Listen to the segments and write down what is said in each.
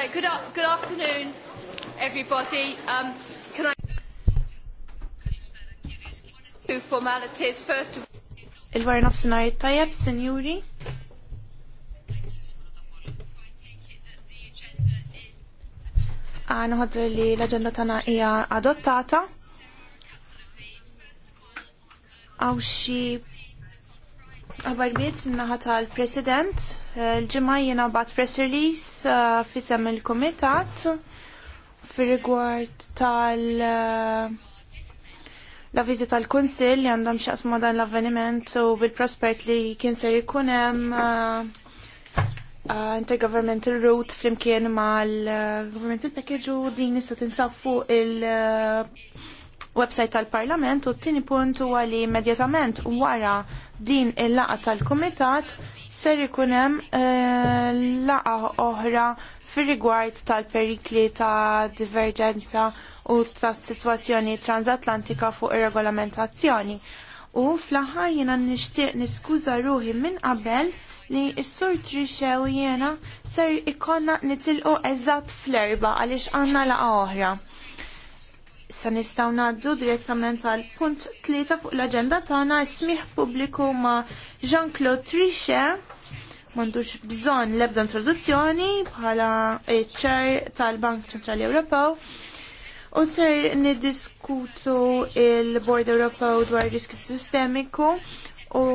Right, good, good afternoon, everybody. Um, can I do formalities first of Il-war nafsinari tajab, senjuri. Għana ħadru li l-agenda tana ija adottata. Għaw xie Għabarbiet naħata tal-President, l-ġimma jena bat press release fissem uh, fisem il-Komitat fil-rigward tal- uh, la vizita tal-Konsil li għandhom xaqsmu dan l-avveniment u bil prospekt li kien ser ikunem uh, uh, intergovernmental route flimkien mal-governmental package u din nista tinsab fuq il- uh, website tal-Parlament u t-tini punt u li immedjatament wara din il-laqa tal-Kumitat ser ikun hemm uh, laqa oħra fir-rigward tal-perikli ta' diverġenza u ta' situazzjoni transatlantika fuq ir-regolamentazzjoni. U fl-aħħar jiena nixtieq niskuża ruħi minn qabel li s-sur Trisha jiena ser ikonna nitilqu eżatt fl-erba għaliex għandna laqa oħra. Sa nistgħu ngħaddu direttament għal punt tlieta fuq l-aġenda tagħna smih pubbliku ma' Jean-Claude Trichet m'għandux bżonn l-ebda introduzzjoni bħala ċer tal-Bank Ċentrali Ewropew. U ser niddiskutu il-Bord Ewropew dwar riskju sistemiku u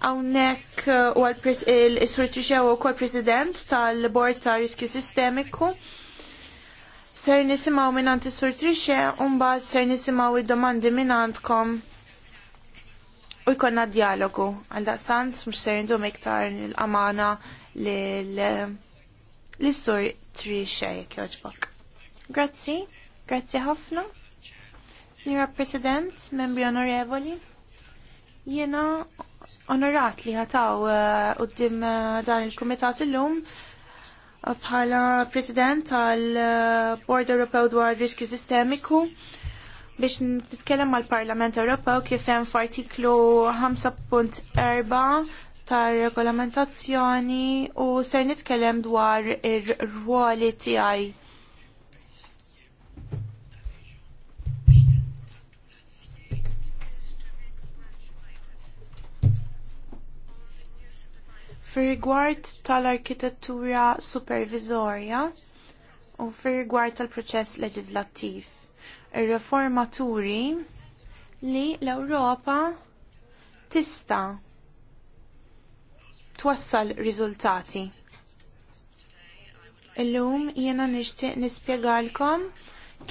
għawnek uh, u għal-sur Trichet u kol-president tal-Bord ta' Riskju Sistemiku ser nisimaw minnant is-sur Trixxe u ser nisimaw id-domandi minnantkom u jkollna dialogu għal daqsant mhux ser jindu iktar l-amana l-sur Trixxe jogħġbok. Grazzi, grazzi ħafna. Signora President, membri onorevoli, jiena onorat li ħataw eh, u uh, dan il-komitat il-lum bħala President tal-Board eh, Ewropew dwar Riskju Sistemiku biex nitkellem mal parlament Ewropew kif hemm f'artiklu 5.4 tar-regolamentazzjoni u ser nitkellem dwar ir-rwoli tiegħi Fir-rigward tal-arkitettura supervizorja u fir-rigward tal-proċess leġislattiv. Ir-reformaturi li l-Ewropa tista' twassal riżultati. Illum jiena nixtieq nispjegalkom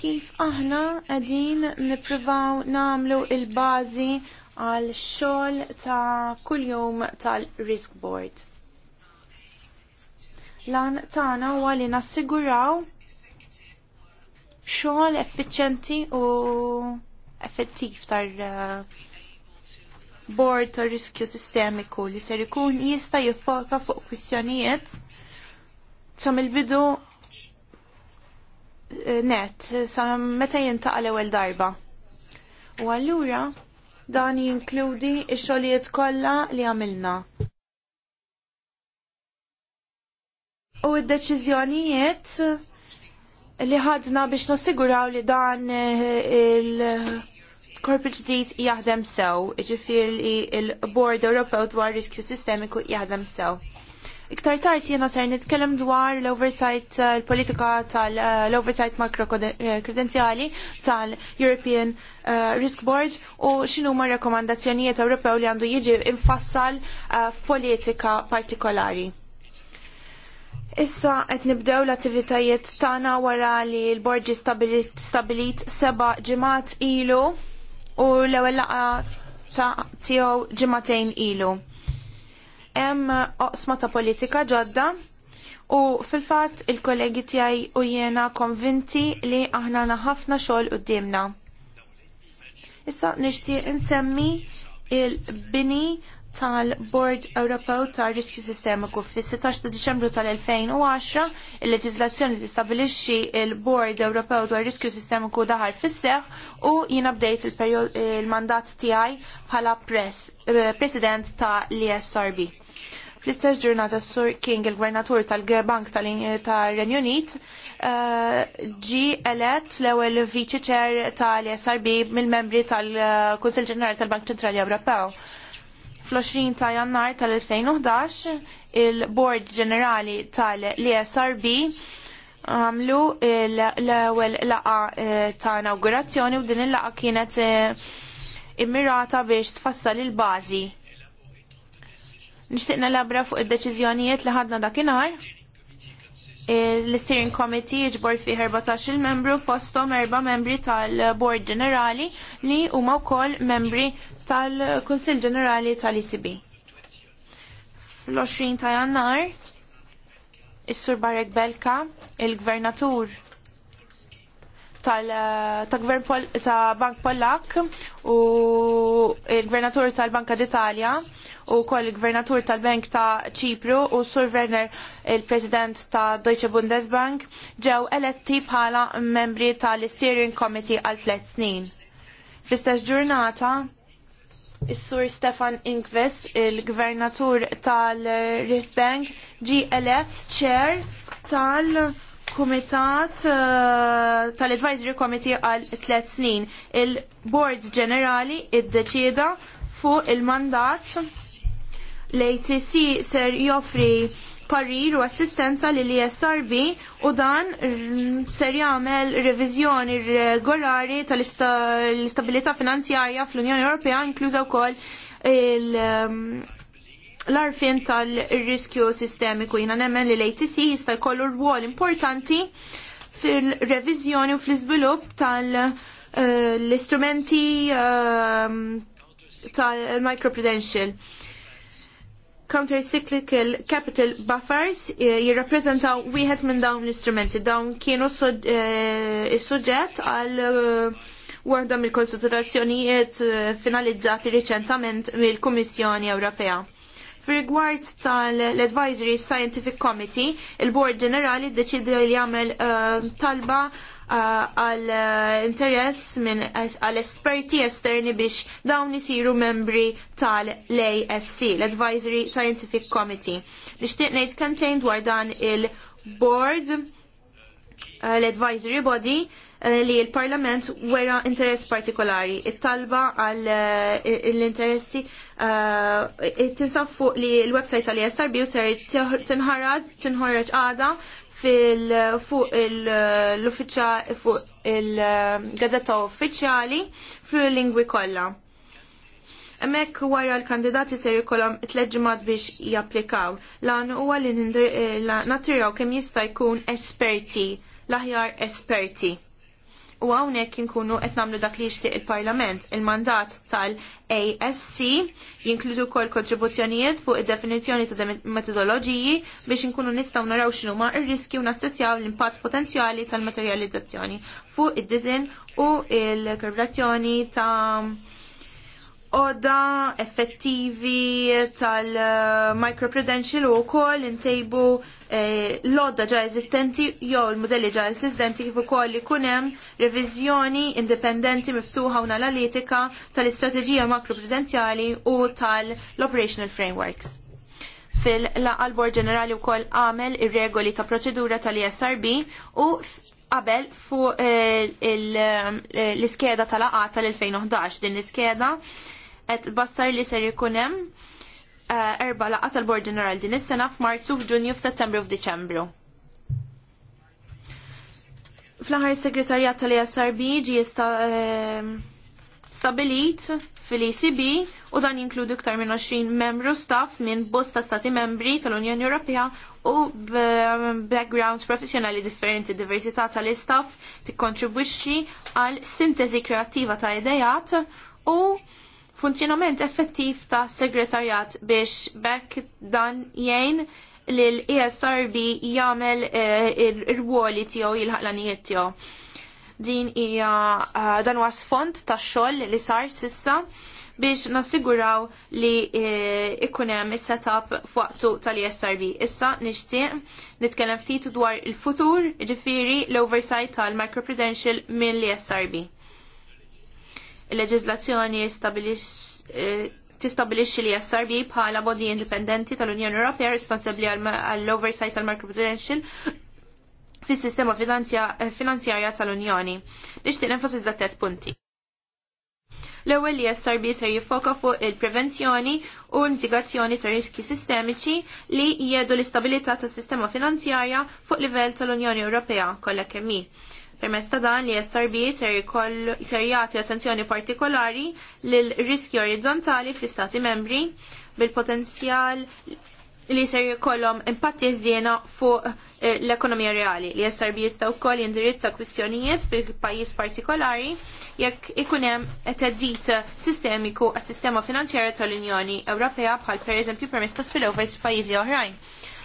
kif aħna qegħdin nippruvaw nagħmlu il-bażi għal xogħol ta' kuljum tal-Risk Board. Lan tagħna huwa li nassiguraw xogħol effiċjenti u effettiv tar eh, bord tar riskju sistemiku li ser ikun jista' jiffoka fuq kwistjonijiet sam il-bidu eh, net sam meta jintaqa l-ewwel darba. U allura dan jinkludi x-xogħlijiet kollha li għamilna. u d-deċiżjonijiet li ħadna biex nassiguraw li dan eh, il-korp ġdid jaħdem sew, ġifir li il-Bord Ewropew dwar riskju sistemiku jaħdem sew. Iktar tard jiena ser nitkellem dwar l-oversight eh, l-politika tal-oversight eh, makro kredenzjali tal-European Risk Board u xinu ma' rekomandazzjonijiet Ewropew li għandu jiġi infassal f'politika partikolari. Issa qed nibdew l-attivitajiet tagħna wara li l-borġi stabilit seba' ġimgħat ilu u l-ewwel laqgħa tiegħu ġimagħtejn ilu. Hemm oqsma ta' politika ġodda u fil-fatt il-kollegi tiegħi u jiena konvinti li aħna ħafna xogħol qudiemna. Issa nixtieq insemmi il-bini tal-Bord Ewropew tar Riskju Sistemiku fis-16 ta' Diċembru tal-2010 il-leġiżlazzjoni li stabbilixxi il-Bord Ewropew dwar Riskju Sistemiku daħal fis-seħ u jinabdejt bdejt il-mandat tiegħi bħala President ta' l-ISRB. E Fl-istess ġurnata Sur King, il-gvernatur tal-Bank tal-Renju Unit, eh, ġi elett l-ewwel viċi ċer tal-SRB mill-membri tal-Kunsill Ġenerali tal-Bank Ċentrali Ewropew fl-20 ta' jannar tal-2011 il-Bord Ġenerali tal-ESRB għamlu l-ewwel laqa eh, ta' inaugurazzjoni u din il-laqa kienet eh, immirata biex tfassal il-bażi. Nixtieq labra fuq id-deċiżjonijiet li ħadna dakinhar l-Steering Committee jiġbor fi 14 membru fostom erba' membri tal-Bord Ġenerali li huma wkoll membri tal-Kunsill Ġenerali tal-ECB. Fl-20 ta' Jannar, is-Sur Barek Belka, il-Gvernatur tal-gvern eh, ta' Bank Pollak u il-gvernatur tal-Banka d'Italja u koll il-gvernatur tal-Bank ta' Ċipru u Sur Werner il-President ta' Deutsche Bundesbank ġew eletti bħala membri tal-Steering Committee għal tliet snin. Fl-istess ġurnata, Is-Sur Stefan Inkves, il-Gvernatur tal-Risbank, ġi elett ċer tal- kumitat uh, tal-advisory committee għal tliet snin. Il-board ġenerali id-deċida fuq il-mandat l-ATC ser joffri parir u assistenza li l-ISRB e u dan ser jagħmel reviżjoni regolari tal-istabilità finanzjarja fl-Unjoni Ewropea inkluża wkoll il- ehm, l-arfin tal-riskju sistemiku jina nemmen li l-ATC jista' jkollu rwol importanti fil-reviżjoni u fl-iżvilupp tal-istrumenti eh, ehm, tal-microprudential. Counter-cyclical capital buffers eh, jirrappreżentaw wieħed minn dawn l-istrumenti. Dawn kienu s eh, suġġett għal waħda mill-konsultazzjonijiet finalizzati riċentament mill-Kummissjoni Ewropea fir tal-Advisory Scientific Committee, il-Bord Ġenerali ddeċidi li jagħmel uh, talba eh, għal uh, interess minn għal esperti esterni biex dawn isiru membri tal-ASC, l-Advisory Scientific Committee. Nixtieq ngħid kemmtejn dwar dan il-Board, uh, l-Advisory Body, Eh, li l-Parlament wera interess partikolari. It-talba għal eh, l-interessi eh, tinsab fuq li l-website tal-ISRB u ser tinħarad, tinħarraġ għada fil fuq l fuq il-gazzetta uffiċjali il lingwi kollha. Emmek wara l-kandidati ser jkollhom it-leġimat biex japplikaw. Lan huwa li natriraw kemm jista' jkun esperti, l-aħjar esperti u hawnhekk inkunu qed nagħmlu dak li jixtieq il-Parlament. Il-mandat tal-ASC jinkludu wkoll kontribuzzjonijiet fuq id-definizzjoni ta' metodoloġiji biex inkunu nistgħu naraw x'inhuma r-riski u nassessjaw l-impatt potenzjali tal-materjalizzazzjoni fuq id-dizin u l korrelazzjoni ta' oda effettivi tal-microprudential u kol intejbu eh, l-odda ġa eżistenti jew il modelli ġa esistenti kif ukoll li kunem reviżjoni indipendenti miftuħa u analitika tal-istrateġija makroprudenziali u tal-operational frameworks. Fil-laqal Bord Ġenerali wkoll għamel ir-regoli ta' proċedura tal isrb u qabel fuq eh, eh, l-iskeda tal-aqa tal-2011 din l-iskeda et bassar li ser ikun hemm eh, erba' laqgħa tal-Bord General din is-sena f'Marzu, f'Ġunju, f'Settembru u f'Diċembru. Fl-aħħar segretarjat tal-ESRB ġie eh, stabilit fil-ECB u dan jinkludi iktar minn 20 membru staff minn bosta stati membri tal-Unjoni Ewropea u background professjonali differenti diversità tal-istaff tikkontribwixxi għal sintesi kreattiva ta' idejat u funzjonament effettiv ta' segretarjat biex bekk dan jgħin li l-ESRB jagħmel eh, ir-ruoli tiegħu jilħaqlanijiet tiegħu. Din hija eh, dan huwa sfond ta' xogħol li sar sissa biex nassiguraw li eh, ikun hemm is-setup f'waqtu tal-ESRB. Issa nixtieq nitkellem ftit dwar il-futur, ġifieri l-oversight tal-microprudential mill-ESRB. Il-leġizlazzjoni eh, tistabilixxi li SRB bħala bodi indipendenti tal-Unjoni Ewropea responsabbli għall-oversight tal-macroprudential fis-sistema eh, finanzjarja tal-Unjoni. Nixtieq enfasizza tet punti. L-ewwel li SRB ser jiffoka fuq il-prevenzjoni u l-mitigazzjoni ta' riski sistemiċi li jiedu l-istabilità tas-sistema finanzjarja fuq livell tal-Unjoni Ewropea kollha kemm Permezz ta' dan li SRB ser jagħti attenzjoni partikolari lil riski orizzontali fl-Istati membri bil-potenzjal li ser jkollhom impatti żiena fuq eh, l-ekonomija reali li e SRB jista' wkoll jindirizza kwistjonijiet fil-pajjiż partikolari jekk ikun hemm teddit sistemiku għas-sistema finanzjarja tal-Unjoni Ewropea bħal pereżempju permezz ta' spillovers f'pajjiżi oħrajn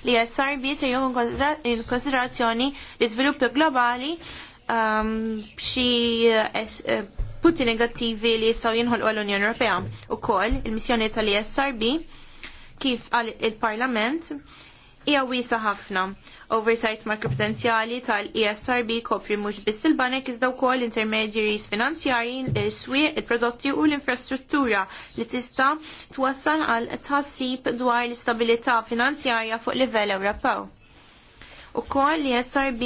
li e SRB se jieħu in konsiderazzjoni l-iżviluppi globali b'xi um, eh, eh, putti negattivi li jistgħu jinħolqu l-Unjoni Ewropea. Ukoll il-missjoni tal-ISRB kif għal il-Parlament hija wiesa ħafna. Oversight makropotenzjali tal-ESRB kopri mhux biss il-banek iżda wkoll intermediaries finanzjarji, is-swieq, il-prodotti u l-infrastruttura li tista' twassal għal tħassib dwar l-istabilità finanzjarja fuq livell Ewropew. U kol li SRB,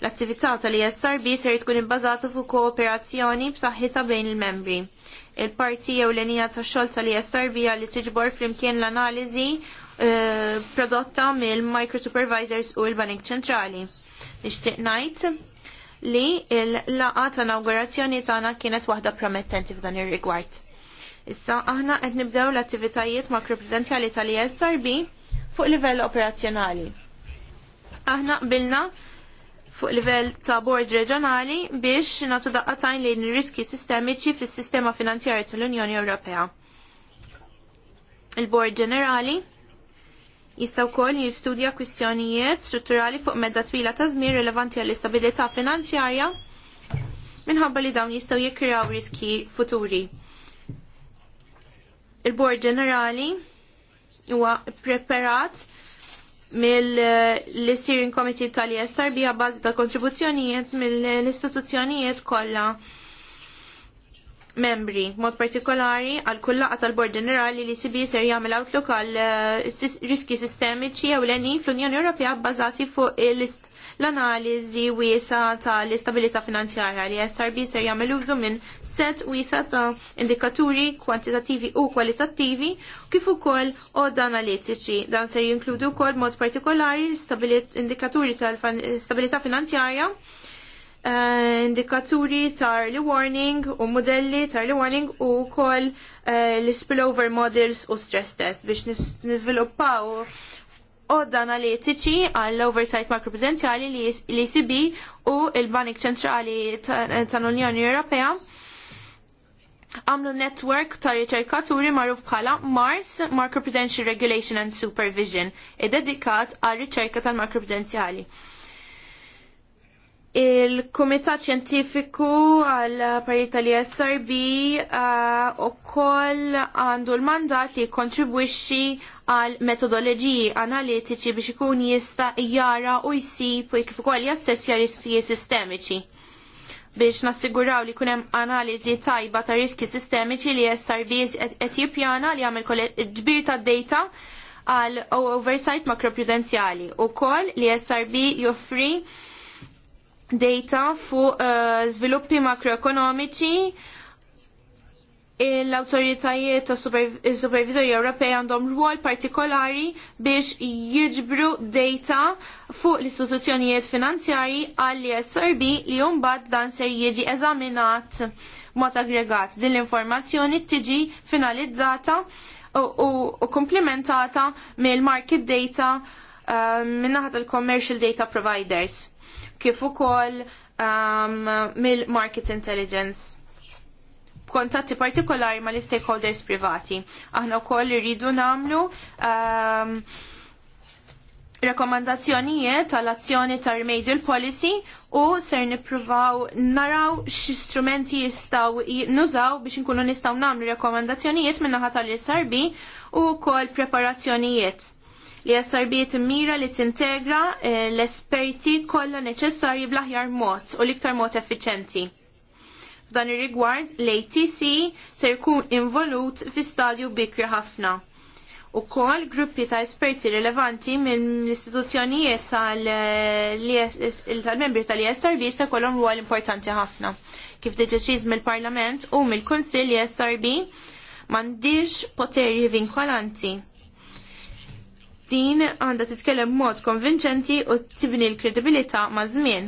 l-attività tal-ISRB ser tkun imbazata fuq kooperazzjoni b'saħħitha bejn il-membri. Il-parti jew l-enija tax-xogħol tal-ISRB li tiġbor flimkien l-analiżi eh, prodotta mill-Micro Supervisors u l-Banik Ċentrali. Nixtieq ngħid li l-laqa ta' inaugurazzjoni tagħna kienet waħda promettenti f'dan ir-rigward. Issa aħna qed nibdew l-attivitajiet makroprudenzjali tal isrb fuq livell operazzjonali. Aħna qbilna fuq livell ta' bord reġjonali biex natu daqqatajn lejn riski sistemiċi fis-sistema finanzjarja tal-Unjoni Ewropea. Il-Bord Ġenerali jista' wkoll jistudja kwistjonijiet strutturali fuq medda twila ta' żmien rilevanti għall-istabilità finanzjarja minħabba li dawn jistgħu jikkrew riski futuri. Il-Bord Ġenerali huwa preparat mill-Steering Committee tal-ISRB għabbażi tal-kontribuzzjonijiet mill-istituzzjonijiet kollha membri, mod partikolari għal kullaqa tal-Bord Ġenerali li sibi ser jagħmel outlook għal eh, riski sistemiċi u l fl-Unjoni Ewropea bbażati fuq l-analiżi wiesa tal-istabilità finanzjarja li SRB ser jagħmel użu minn set wiesa ta' indikaturi kwantitativi u kwalitattivi kif ukoll od analitiċi. Dan ser jinkludu wkoll mod partikolari indikaturi tal-stabilità finanzjarja Uh, indikaturi ta' early warning u modelli ta' early warning u kol uh, l-spillover models u stress test biex nizviluppaw odda analitiċi għall-oversight makroprudenzjali li ECB u il-Banik ċentrali tal-Unjoni Ewropea għamlu network ta' riċerkaturi magħruf bħala MARS, Macroprudential Regulation and Supervision, id-dedikat għal riċerka tal-makroprudenzjali. Il-Kumitat Xjentifiku għal parita li isrb u uh, koll għandu l-mandat li kontribwixi għal metodoloġiji analitiċi biex ikun jista jara u jsib u kif ukoll jassessja riski sistemiċi biex nassiguraw li kunem analizi tajba ta' riski sistemiċi li e SRB qed jippjana li għamil ġbir ta' data għal oversight makroprudenzjali u koll li e SRB joffri data fuq żviluppi eh, makroekonomiċi l-autoritajiet ta' supervizori Ewropej għandhom rwol partikolari biex jiġbru data fuq l-istituzzjonijiet finanzjarji għall SRB li jumbat dan ser jiġi eżaminat mod aggregat. Din l-informazzjoni tiġi finalizzata u, komplementata mill-market data uh, minnaħat il-commercial data providers kif ukoll um, mill-market intelligence kontatti partikolari ma l-stakeholders privati. Aħna wkoll irridu nagħmlu um, rekomandazzjonijiet tal-azzjoni tar remedial policy u ser nippruvaw naraw x'istrumenti jistgħu nużaw biex inkunu nistgħu nagħmlu rekomandazzjonijiet min-naħa tal-SRB u wkoll preparazzjonijiet li SRB mira li tintegra eh, l-esperti kollha neċessarji bl-aħjar mod u l-iktar mod effiċenti. F'dan ir-rigward l-ATC se jkun involut fi stadju bikri ħafna. U koll gruppi ta' esperti rilevanti mill-istituzzjonijiet tal-membri tal isrb sta kolom rwol importanti ħafna. Kif deċeċiż mill-Parlament u mill-Kunsill ISRB e m'għandix poteri vinkolanti din għandha titkellem mod konvinċenti u tibni l-kredibilità ma' żmien.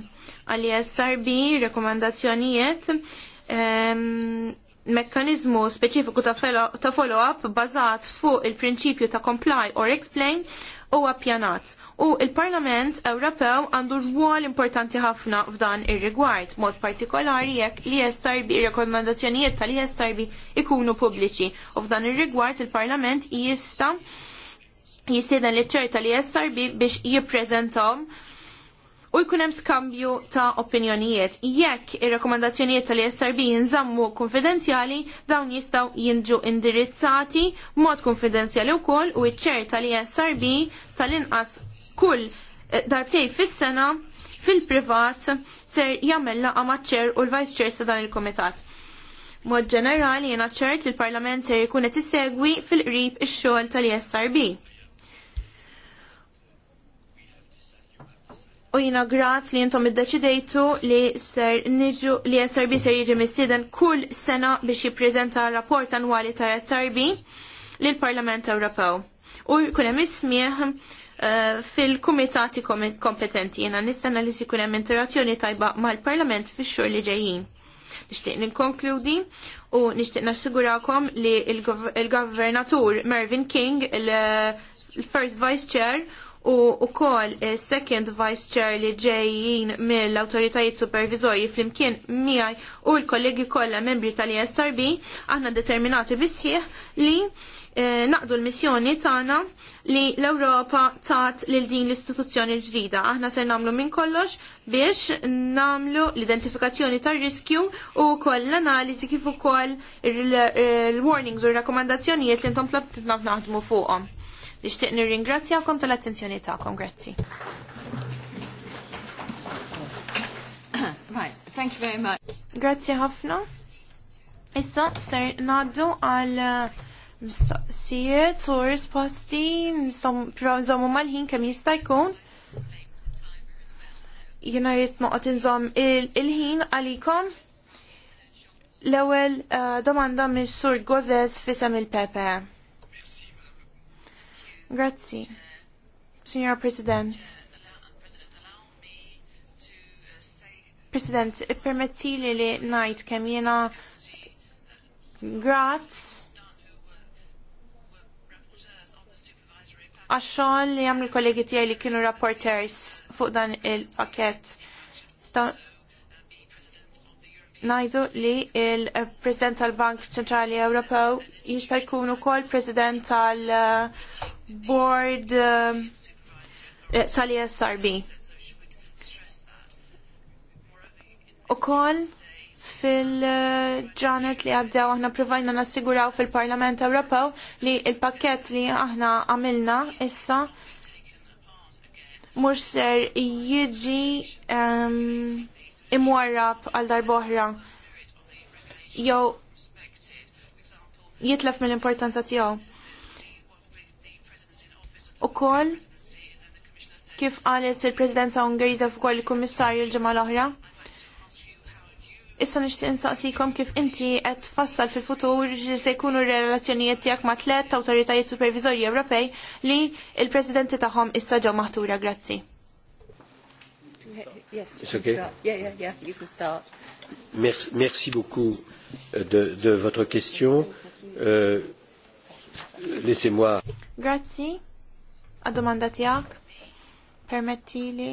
Għalli SRB rekomandazzjonijiet ehm, mekkanizmu speċifiku ta' follow-up bazat fuq il-prinċipju ta' comply or explain u appjanat. U il-Parlament Ewropew għandu rwol importanti ħafna f'dan ir-rigward, mod partikolari jekk li SRB ir-rekomendazzjonijiet tal-ISRB ikunu pubbliċi. U f'dan ir-rigward il-Parlament jista' jistiden li ċerta li SRB biex jippreżentahom u jkun hemm skambju ta' opinjonijiet. Jekk ir-rekomandazzjonijiet tal-ISRB jinżammu konfidenzjali, dawn jistgħu jinġu indirizzati mod konfidenzjali wkoll u ċerta li SRB tal-inqas kull eh, darbtej fis-sena fil-privat ser jagħmel laqgħa maċ-ċer u l-vice chair ta' dan il-kumitat. Mod ġenerali jiena ċert li l-Parlament ser jkun qed isegwi fil-qrib ix-xogħol tal-ISRB U jina graz li jintom id-deċidejtu li ser niġu li SRB ser jiġi mistiden kull sena biex jiprezenta rapport annwali ta' SRB l Parlament Ewropew. U jkun hemm ismieħ eh, fil-kumitati kompetenti jina nistenna li sikun hemm interazzjoni tajba mal-Parlament fix-xhur li ġejjin. Nixtieq ninkonkludi u nixtieq nassigurakom li il-Governatur Mervyn King, il-First Vice Chair, u ukoll eh, second vice chair li ġejjin mill-autoritajiet supervizorji flimkien miegħi u l-kollegi kollha membri tal-ISRB aħna determinati bisħieħ li eh, naqdu l-missjoni tagħna li l-Ewropa tat lil din l-istituzzjoni ġdida. Aħna ser nagħmlu minn kollox biex nagħmlu l-identifikazzjoni tar-riskju u wkoll l-analiżi kif ukoll il-warnings u r-rakkomandazzjonijiet li intom tlabtitna naħdmu fuqhom Nishtiq Nixtieq nirringrazzjakom tal-attenzjoni tagħkom. Grazzi. Right, thank you very much. Grazzi ħafna. Issa ser naddu għal uh, mistoqsijiet u risposti nżommu mal-ħin kemm jista' jkun. Jiena jrid noqgħod inżomm il-ħin għalikom. L-ewwel uh, domanda mis-sur Gozes fisem il-Pepe. Grazie. Signor President. President, permetti li li najt kem jena grazz għaxxon li għamlu kollegi tijaj li kienu rapporters fuq dan il paket Najdu li il-President tal-Bank Centrali Ewropew jista' jkunu kol President tal- board um, eh, tal-ESRB. U koll fil-ġanet li għaddew aħna provajna nassiguraw fil-Parlament Ewropew li il-pakket li aħna għamilna issa mux ser jieġi um, imwarrab għal darboħra jew jitlef mill-importanza tiegħu ukoll kif qalet il-Presidenza Ungeriża fuq il-Kummissarju l-ġimgħa l-oħra. Issa nixtieq insaqsikom kif inti qed tfassal fil-futur se jkunu r-relazzjonijiet tiegħek ma' tlet awtoritajiet supervizorji Ewropej li l-presidenti tagħhom issa ġew maħtura grazzi. Yes, okay. yeah, yeah, yeah, you can start. Merci, merci beaucoup euh, de, de votre question. Euh, Laissez-moi. Grazie għad-domanda tijak, permetti li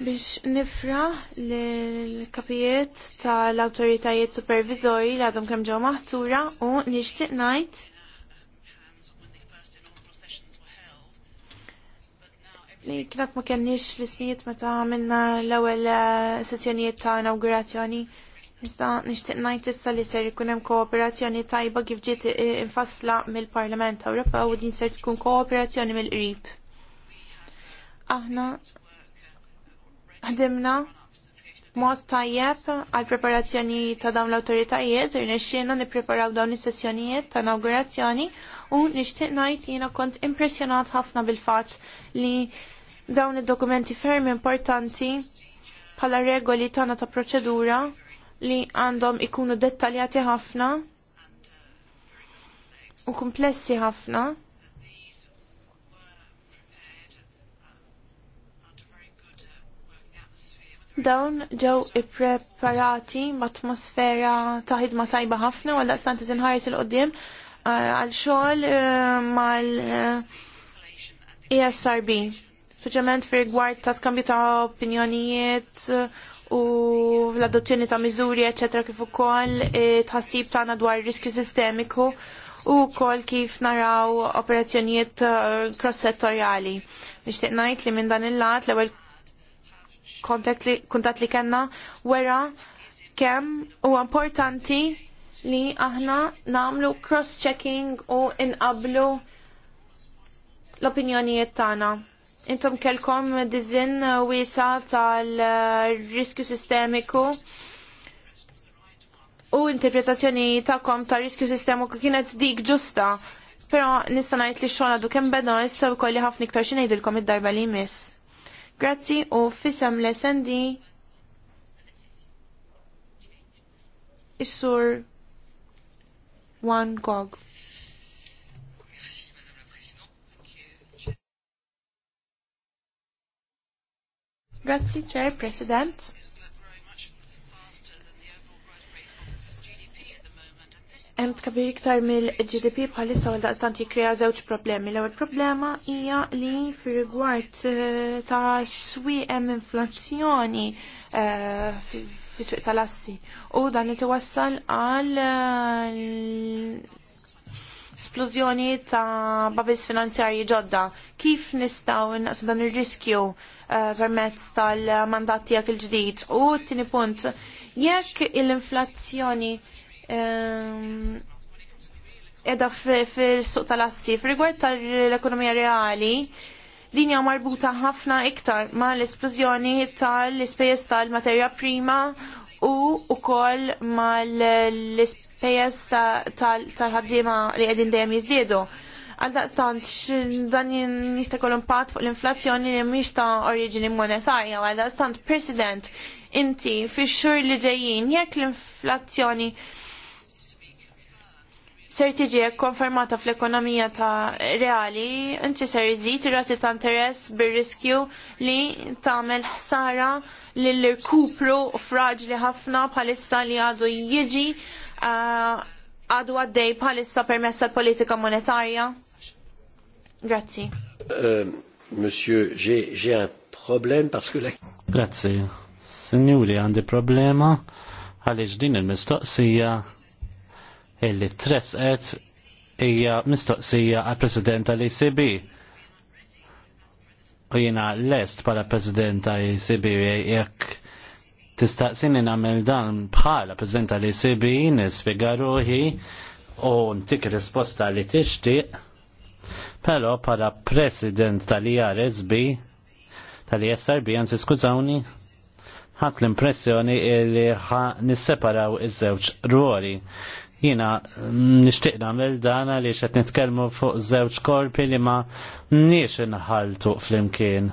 biex nifra l-kapijiet tal-autoritajiet supervizori li għadhom kemm ġew maħtura u nixtieq ngħid li kienet ma kenniex l-ismijiet meta għamilna l-ewwel eh, sessjonijiet ta' inaugurazzjoni Issa nixtieq ngħid issa li ser ikun hemm kooperazzjoni tajba kif ġiet infassla mill-Parlament Ewropew u din ser tkun kooperazzjoni mill-qrib. Aħna ħdimna mod tajjeb għal preparazzjoni ta' dawn l-autoritajiet, irnexxiena nippreparaw dawn is-sessjonijiet ta' inaugurazzjoni u nixtieq ngħid jiena kont impressjonat ħafna bil-fatt li dawn id-dokumenti fermi importanti bħala regoli tagħna ta' proċedura li għandhom ikunu dettaljati ħafna u komplessi ħafna. Dawn ġew ippreparati b'atmosfera ta' ħidma tajba ħafna walla santi tinħares il qoddim uh, għal xogħol uh, mal uh, ESRB. Speċjalment fi rigward ta' skambju ta' opinjonijiet u l-adozzjoni ta' miżuri, eċetra kif ukoll e, tħassib tagħna dwar riskju sistemiku u wkoll kif naraw operazzjonijiet e, cross-settorjali. Nixtieq ngħid li minn dan il-lat l-ewwel kuntat li kellna wera kemm huwa importanti li aħna nagħmlu cross-checking u inqablu l-opinjonijiet tagħna intom kelkom dizin wisa tal-riskju sistemiku u interpretazzjoni ta'kom ta' riskju sistemiku kienet dik ġusta. Pero nista' ngħid li xogħol du kemm beda issa wkoll ħafna iktar xi ngħidilkom id-darba li mis. Grazzi u fisem l sendi issur One Gog. Grazzi, Chair, President. Hemm tkabir iktar mill-GDP bħalissa għal daqstant jikkrea żewġ problemi. L-ewwel problema hija li firigward rigward eh, ta' swieq hemm inflazzjoni eh, fis-swieq tal-assi u dan li tiwassal għal eh, splużjoni ta' babis finanzjarji ġodda. Kif nistgħu innaqsu dan ir-riskju permezz tal-mandat tiegħek il-ġdid. U tieni punt, jekk l-inflazzjoni ehm, edha fil-suq tal-assi, f'rigward tal-ekonomija reali, din hija marbuta ħafna iktar ma l-esplużjoni tal-ispejjeż tal-materja prima u wkoll ma l-ispejjeż tal-ħaddiema li qegħdin dejjem jiżdiedu. Għal daqstant, dan jista' jkollu impatt fuq l-inflazzjoni li mhix ta' oriġini monetarja, għal daqstant, President, inti fix-xhur li ġejjin jekk l-inflazzjoni ser tiġi konfermata fl-ekonomija ta' reali, inti ser iżid rati ta' interess bir-riskju li tagħmel ħsara lill irkupru fraġli ħafna bħalissa li għadu jiġi eh, għadu għaddej bħalissa permessa politika monetarja. Grazzi. Euh, monsieur, j'ai un problème parce que la... Grazie. Signori, għandi problema għaliex din il-mistoqsija illi tresqet hija mistoqsija għal President tal ECB. U jiena lest bħala President tal ECB jekk tistaqsini namel dan bħala President tal ECB nispjega ruħi u ntik risposta li tixtieq Pero para president tal-IRSB, tal-ISRB, għanzi skużawni, ħat l-impressjoni li nisseparaw iż-żewġ ruoli. Jina nishtiq namel dan li xed nitkellmu fuq żewġ korpi li ma nix inħaltu fl-imkien.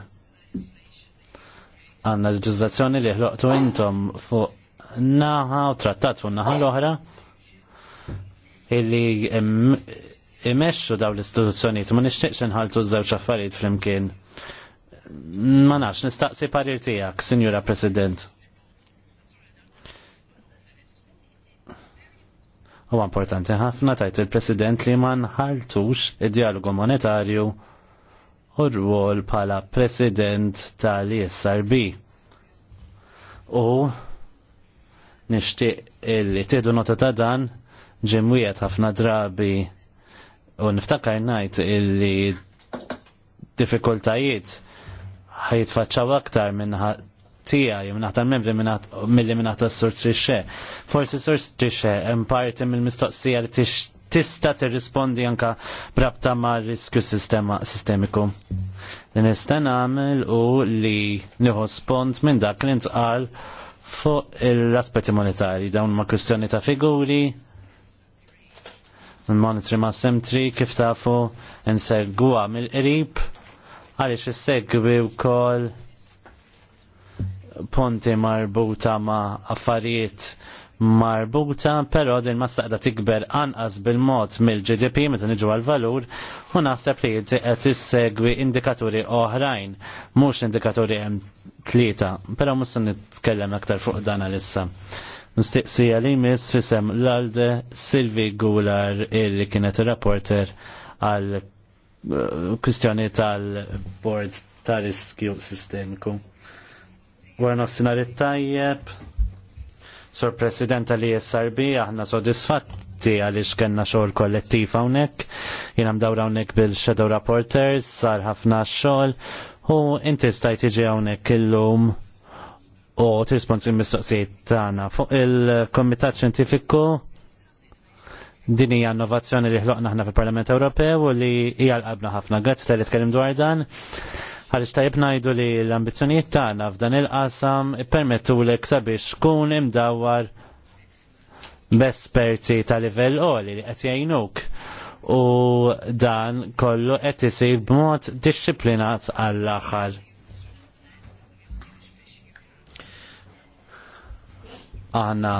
Għanna l-ġizzazzjoni li ħloqtu intom fuq naħa u trattat fuq naħa l-oħra illi imexxu daw l-istituzzjonijiet ma nixtieqx inħaltu żewġ affarijiet flimkien. Ma nafx nistaqsi parir tiegħek, Sinjura President. Huwa importanti ħafna tajt il-President li ma nħaltux id-dialogu monetarju u rwol bħala President tal-ISRB. U nixtieq illi tiedu nota ta' dan ġemwiet ħafna drabi u niftakar najt illi diffikultajiet ħajtfaċċaw aktar minn tija jim naħtar membri mill-li minn naħtar sur trixe. Forsi sur trixe, imparti mill-mistoqsija li tista t-rispondi anka brabta ma' riskju sistemiku. Nista għamil u li nħospont minn dak li ntqal fuq l-aspetti monetari, dawn ma' kwestjoni ta' figuri, n-monitri ma' semtri kif tafu n mill-qrib għaliex s wkoll u ponti marbuta ma' affarijiet marbuta, però din ma staqda tikber anqas bil-mod mill-GDP meta niġu għal-valur u naħseb li qed issegwi indikaturi oħrajn, mhux indikaturi hemm tlieta, però mhux se nitkellem aktar fuq dan għalissa. issa Mistiqsija li mis fisem l-alde Silvi Gular illi kienet rapporter għal eh, kwistjoni tal-bord tal riskju sistemiku. Għarna s-sinar tajjeb Sur President li SRB aħna sodisfatti għalix kena xogħol kollettiv hawnhekk, jien hemm dawra hawnhekk bil-Shadow Reporters, sar ħafna xogħol u inti stajt tiġi hawnhekk illum u tirrispondi mistoqsijiet tagħna. Fuq il-Komitat Xjentifiku din hija innovazzjoni li ħloqna aħna fil-Parlament Ewropew u li hija l qabna ħafna. gazz tal-li tkellim dwar dan. Għaliex tajjeb ngħidu li l-ambizzjonijiet tagħna f'dan il-qasam ippermettu l sabiex kun imdawwar b'esperti ta' livell oli li qed jgħinuk u dan kollu qed isir b'mod dixxiplinat għall-aħħar. Aħna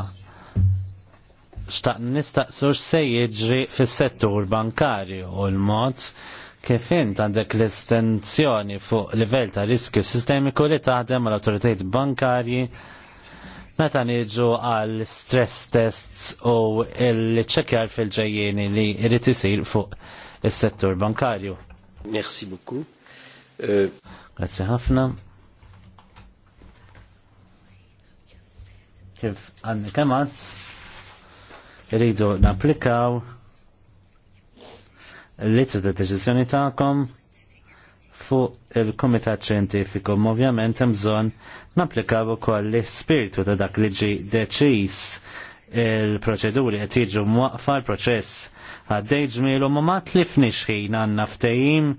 xtaqn nistaqsu se jiġri fis-settur bankarju u l-mod kif int għandek l-estenzjoni fuq livell ta' riskju sistemiku li taħdem mal awtoritajiet bankarji meta niġu għal stress tests u l-ċekjar fil-ġejjeni li jrid isir fuq is-settur bankarju. Merci beaucoup. Grazzi ħafna. kif għanni kemat rridu naplikaw l-litra ta' deċizjoni ta'kom fuq il-Komitat Ċientifiku. Ovvjament hemm bżonn napplikaw ukoll l-ispirtu ta' dak li ġi deċiż il-proċeduri qed jiġu mwaqfa l-proċess għaddej ġmielu ma ma tlifniex ħin għandna ftehim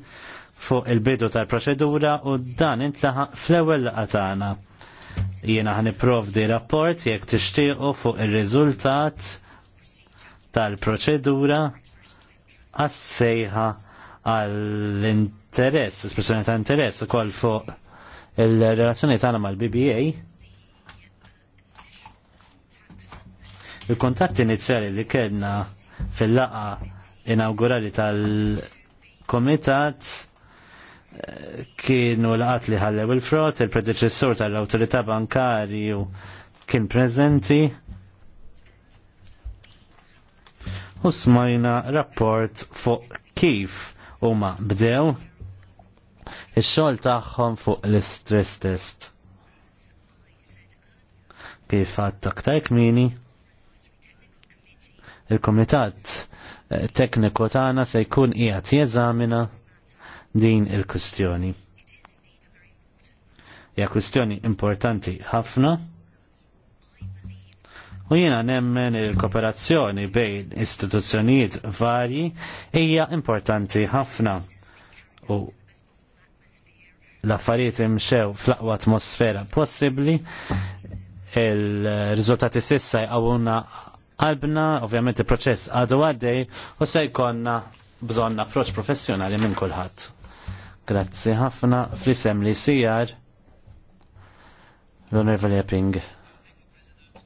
fuq il-bidu tal-proċedura u dan intlaħaq fl-ewwel laqatana. tagħna Jiena ħan iprovdi rapport jekk tixtiequ fuq ir-riżultat tal-proċedura għassejħa għall-interess, espressjoni ta' interess ukoll fuq il-relazzjoni tagħna mal-BBA. Il-kontatt inizjali li kellna fil-laqa inaugurali tal-komitat kienu laqat li ħallew il-frott, il-predeċessur tal autorita bankari u kien prezenti. U smajna rapport fuq kif huma bdew ix-xogħol tagħhom fuq l-istress test. Kif għadd taktaj kmini? Il-Kumitat eh, Tekniku tagħna se jkun qiegħed jeżamina din il-kustjoni. Ja kustjoni importanti ħafna u jiena nemmen il-kooperazzjoni bejn istituzzjonijiet varji hija importanti ħafna u l-affarijiet imxew fl-aqwa atmosfera possibbli il-riżultati sissa jgħawuna qalbna, ovvjament il-proċess għadu għaddej u se jkollna bżonn approċċ professjonali minn kulħadd. Grazzi ħafna fl-isem li sijar l-Onorevoli Epping.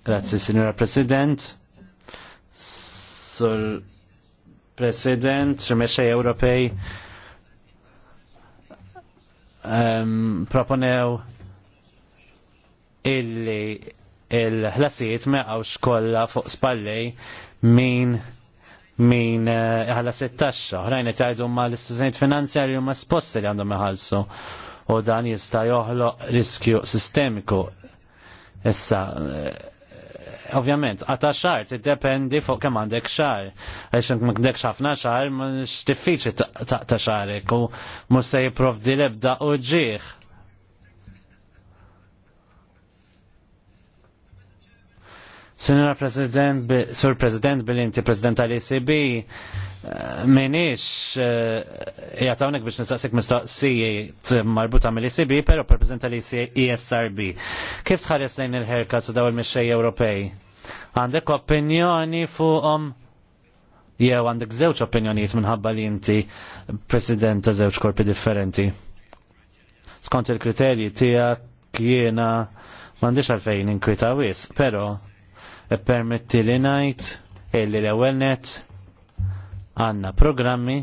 Grazzi, Signora President. Sur President, Rimexxej Ewropej um, proponew illi il-ħlasijiet meqgħux kollha fuq spallej min min eh, ħalla 16 oħrajn qed jgħidu ma l-istituzzjonijiet finanzjarji huma sposti li għandhom iħallsu u dan jista' joħloq riskju sistemiku. Issa eh, ovvjament, għata xar, tiddependi fuq kemm għandek xar. Għax m'għandek ħafna xar, mhux diffiċli ta' xarek u mhux se jipprovdi l-ebda u ġieħ Sinjora President, Sur President bil-inti President tal-ECB, eh, minix eh, jgħatawnek biex nistaqsik mistoqsijiet marbuta mill-ECB, pero President tal-ESRB. E Kif tħares lejn il su daw il-mixxej Ewropej? Għandek opinjoni fuqhom jew għandek żewġ opinjonijiet minħabba li inti President ta' żewġ korpi differenti. Skont il-kriterji tiegħek jiena m'għandix għalfejn inkwita wis, pero permetti li najt illi l-ewel net għanna programmi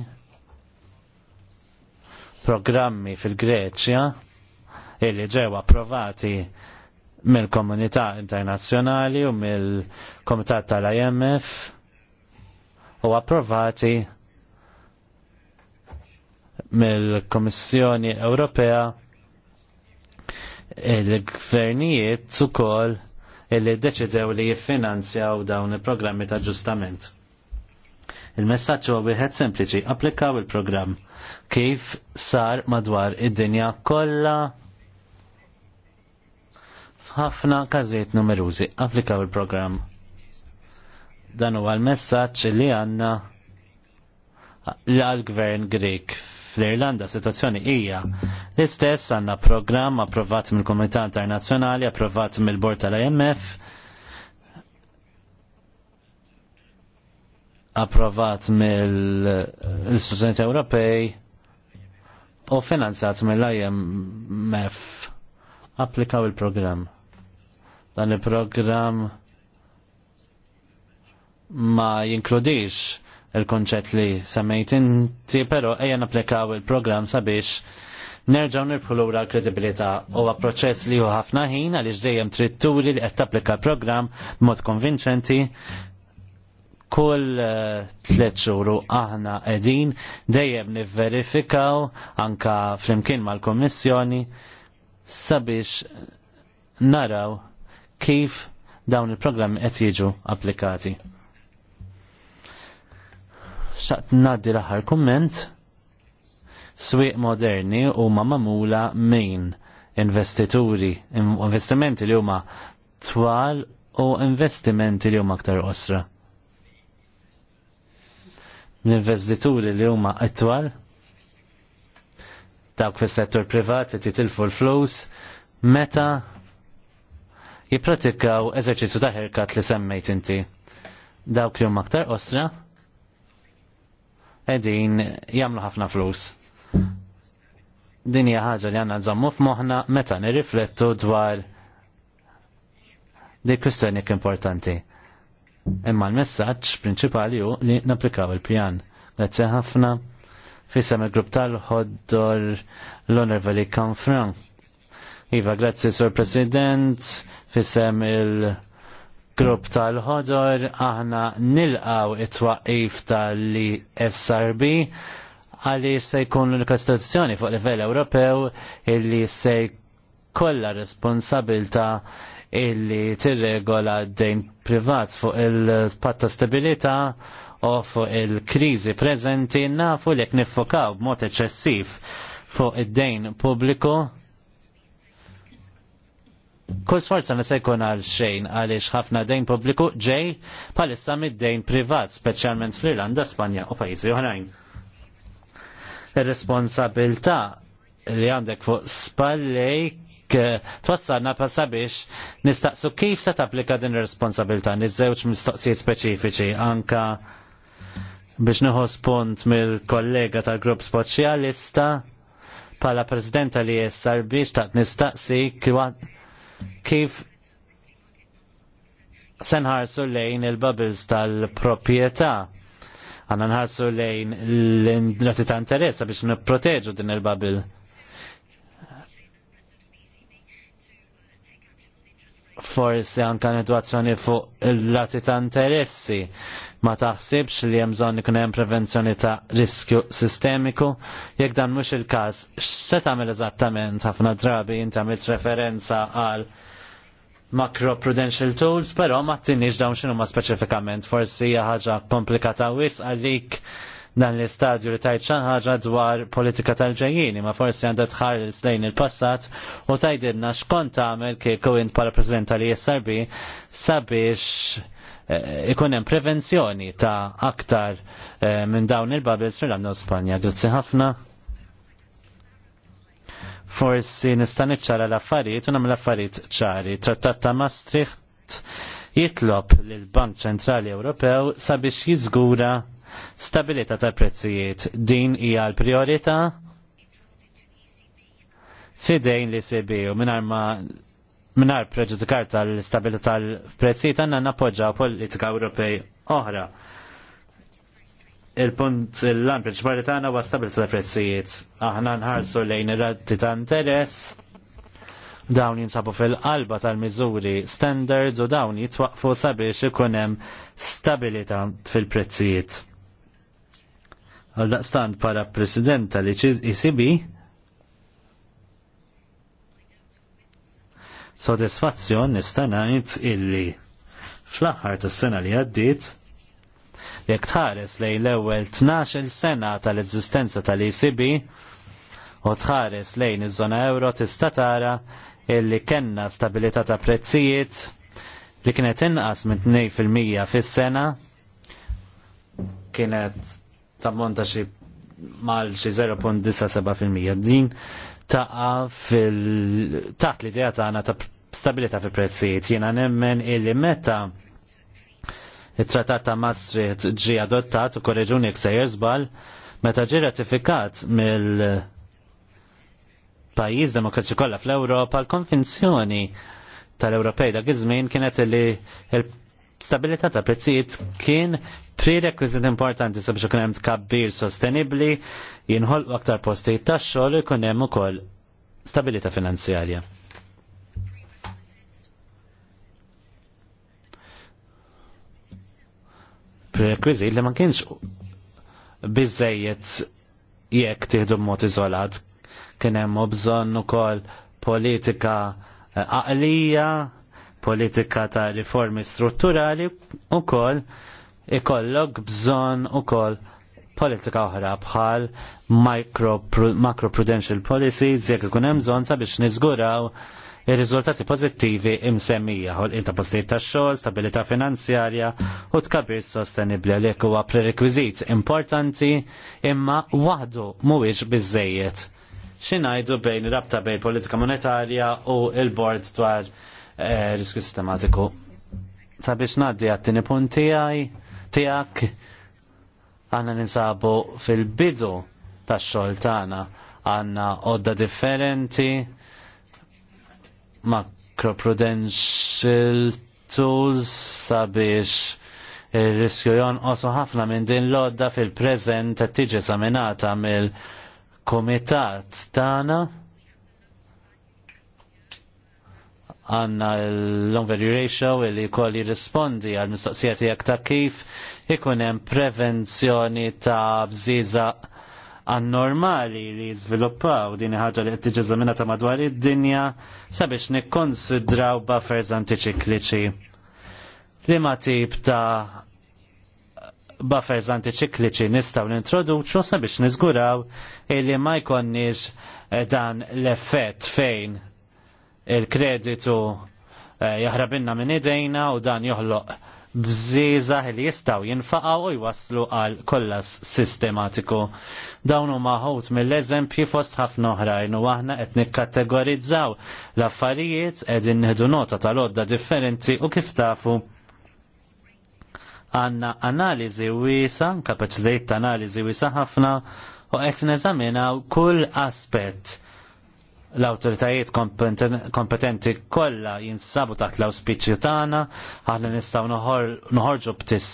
programmi fil-Greċja illi ġew approvati mill-komunità internazzjonali u mill-komitat tal-IMF u approvati mill-Komissjoni Ewropea il-gvernijiet ukoll illi deċidew li jiffinanzjaw dawn il-programmi ta' ġustament. Il-messagġ huwa wieħed sempliċi, applikaw il-programm kif sar madwar id-dinja kollha ħafna każijiet numerużi, applikaw il-programm. Dan huwa l-messaġġ li għandna għal-gvern Grek Fl-Irlanda situazzjoni hija l-istess għandna programm approvat mill-Komunità Internazzjonali, approvat mill-Bord tal-IMF, approvat mill-Istituzzjoni Ewropej u finanzat mill-IMF applikaw il-programm. Dan il-programm ma jinkludix il-konċett li semmejt inti, pero ejja napplikaw il-programm sabiex nerġaw nirbħu lura l-kredibilità huwa proċess li hu ħafna ħin għaliex dejjem trid turi li qed tapplika l-programm b'mod konvinċenti kull eh, tliet xhur aħna qegħdin dejjem nivverifikaw anka flimkien mal-Kommissjoni sabiex naraw kif dawn il-programmi qed jiġu applikati xaqt naddi l-aħħar kumment swieq moderni huma mamula minn investituri, investimenti li huma twal u investimenti li huma aktar osra. L-investituri li huma it-twal, dawk fis-settur privat li titilfu l-flus meta jipratikaw eżerċizzju ta' ħerkat li semmejt inti. Dawk li huma aktar osra edin jamlu ħafna flus. Din hija ħaġa li għandna nżammu f'moħħna meta nirriflettu dwar dik kwistjoni importanti. Imma l-messaġġ prinċipali hu li napplikaw il-pjan. Grazzi ħafna fisem il-grupp tal-ħoddor l-Onorevoli Kanfran. Iva, grazzi, Sur President, fisem il- grupp tal-ħodor aħna nilqaw it-twaqif tal-SRB għaliex se jkun l-Kostituzzjoni fuq livell Ewropew illi se kolla responsabilta illi tirregola d-dejn privat fuq il-patta stabilita u fuq il-krizi preżenti nafu li jekk nifokaw b'mod eċessiv fuq id-dejn pubbliku kull sforza ma se jkun għal xejn għaliex ħafna dejn pubbliku ġej bħalissa mid-dejn privat, speċjalment fl-Irlanda, Spanja u pajjiżi oħrajn. Ir-responsabilità li għandek fuq spallejk eh, twassalna pa sabiex nistaqsu kif se tapplika din ir-responsabilità niż-żewġ mistoqsijiet speċifiċi anka biex nieħu spunt mill-kollega tal-grupp Spoċjalista bħala Presidenta li jessar biex taqt nistaqsi kif senħarsu lejn il-bubbles tal-propieta. Għanna nħarsu lejn l-indrati ta' interessa biex nipproteġu din il-bubble. Forsi anka nitwazzjoni fuq il-lati ta' interessi ma taħsibx li hemm bżonn ikun hemm prevenzjoni ta' riskju sistemiku. Jekk dan mhux il-każ, x'se tagħmel eżattament ħafna drabi inti għamilt referenza għal macro prudential tools, però ma tinniex dawn x'inhu ma speċifikament forsi hija ħaġa komplikata wis għalik dan l-istadju li tajt xan ħaġa dwar politika tal-ġejjini, ma forsi għandha tħares lejn il-passat u tajdilna xkont tagħmel kieku int bħala President tal-ISRB sabiex Eh, ikun hemm prevenzjoni ta' aktar eh, minn dawn il-bubbles fil-għandu Spanja. Grazzi ħafna. Forsi nista' niċċara l-affarijiet u nagħmel affarijiet ċari. Trattat ta' Maastricht jitlob lill bank Ċentrali Ewropew sabiex jiżgura stabilità tal prezzijiet. Din hija l-priorità fidejn li sebiju minn ma minar preġudikar tal-stabilità tal-prezzijiet għandna nappoġġa politika Ewropej oħra. Il-punt l-lan prinċipali tagħna huwa stabilità tal-prezzijiet. Aħna nħarsu lejn ir-ratti ta' interess dawn jinsabu fil-qalba tal-miżuri standards u dawn jitwaqfu sabiex ikun hemm stabilità fil-prezzijiet. Għal daqstant para president tal-ECB Sodisfazzjon nista' ngħid illi fl-aħħar tas-sena li għaddiet jekk tħares lejn l-ewwel 12-il sena tal-eżistenza tal-ECB u tħares lejn iż-żona euro tista' tara illi kellna stabilità ta' prezzijiet li kienet inqas minn 2% fis-sena kienet tammonta xi mal xi 0.97% din taqa fil taħt l-idea tagħna ta' stabilità fil-prezzijiet. Jiena nemmen illi meta it-trattat ta' Maastricht ġi adottat u korreġuni ksejjer żball, meta ġi ratifikat mill pajjiż Demokraċi kollha fl-Ewropa l konvenzjoni tal-Ewropej dak iż-żmien kienet li l stabilità ta' prezzijiet kien prerequisit importanti sabiex ikun hemm tkabbir sostenibbli, jinħolqu aktar postijiet tax xogħol u jkun hemm ukoll stabilità finanzjarja. Prerequisit li ma kienx biżejjed jekk tieħdu mod iżolat kien hemm bżonn ukoll politika għaqlija eh, politika ta' riformi strutturali u kol ikollok bżon u kol politika oħra bħal macroprudential policies jekk ikun hemm bżonn sabiex niżguraw ir-riżultati pożittivi imsemmija ħolqien inta postijiet tax-xogħol, stabilità finanzjarja u tkabir sostenibbli li huwa prerequisit importanti imma waħdu mhuwiex biżejjed. Xi ngħidu bejn rabta bejn politika monetarja u l-bord dwar Eh, riskju sistematiku. Sabiex naddi għattini punti għaj tijak għanna ninsabu fil-bidu ta' xoltana għanna odda differenti macroprudential tools sabiex il-riskju jonqosu ħafna minn din l-odda fil-prezent tiġi saminata mill-komitat tana għanna l-long-value ratio li koll jirrispondi għal mistoqsijiet jek ta' kif ikunem prevenzjoni ta' bżiza annormali li jizviluppaw din ħaġa li tiġi minna ta' madwar id-dinja sabiex nikkonsidraw buffers antiċikliċi. Li ma tip ta' buffers antiċikliċi nistaw nintroduċu sabiex nizguraw li ma jkonniex eh, dan l-effett fejn il-kreditu eh, jahrabinna minn idejna u dan joħloq bżiza li jistaw jinfaqaw u jwaslu għal kollas sistematiku. Dawn huma maħut mill-eżempji fost ħafna oħrajn u aħna qed nikkategorizzaw l-affarijiet qegħdin nieħdu nota tal-odda differenti u kif tafu għanna analiżi wiesa, kapaċ ta' analiżi wiesa ħafna u qed neżaminaw kull aspett l-autoritajiet kompetenti kollha jinsabu taħt l-auspiċi tagħna, aħna nistgħu noħorġu btis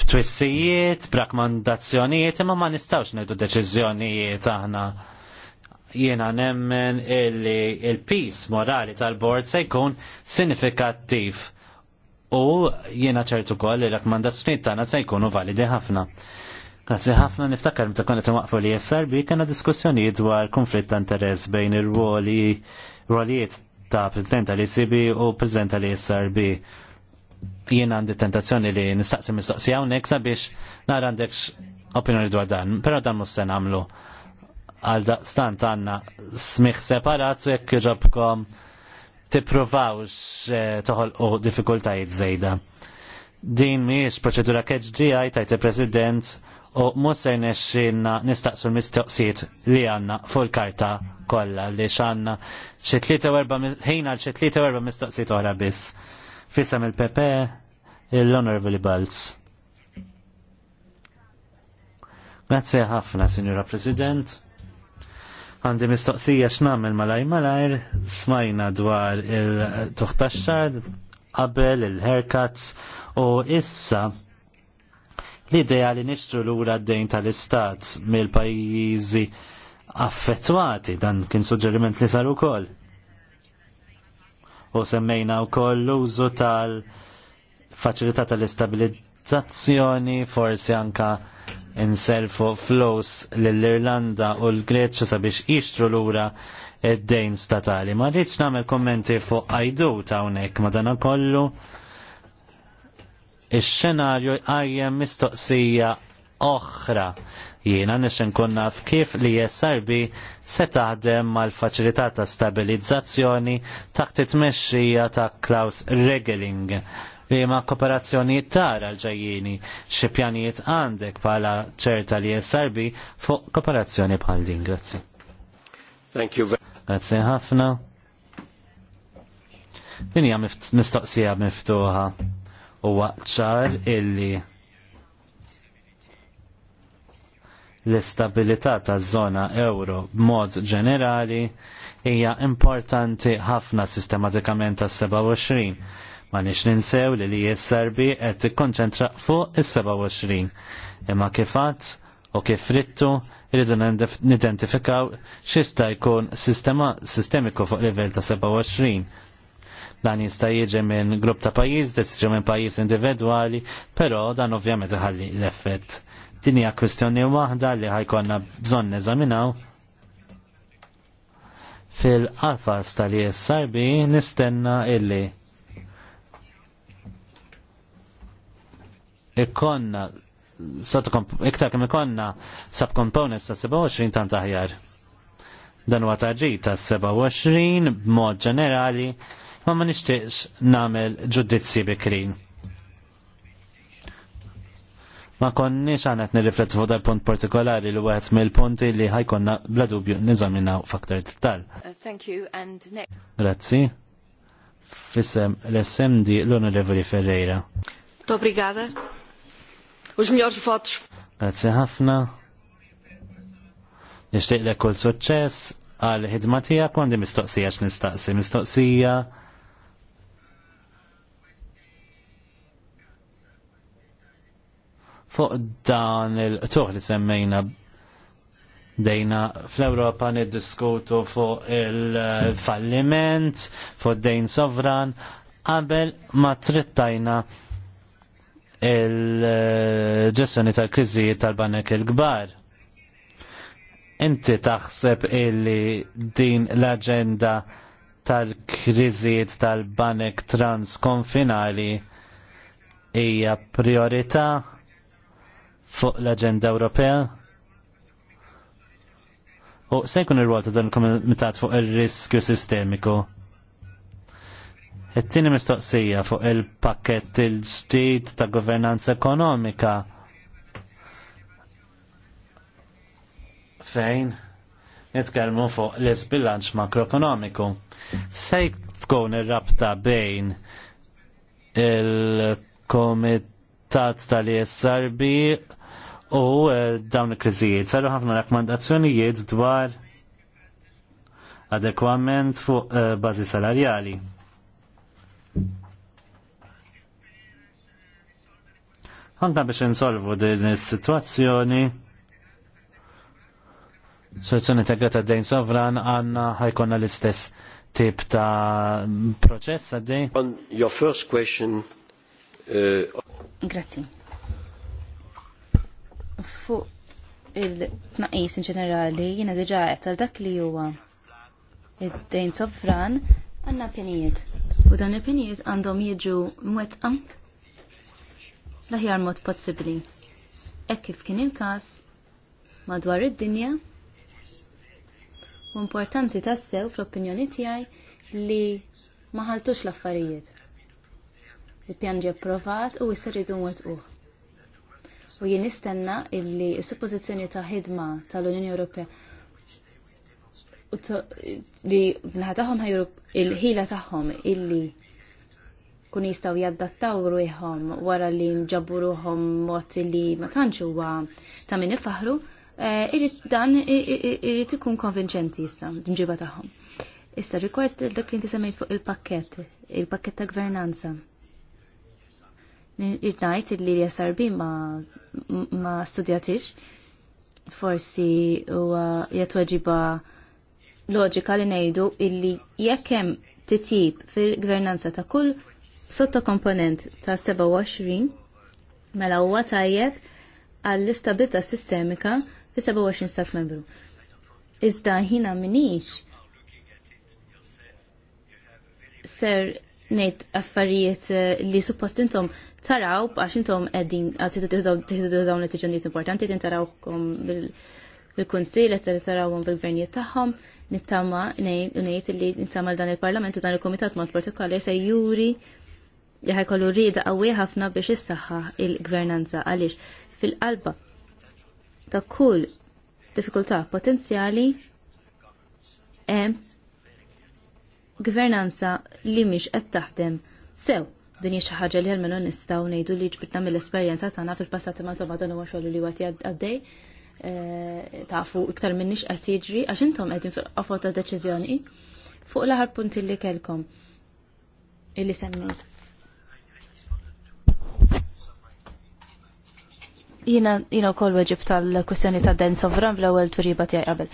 b'twissijiet, b'rakkomandazzjonijiet, imma ma nistgħux ngħidu deċiżjonijiet aħna. Jiena nemmen illi il-pis morali tal-bord se jkun sinifikattiv u jiena ċertu koll li rakkomandazzjonijiet tagħna se jkunu validi ħafna. Grazie ħafna niftakar meta konna waqfu li SRB kena diskussjoni dwar konflitt ta' interess bejn ir-ruoli rolijiet ta' President tal ecb u President tal SRB. Jien għandi tentazzjoni li nistaqsi mistoqsija hawnhekk sabiex nara għandek opinjoni dwar dan, però dan mhux se nagħmlu għal daqstant għandna smiħ separat u jekk jiġobkom tippruvawx toħolqu diffikultajiet żejda. Din mhijiex proċedura keġġija GI tajt il-President u musser nesċin nistaqsu l-mistoqsijiet li għanna fuq karta kollha li xanna ħin għal xi tlieta erba' mistoqsijiet oħra biss. Fisam il-PP l-Honorable Balz. Grazie ħafna, Signora President. Għandi mistoqsija x'namel malaj malajr, smajna dwar il-tuħtaxxar, qabel il-haircuts u issa l-idea li nixtru lura d-dejn tal-istat mill-pajjiżi affettwati dan kien suġġeriment li saru kol. U semmejna wkoll l-użu tal-faċilità tal-istabilizzazzjoni, forsi anka inserfu flows lill-Irlanda u l greċu sabiex jixtru lura id-dejn statali. Ma rridx nagħmel kommenti fuq għajdu ta' hawnhekk ma dan kollu Ix-xenarju għajjem mistoqsija oħra. Jiena nixen nkun naf kif li SRB se taħdem mal-faċilità ta' stabilizzazzjoni taħt it-tmexxija ta' Klaus Regeling li ma' kooperazzjoni tara l-ġajjini xi pjanijiet għandek bħala ċerta li SRB fuq kooperazzjoni bħal din. Grazzi. Thank you. very Grazzi ħafna. Din hija mistoqsija miftuħa huwa ċar illi l-istabilità taż-żona euro b'mod ġenerali hija importanti ħafna sistematikament tas-27. Ma nix ninsew li li jessarbi qed tikkonċentra fuq is-27. Imma kifat u kif rittu irridu nidentifikaw xista jkun sistema sistemiku fuq livell ta' 27 Dan jista' jiġi minn grupp ta' pajjiż, jista' minn pajjiż individwali, però dan ovvjament iħalli l-effett. Din hija kwistjoni waħda li ħajkonna bżonn neżaminaw fil-qafas tal-ISRB nistenna illi ikonna iktar kemm ikonna subcomponents ta' 27 tant aħjar. Dan huwa ġi ta' 27 b'mod ġenerali ma ma nixtieqx nagħmel ġudizzji bikrin. Ma konniex għana nirriflet fuq fuq punt partikolari li wieħed mill-punti li ħajkonna bla dubju niżaminaw faktor tal. Uh, thank you and next. Grazzi. Fissem l di l-Onorevoli Ferreira. Dobrigada. U x'mjorx votos. Grazzi ħafna. Nixtieq lek kull suċċess għal ħidma tiegħek għandi mistoqsija nistaqsi mistoqsija fuq dan il-tuħ li semmejna dejna fl-Europa niddiskutu fuq il-falliment, fuq dejn sovran, qabel ma trittajna il-ġessjoni tal-kriżijiet tal-banek il-kbar. Inti taħseb illi din l-agenda tal-kriżijiet tal-banek transkonfinali hija priorità' fuq l-Aġenda Ewropea. U se jkun ir-rwol ta' dan il-Komitat fuq ir-riskju sistemiku. It-tieni mistoqsija fuq il-pakket il-ġdid ta' governanza ekonomika. Fejn? nitkellmu fuq l-isbilanċ makroekonomiku. Se tkun ir-rabta bejn il-Komitat tal-ISRB u eh, dawn il-kriżijiet. Saru ħafna rakkomandazzjonijiet dwar adekwament fuq eh, bażi salarjali. Anka biex insolvu din is-sitwazzjoni soluzzjoni integrata d-dejn sovran għanna ħajkonna l-istess tip ta' proċess għaddej. On your first question. Uh... Eh, Grazie fuq il-tnaqis in ġenerali jiena diġà qed għal dak li huwa id-dejn sovran għandna pjanijiet. U dan il pinijiet għandhom jiġu mwet l-aħjar mod possibbli. Hekk kif kien il-każ madwar id-dinja u importanti tassew fl-opinjoni tiegħi li ma ħaltux l-affarijiet. Il-pjan ġie approvat u issa rridu uħ u jien nistenna illi s-suppożizzjoni ta' ħidma tal-Unjoni Ewropea li bnaħataħom il-ħila tagħhom illi kun jistaw jaddattaw ruħom wara li nġabbu ruħom mot li ma tantx huwa ta' min ifaħru, eh, irrid dan irid ikun konvinċenti issa mġiba tagħhom. Issa rigward dak li inti semmejt fuq il-pakkett, il-pakkett ta' gvernanza. Irnajt li l-SRB ma, ma studjatix. Forsi u jatwaġiba loġika li nejdu illi jekkem titjib fil-gvernanza ta' kull sottokomponent ta' 27 mela huwa tajjeb għall istabilta sistemika fi 27 stat membru. Iżda ħina minix ser nejt affarijiet li suppost intom taraw għax intom qegħdin tiħdu dawn l-deċiżjonijiet importanti qegħdin tarawkom bil-kunsil qed tarawhom bil-gvernijiet tagħhom nittama ngħid li nittama dan il-Parlament u dan il-Kumitat mod Portugali se juri jħaj kollu rida qawwi ħafna biex issaħħa il-gvernanza għaliex fil-qalba ta' kull diffikultà potenzjali hemm gvernanza li mhix qed taħdem sew din hija xi ħaġa li minnhom nistgħu ngħidu li ġbidna mill-esperjenza tagħna fil-passat imma żomma dan huwa xogħol li wati għaddej eh, tafu iktar minnix qed jiġri għax intom qegħdin fil ta' deċiżjoni fuq l aħħar punti li kellkom illi semmejt. jina jina koll weġib tal kustjoni ta' den sovran fl-ewwel turiba tiegħi qabel.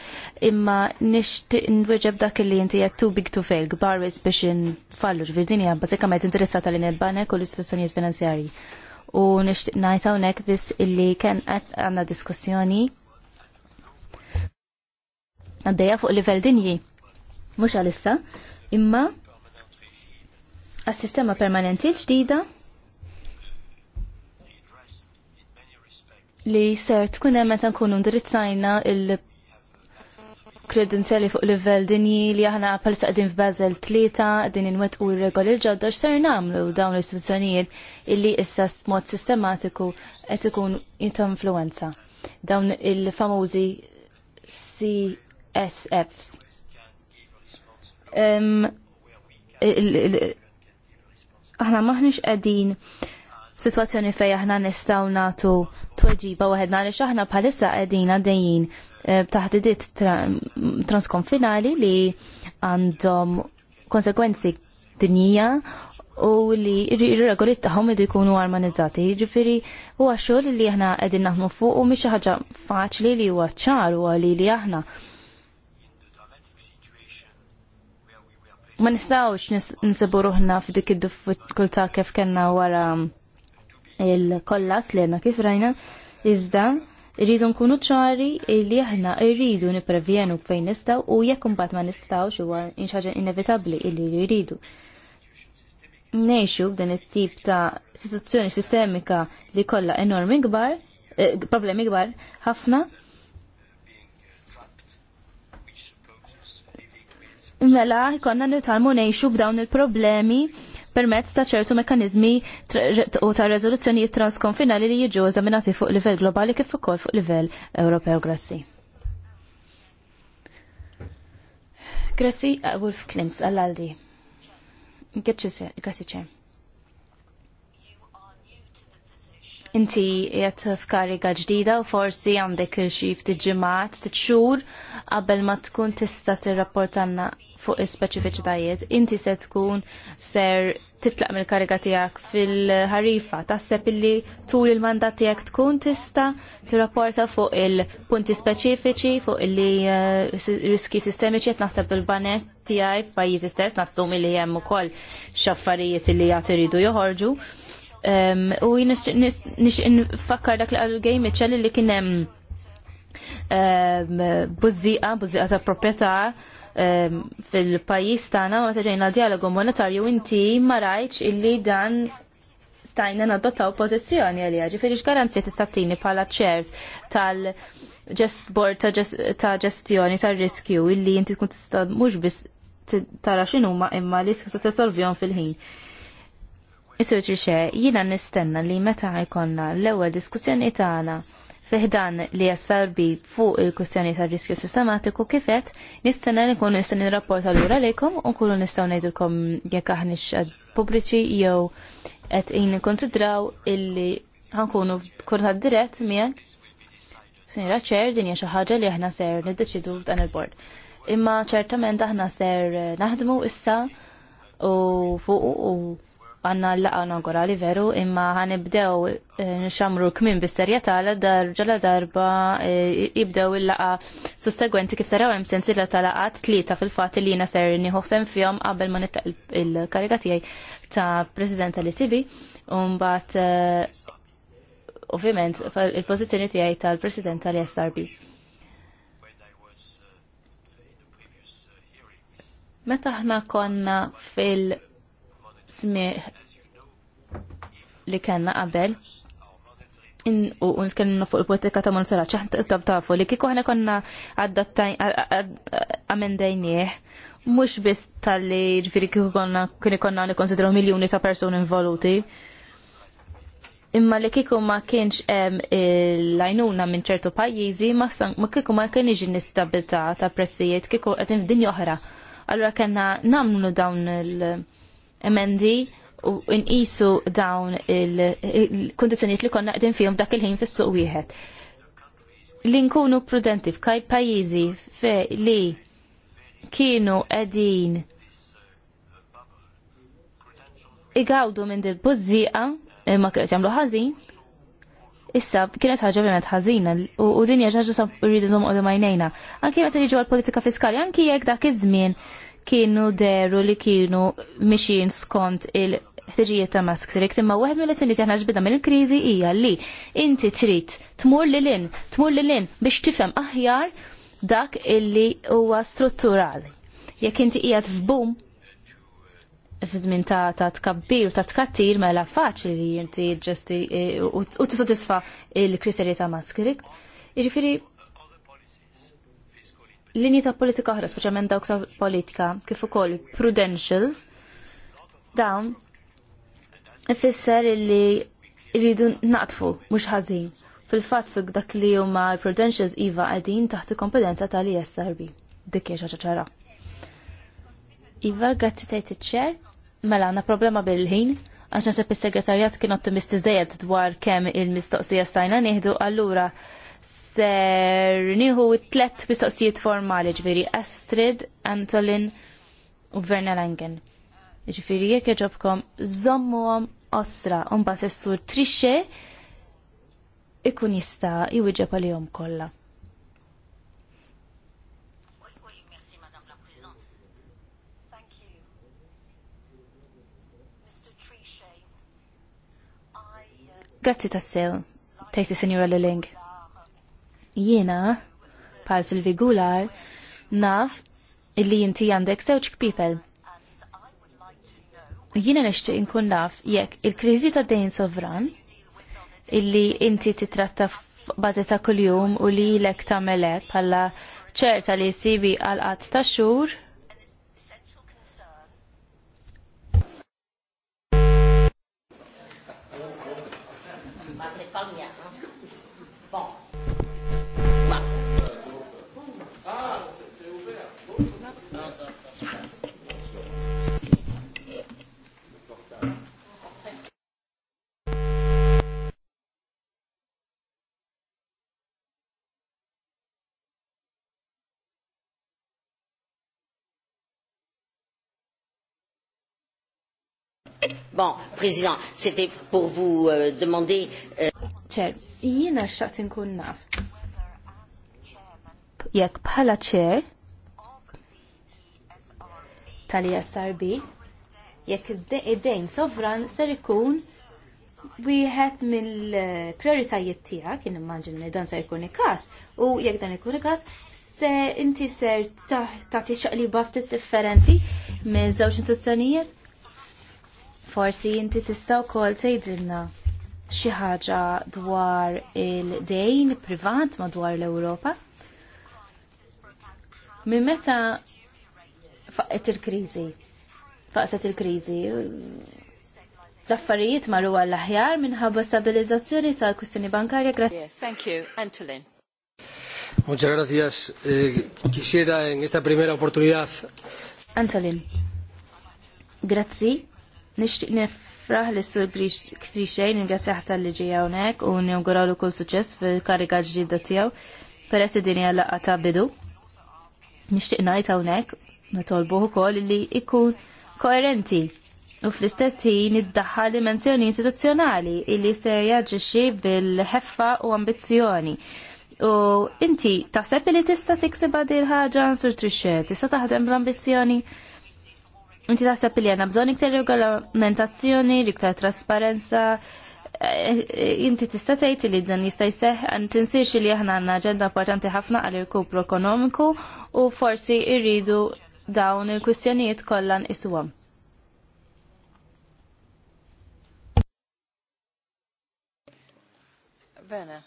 Imma nixtieq nweġeb dak li jinti jgħat too big to fail, gbar biex infallu ġvidini għam bażikament interessata li in banek u l-istituzzjonijiet finanzjarji. U nixtieq ngħid hawnhekk biss illi ken qed għandna diskussjoni għaddejja fuq livell dinji. Mhux għalissa, imma għas-sistema permanenti ġdida li ser tkun hemm meta nkunu ndirizzajna il- kredenzjali fuq livell dinji li aħna palissa qegħdin f'Bażel tlieta qegħdin inwettqu r-regoli l-ġodda x'ser nagħmlu dawn l-istituzzjonijiet illi issa mod sistematiku qed ikun influenza dawn il-famużi CSFs. Aħna maħniex qegħdin situazzjoni fej aħna nistaw natu tweġiba waħedna li aħna bħalissa qegħdin għaddejjin b'taħdidiet eh, transkonfinali li għandhom konsekwenzi dinija u li r-regoli tagħhom id jkunu armonizzati. Ġifiri, huwa xogħol li aħna qegħdin naħmu fuq u miex ħaġa faċli li huwa ċar u li li aħna ma nistawx nisibu ruħna f'dik id-diffikultà kif kellna wara il-kollas li għanna kif rajna, iżda rridu nkunu ċari li aħna rridu niprevjenu fejn nistaw u jekk bat ma nistgħux huwa inxaġa inevitabbli illi rridu. Nejxu b'dan it-tip ta' situazzjoni sistemika li kollha enormi kbar, eh, problemi kbar ħafna. Mela, konna nitalmu nejxu b'dawn il-problemi permezz ta' ċertu mekanizmi u ta' rezoluzzjoni transkonfinali li jiġu eżaminati fuq livell globali kif ukoll fuq livell Ewropew. Grazzi. Grazzi uh, Wolf Klims għall-Aldi. Grazzi ċem. inti jgħet f'kariga ġdida u forsi għandek xi ftit ġimgħat, ftit xhur qabel ma tkun tista' tirrapportanna fuq is-speċifiċitajiet. Inti se tkun ser titlaq mill-kariga tiegħek fil-ħarifa, taħseb illi tul il-mandat tiegħek tkun tista tirrapporta fuq il-punti speċifiċi, fuq illi eh, riski sistemiċi qed naħseb il-banet tiegħi f'pajjiżi stess nassumi li hemm ukoll x'affarijiet illi jagħti iridu joħorġu U nix nfakkar dak li għallu għej Mitchell li kienem buzziqa, buzziqa ta' propieta fil-pajis tana u għataġejna dialogu monetarju inti marajċ illi dan stajna nadottaw pozizjoni għalija. Ġifiri x-garanzja tistatini pala ċers tal- just board ta' ġestjoni ta' riskju illi inti tkun tista' mhux biss tara x'inhuma imma li tista' tesolvjon fil-ħin. Isir ċiċe, jina nistenna li meta ikonna l-ewel diskussjoni tagħna fiħdan li jassarbi fuq il-kustjoni ta' riskju sistematiku kifet, nistenna li kun nistenni rapport għal-għura lejkom u kullu nistaw nejdilkom jekk aħnix pubbliċi jew qed in konsidraw illi ħankunu kunu dirett miegħek. Sinjura ċer din hija xi ħaġa li aħna ser niddeċidu f'dan il-bord. Imma ċertament aħna ser naħdmu issa u fuq u għanna l-laqa nagurali veru imma għanibdew eh, nxamru kmin bis għala dar ġala darba eh, jibdew il-laqa sussegwenti kif taraw hemm sensila tal-laqat tlieta fil-fatt li jina ser nieħuħsem fihom qabel ma nittaq il-kariga tiegħi ta' President tal-ICB un mbagħad eh, ovvjament il-pożizzjoni tiegħi tal-President tal-SRB. Meta ħna konna fil- smieħ li kena qabel u nitkellimna fuq il-politika ta' monitoraġġ tab tafu li kieku ħana konna amendajnieh mhux biss tal-li ġifieri kieku konna konna ikonna nikkonsidraw miljuni ta' persuni involuti. Imma li kieku ma kienx hemm l-għajnuna minn ċertu pajjiżi ma kieku ma kien iġi nistabilità ta' pressijiet kieku qed f'dinja oħra. Allura kellna nagħmlu dawn il- emendi u nqisu dawn il-kondizjoniet li konna qegħdin fihom dak il-ħin fis-suq wieħed. Li nkunu prudenti f'kaj pajjiżi fe li kienu qegħdin igawdu minn il bużzieqa ma kienet jagħmlu ħażin. Issa kienet ħaġa ovvjament ħażina u din hija ħaġa sa rridu nżomm qogħdu majnejna. Anki meta jiġu għall-politika fiskali, anki jekk dak iż-żmien kienu deru li kienu mixin skont il- ħtiġijiet ta' mask trik, imma waħed mill-lezzjonijiet aħna ġbida mill-kriżi hija li inti trid tmur lil in, tmur lil in biex tifhem aħjar dak illi huwa strutturali. Jekk inti qiegħed f'boom f'żmien ta' ta' tkabbir u ta' tkattir mela faċli li inti ġesti eh, u tisodisfa' il-kriterji ta' mask trik. Jiġifieri linji ta' politika oħra, speċjalment dawk ta' politika, kif ukoll prudentials, dawn ifisser li rridu naqtfu mhux ħażin. Fil-fatt fuq dak li huma prudentials iva qegħdin taħt il-kompetenza tal-ISRB. Dik hija xi ċara. Iva, grazzi tgħid iċ-ċer, mela għandna problema bil-ħin, għax nasib is-segretarjat kien ottimisti żejjed dwar kemm il-mistoqsija stajna nieħdu allura ser nieħu tlet mistoqsijiet formali ġifieri Astrid, Antolin u Verna Langen. Ġifieri jekk jogħġobkom żommuhom osra u mbagħad is-sur trixxe ikun jista' jwieġeb għalihom kollha. Grazie tassew, tajti Signora Leling. Jiena, par Silvi Gular, naf illi jinti għandek sewċ kpipel. Jiena nixtieq inkun naf jekk il-kriżi ta' dejn sovran illi inti titratta f'bażi ta' kuljum u li ta' melek bħala ċerta li sibi għal qat ta' xhur Bon, Président, c'était pour vous euh, demander... ċer, euh, jiena xaqt nkun naf. Jekk bħala ċer tal-ISRB, jekk id-dejn sovran ser ikun wieħed mill-prioritajiet tiegħek, kien immaġin li dan ser ikun il u jekk dan ikun il se inti ser tagħti xaqliba ftit differenti minn żewġ istituzzjonijiet forsi inti tista' wkoll tgħidilna xi ħaġa dwar il-dejn privat madwar l-Ewropa? Minn meta faqqet il-kriżi? Faqset il-kriżi l-affarijiet marru għall-aħjar minħabba stabilizzazzjoni tal-kwistjoni bankarja. Grazie. Thank you, Antolin. Muchas gracias. Eh, quisiera en esta primera oportunidad. Antolin, grazzi. Nixtieq nifraħ li sur Krixejn ingrazzjaħ tal-li ġi hawnhekk u ninguralu kull suċċess fil-kariga ġdida tiegħu peress din hija laqgħa ta' bidu. Nixtieq ngħid hawnhekk nitolbu ukoll li jkun koerenti u fl-istess ħin iddaħħal dimensjoni istituzzjonali illi se jaġixxi bil-ħeffa u ambizzjoni. U inti taħseb li tista' tikseb din ħaġa sur trixxet, tista' taħdem bl-ambizzjoni? Inti taħseb li għanna bżonn iktar regolamentazzjoni, iktar trasparenza, eh, eh, inti tista' tgħid li dżan jista' jseħħ insirx li aħna għandna aġenda importanti ħafna għal irkupru ekonomiku u forsi rridu dawn il-kwistjonijiet kollha nqisuhom. Bene.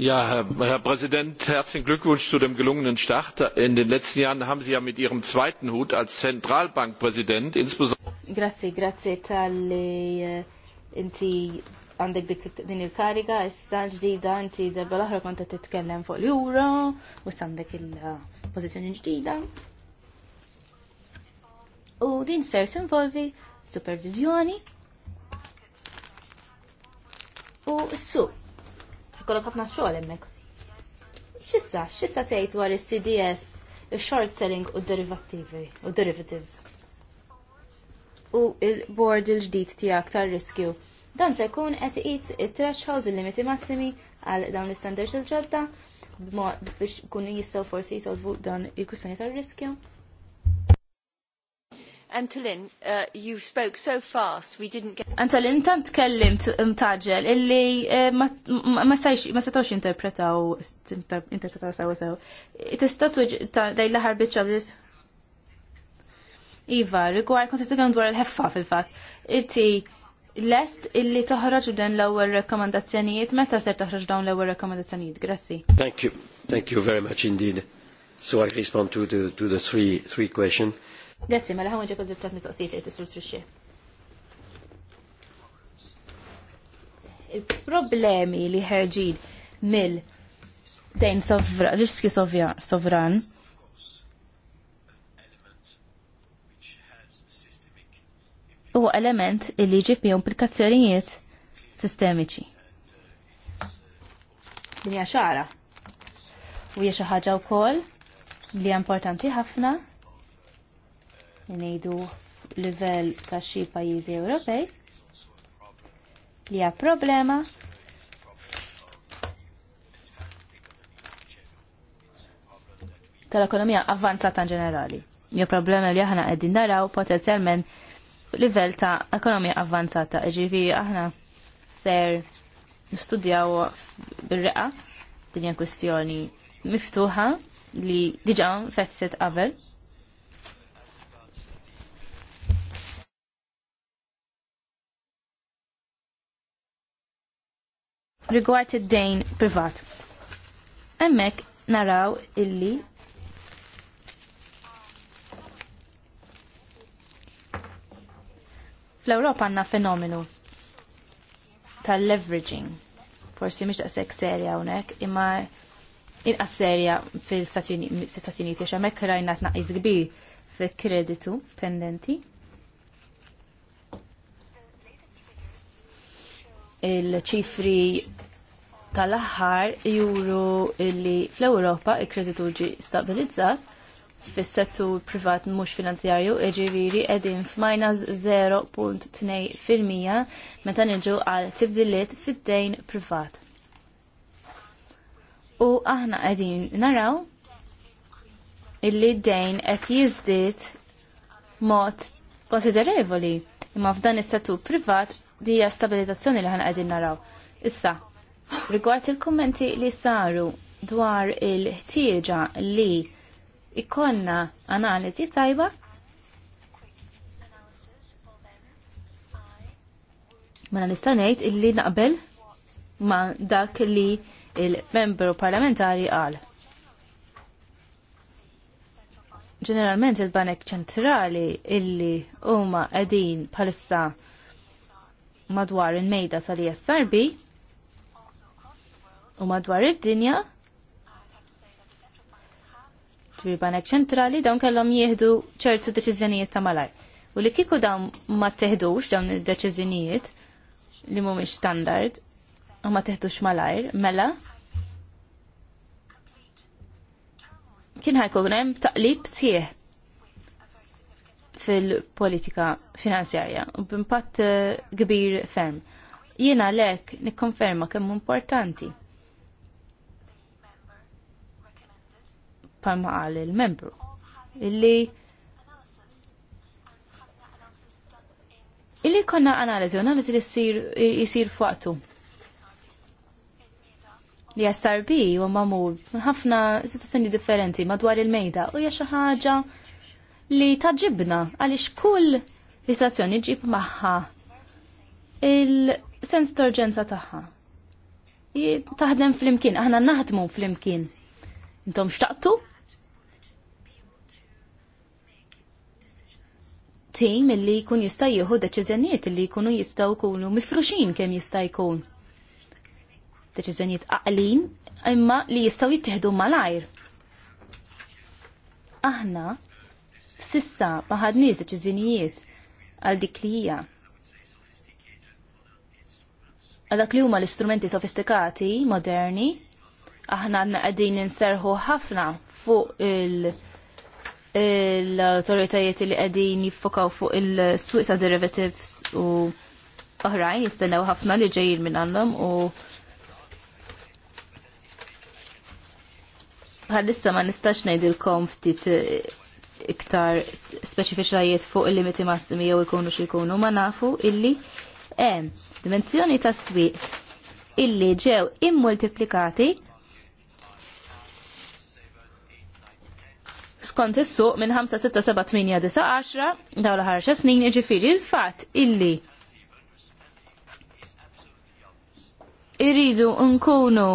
Ja, Herr Präsident, herzlichen Glückwunsch zu dem gelungenen Start. In den letzten Jahren haben Sie ja mit Ihrem zweiten Hut als Zentralbankpräsident insbesondere. Grazie, grazie eh, inti għandek din il-kariga, issa ġdida inti darba l konta titkellem fuq l u għandek il-pozizjoni ġdida. U din ser involvi supervizjoni u s-suq kollok ħafna xogħol hemmhekk. X'issa, x'issa tgħid dwar is-CDS, il-short selling u derivativi u derivatives. U il-board il-ġdid tiegħek tar-riskju. Dan se jkun qed iqis it threshold il-limiti massimi għal dawn l-istandards il-ġodda biex kunu jistgħu forsi jsolvu dan il-kwistjoni tar-riskju. Antolin, uh, you spoke so fast, we didn't get... Antolin, tant kellim mtaġel um, illi eh, ma setawx interpretaw, interpretaw sawa sawa. Tista dej laħar bieċa bif? Iva, rigward konti t-għan dwar il-ħeffa fil-fat. Inti lest illi toħroġ dan l-ewwel rekomendazzjonijiet, meta ser toħroġ dan l-ewwel rekomendazzjonijiet? Grazzi. Thank you. Thank you very much indeed. So I respond to the, to the three, three questions ma mela ħamma ġekol dibtat mistoqsijiet li tisru trixxie. Il-problemi li ħerġin mill dejn sovran, riski sovran, u element li ġib implikazzjonijiet sistemiċi. Dinja xara. U jiexa xi ħaġa wkoll li importanti ħafna ngħidu livell ta' xi pajjiżi Ewropej li hija problema tal-ekonomija avvanzata ġenerali. Hija problema li aħna qegħdin naraw potenzjalment livell ta' ekonomija avvanzata. Ġifieri aħna ser nistudjaw bir-reqa din hija kwestjoni miftuħa li diġà fetset qabel rigward id-dejn privat. Hemmhekk naraw illi fl-Ewropa għandna fenomenu tal-leveraging. Forsi mhix daqshekk serja hawnhekk, imma inqas serja fil-Stati Uniti għax hemmhekk rajna tnaqqis kbir fil-kreditu pendenti. il-ċifri tal-aħħar juru li fl-Ewropa il-kreditu ġi stabilizzat fis-settur privat mhux finanzjarju ġifieri qegħdin f'minus 0.2% meta niġu għal tibdiliet fid-dejn privat. U aħna qegħdin naraw illi d-dejn qed jiżdied mod konsiderevoli imma f'dan is-settur privat dija stabilizzazzjoni li ħana għedin naraw. Issa, rigward il-kommenti li saru dwar il-ħtieġa li ikonna analizi tajba, Ma nista' ngħid illi naqbel ma' dak li il-membru parlamentari qal. Ġeneralment il-banek ċentrali illi huma qegħdin bħalissa madwar il-mejda tal-ISRB u madwar id-dinja tribanek ċentrali dawn kellhom jieħdu ċertu deċiżjonijiet ta' malaj. U li kieku dawn ma teħdux dawn id-deċiżjonijiet li mhumiex standard u ma teħdux malajr, mela kien ħajkun hemm taqlib sieħ fil-politika finanzjarja u b'impatt eh, kbir ferm. Jiena lek nikkonferma kemm importanti. Palma qal il-membru illi illi konna analizi, analizi li jisir fuqtu. Li SRB u mamur ħafna situazzjoni differenti madwar il-mejda u hija xi ħaġa li taġibna għaliex kull istazzjoni ġib maħħa il-sens torġenza taħħa. tagħha. Taħdem flimkien, aħna naħdmu flimkien. Intom xtaqtu? Tim illi jkun jista' jieħu deċiżjonijiet illi jkunu jistgħu jkunu mifruxin kemm jista' jkun. Deċiżjonijiet aqlin imma li jistgħu jittieħdu malajr. Aħna sissa maħadniex deċiżjonijiet għal dik li hija. Għal dak li huma l-istrumenti sofistikati, moderni, aħna qegħdin inserħu ħafna fuq il- l-autoritajiet li qegħdin jiffokaw fuq il-suq ta' derivatives u oħrajn jistennew ħafna li ġejjin minn għandhom u bħalissa ma nistax ngħidilkom ftit iktar speċifiċajiet fuq il-limiti massimi jew ikunu xikunu ma nafu illi hemm dimensjoni ta' swieq illi ġew immultiplikati skont is-suq minn 5, 6, 7, 8, 9, 10 daw l-ħarxa snin jiġifieri il-fatt illi irridu nkunu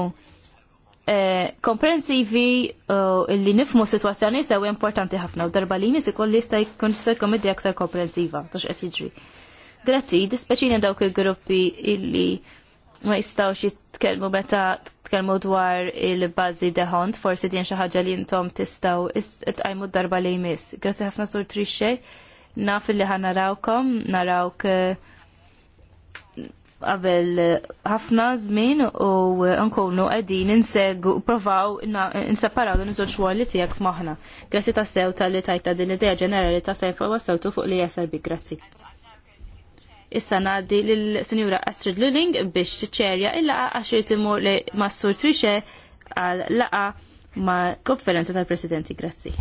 Eh, komprensivi eh, illi nifmu situazzjoni sew importanti ħafna u darba li jmiss ikolli jista' jkun jista' jkun aktar komprensiva tax qed jiġri. Grazzi, dispeċina dawk il-gruppi illi ma jistawx jitkellmu meta tkellmu dwar il-bażi deħont, forsi din xi ħaġa li intom tistgħu tqajmu darba li jmiss. Grazzi ħafna sur trixxej, naf illi narawkom narawk uh, qabel ħafna żmien u nkunu qegħdin u provaw inseparaw dan iż-żewġ xogħol tiegħek f'moħħna. Grazzi tassew tal-li tajta din l-idea ġenerali ta' sejfa wassawtu fuq li bi grazzi. Issa ngħaddi lill-Sinjura Astrid Lilling biex tiċċerja il-laqa għax irid imur li Massur Trixe għal laqa ma' konferenza tal-Presidenti. Grazzi.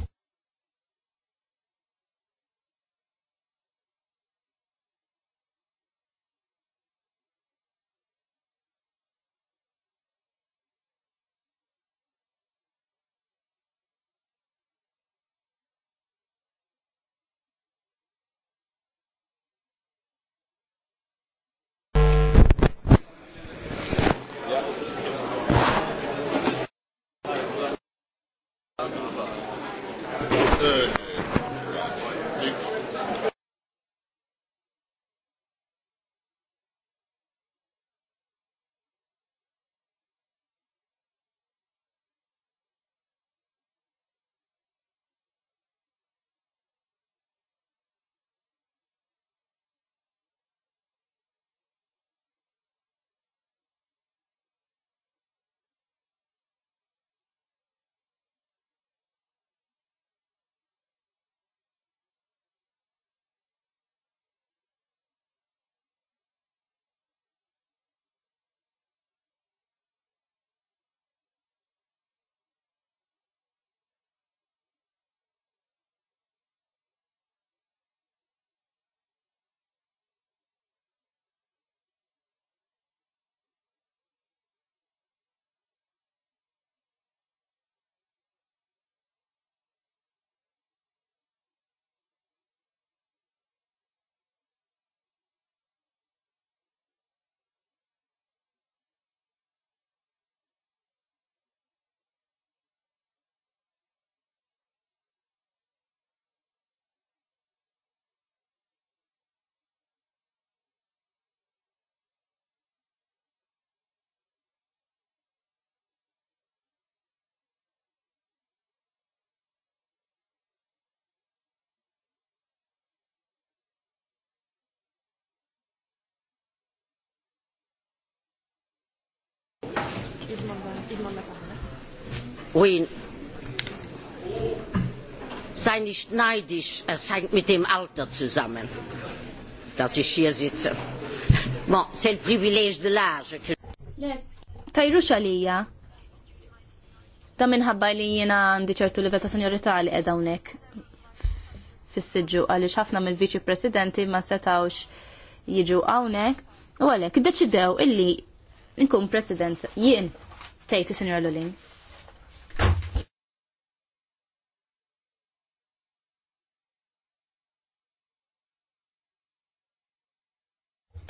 Oui. Sei nicht neidisch, es er hängt mit dem Alter zusammen, dass ich hier sitze. Bon, c'est le privilège de l'âge. Tajrux għalija. Ta' minħabba li jiena għandi ċertu li veta senjorita li edha hawnhekk fissiġu, siġġu xafna ħafna mill-viċi presidenti ma setawx jiġu hawnhekk u għalhekk iddeċidew illi nkun president jien Tejti, Sinjora Lulin.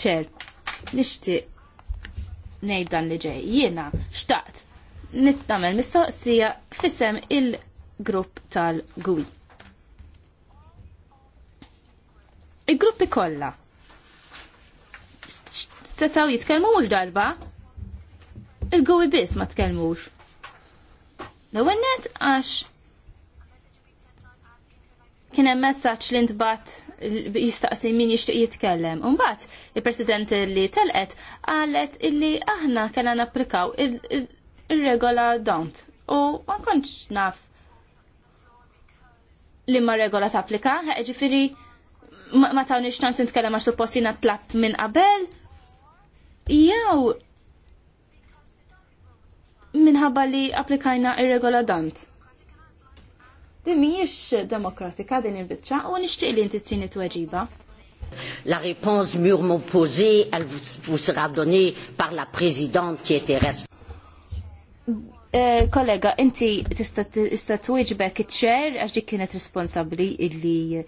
ċer, nishti nejd dan li ġej. Jiena, xtaqt, nittamel mistoqsija fissem il-grupp tal-gwi. Il-gruppi kolla. Stetaw jitkelmu l darba il-gowi biss ma tkellmux. L-ewwel għax kien hemm messaġġ li ntbat jistaqsi min jixtieq jitkellem. Imbagħad il-President li telqet qalet illi aħna kellna napplikaw ir-regola don't. U ma kontx naf li ma regola tapplika, ġifiri ma tawniex nix nitkellem għax suppost tlapt tlabt minn qabel. Jew minħabba li applikajna irregola dant. Din mhijiex demokratika din il-biċċa u nixtieq li inti tsini tweġiba. La réponse mûrement posée, elle vous, sera donnée par la présidente qui était responsable. Eh, kollega, inti tista' tweġbek iċ-ċer għax dik kienet responsabbli illi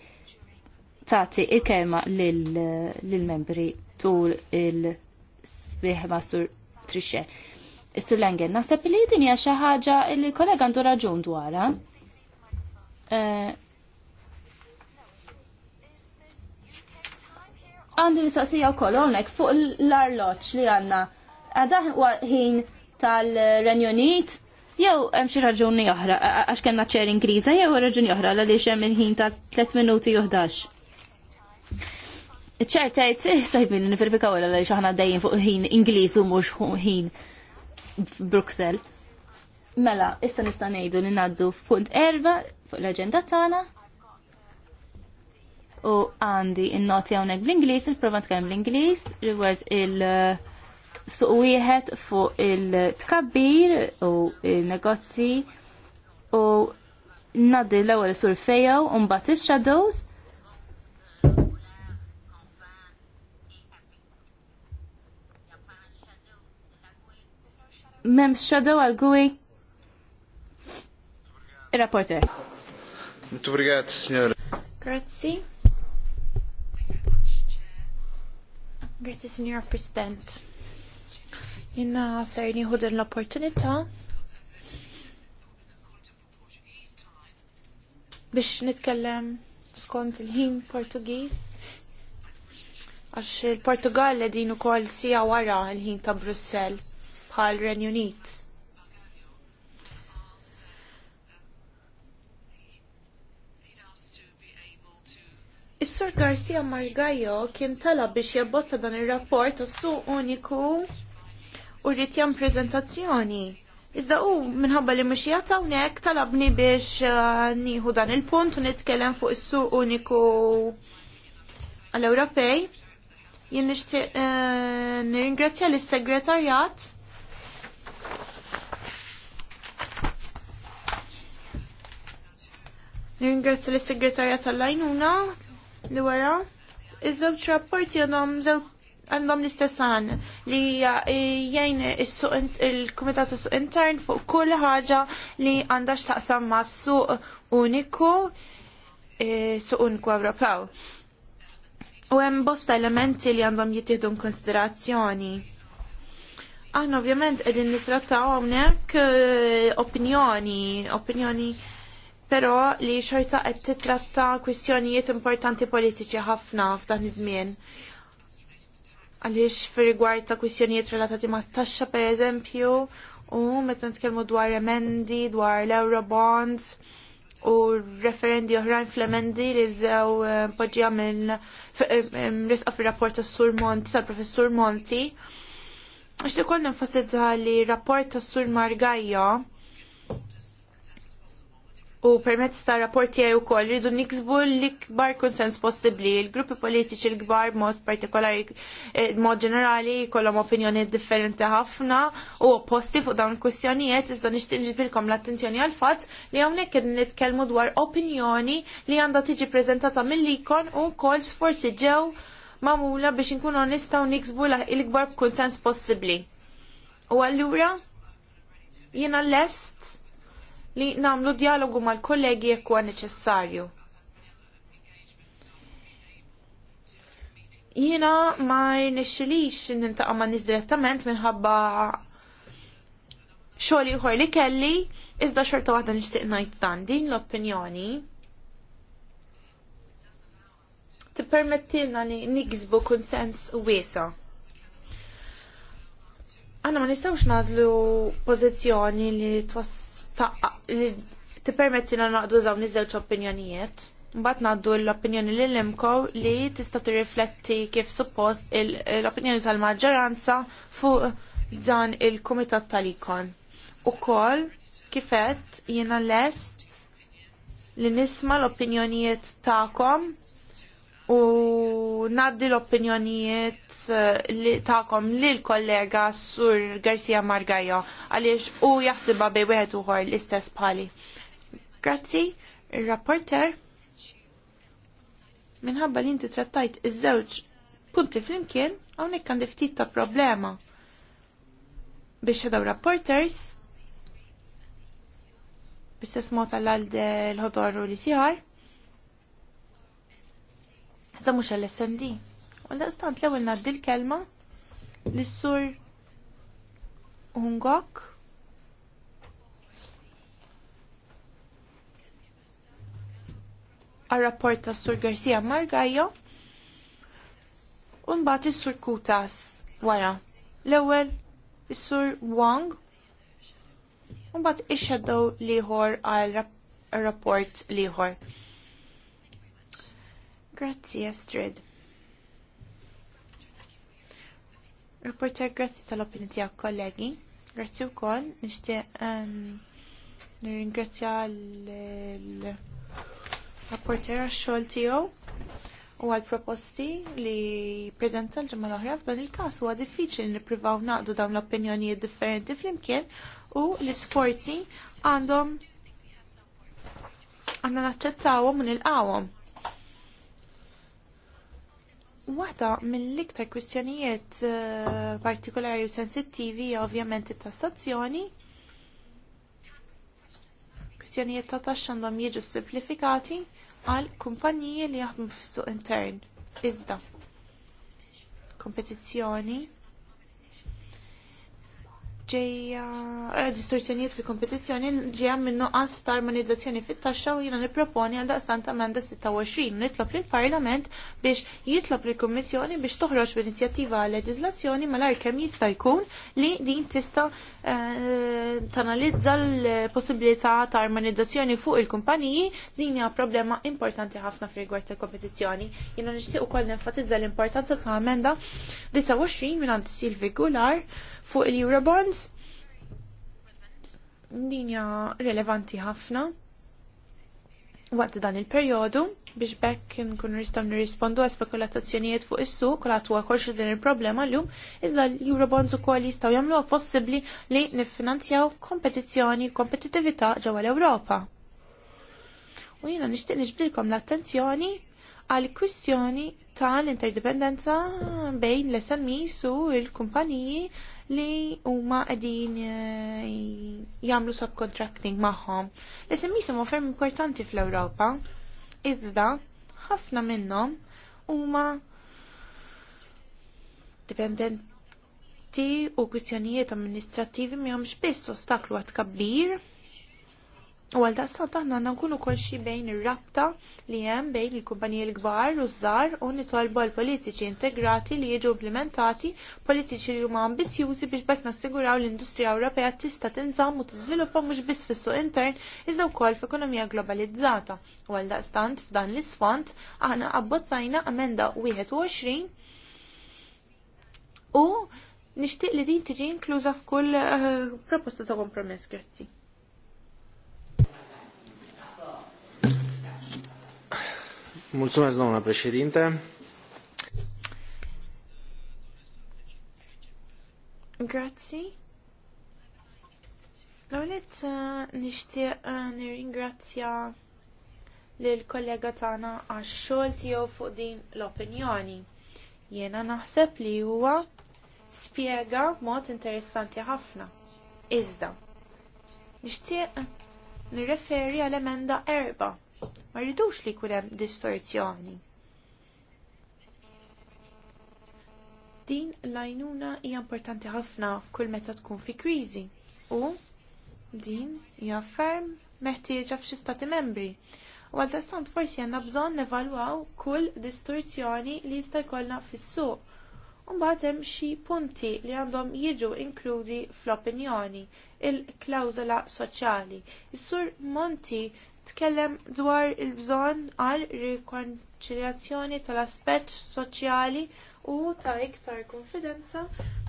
tagħti il-kelma lill-membri tul il-sbieħ sur trixxe. Issu l-engen, naħseb li din hija xi ħaġa li kollega għandu raġun dwarha. Eh, għandi mistoqsija wkoll hawnhekk fuq l arloċ li għanna. Għada eh, ħin tal-Renjonit jew hemm xi raġuni oħra għax kellna ċer Ingliża jew raġuni oħra għaliex hemm il-ħin ta' 3 minuti u 11. ċertajt, sajbin, nifirfika għala li xaħna dejjem fuq ħin Ingliż u mhux ħin Bruxelles. Mela, issa nista' ngħidu li ngħaddu f'punt erba fuq l-aġenda tagħna. U għandi in-noti hawnhekk bl-Ingliż, nipprova nitkellem bl-Ingliż rigward il- uh, suq wieħed fuq il-tkabbir u il-negozji u naddi l-ewwel sur fejjew u mbagħad ix-shadows Mem shadow għal gwi Il-rapporter. Muito obrigado, senhora. Grazie. Grazie, signor President. Jina ser nieħu l-opportunità biex nitkellem skont il-ħin Portugiż għax il-Portugal din ukoll sija wara l-ħin ta' Brussell bħal Renju Is-Sur Garcia Margajo kien talab biex jabbozza dan ir-rapport tas-suq uniku u rrid jam preżentazzjoni. Iżda u minħabba li mux jagħta hawnhekk talabni biex uh, nieħu dan il-punt u nitkellem fuq is-suq uniku għall-Ewropej. Jien nixtieq uh, nirringrazzja lis segretarjat Ringrazzi l segretarja tal-lajnuna li wara. Iż-żewġ rapporti għandhom għandhom l-istess għan li eh, jgħin il-Komitat Suq Intern fuq kull ħaġa li għandax taqsam ma' suq uniku eh, suq uniku Ewropew. U hemm bosta elementi li għandhom jittieħdu konsiderazzjoni. Aħna ovvjament qegħdin nitrattaw hawnhekk eh, opinjoni, opinjoni però li xorta qed titratta kwistjonijiet importanti politiċi ħafna f'dan iż-żmien. Għaliex fir-rigward ta' kwistjonijiet relatati ma' taxxa pereżempju, u meta nitkellmu dwar emendi, dwar l eurobond u referendi oħrajn fl-emendi li żew eh, poġġija minn eh, eh, risqa fir-rapport tas-Sur Monti tal-Professur Monti. Għax li kollna nfassidha li rapport tas-Sur Margajja u permezz ta' rapporti għaj u koll rridu niksbu l-ikbar konsens possibli. Il-gruppi politiċi l-kbar mod partikolari, eh, mod ġenerali, kollom opinjoni differenti ħafna u opposti fuq dawn kwestjonijiet, iżda nishtinġi bilkom l-attenzjoni għal-fat li għawnek kien nitkelmu dwar opinjoni li għanda tiġi prezentata mill-ikon u koll sforzi ġew mamula biex nkunu nistaw niksbu l-ikbar konsens possibli. U għallura, jena lest li namlu dialogu mal-kollegi jekk huwa neċessarju. Jiena ma nixxilix nintaqa' ma' nies direttament minħabba xogħol ieħor li kelli, iżda xorta waħda nixtieq ngħid dan din l-opinjoni tippermettilna li niksbu konsens wiesa. Għanna ma nistawx nażlu pożizzjoni li twass na eh, naqdu żaw niżewġ opinjonijiet. Mbagħad ngħaddu l-opinjoni lil imkow li tista' tirrifletti kif suppost l-opinjoni tal-maġġoranza fuq dan il-kumitat tal-ikon. kol, kifet jiena lest li nisma' l-opinjonijiet tagħkom u naddi l-opinjonijiet eh, li ta'kom li l-kollega Sur Garcia Margajo għaliex u jaħsiba bej wieħed uħor l-istess pali. Grazzi, il-rapporter. Minħabba li inti trattajt iż-żewġ punti flimkien, hawnhekk għandi ftit ta' problema. Biex daw rapporters, biex mod tal-għalde l-ħodor u li siħar. Iżda mhux għall-SND. U l-ewwel ngħaddi l-kelma lis-sur Ungok. ar rapport ta' Sur Garcia Margajo un-bat sur Kutas wara. L-ewel sur Wong un ix xaddu liħor għal-rapport liħor. Grazzi, Astrid. Reporter, grazzi tal-opinju tiegħek kollegi. Grazzi wkoll nixtieq ehm, nirringrazzja l-rapporter għax-xogħol tiegħu u għal-proposti li preżenta l-ġimgħa l-oħra f'dan il-każ huwa diffiċli nippruvaw naqdu dawn l-opinjonijiet differenti flimkien u l-isforzi għandhom għandna naċċettawhom u nilqawhom. Waħda mill-iktar kwistjonijiet eh, partikolari u sensittivi ovvjament it-tassazzjoni. Kwistjonijiet ta' taxxa għandhom jiġu simplifikati għal kumpaniji li jaħdmu fis-suq intern. Iżda, kompetizzjoni ġeja eh, distorsjonijiet fil kompetizzjoni ġeja minn nuqqas ta' armonizzazzjoni fit-taxxa u jiena nipproponi għal daqstan ta' menda 26 nitlob lill parlament biex jitlob lill kummissjoni biex toħroġ b'inizjattiva għal leġiżlazzjoni malar kemm jista' jkun li din tista' eh, tanalizza l-possibilità ta' armonizzazzjoni fuq il-kumpaniji din hija problema importanti ħafna fi rigward tal-kompetizzjoni. Jiena nixtieq ukoll nenfatizza l-importanza ta' amenda 29 minn Silvi Gular Fuq il-Eurobonds, dinja relevanti ħafna waqt dan il-perjodu biex bekk nkun nistgħu nirrispondu għal spekulatazzjonijiet fuq is-suq u għatwa kolxu din il-problema llum iżda l-Eurobonds ukoll jistgħu jagħmluha possibbli li niffinanzjaw kompetizzjoni kompetittività ġewwa l-Ewropa. U jiena nixtieq nixbdilkom l-attenzjoni għal kwistjoni tal-interdipendenza bejn l-SMEs u l-kumpaniji li huma qegħdin eh, jagħmlu subcontracting magħhom. L-SMEs huma ferm importanti fl-Ewropa, iżda ħafna minnhom huma dipendenti u kwistjonijiet amministrativi mihomx biss ostaklu għat kabbir U għal daqsna għanna nkunu kol xi bejn ir-rabta li hemm bejn il kumpanija l-kbar u żgħar u nitolbu għal politiċi integrati li jiġu implementati, politiċi li huma ambizjużi biex bekk nassiguraw l-industrija Ewropea tista' tinżamm u tiżviluppa mhux biss fis-suq intern iżda wkoll f'ekonomija globalizzata. U għal daqstant f'dan l-isfond aħna abbozzajna amenda 21 u nixtieq li din tiġi inkluża f'kull eh, proposta ta' kompromess grazzi. Mulțumesc, doamna președinte. Grazzi. L-għonet eh, nishtiq eh, nir-ingrazzja kollega tagħna għax xogħol tiegħu fuq din l-opinjoni. Jiena naħseb li huwa spjega b'mod interessanti ħafna. Iżda, nixtieq nirreferi għal emenda erba' Ma rridux li jkun hemm distorzjoni. Din l hija importanti ħafna kull meta tkun fi kriżi u din hija ferm meħtieġa f'xi stati membri. U għal tastant forsi għandna bżonn nevalwaw kull distorzjoni li jista' jkollna fis-suq. Mbagħad hemm xi punti li għandhom jiġu inkludi fl-opinjoni il klawzola soċjali. Is-sur Monti tkellem dwar il-bżonn għal rikonċiljazzjoni tal-aspett soċjali u ta' iktar konfidenza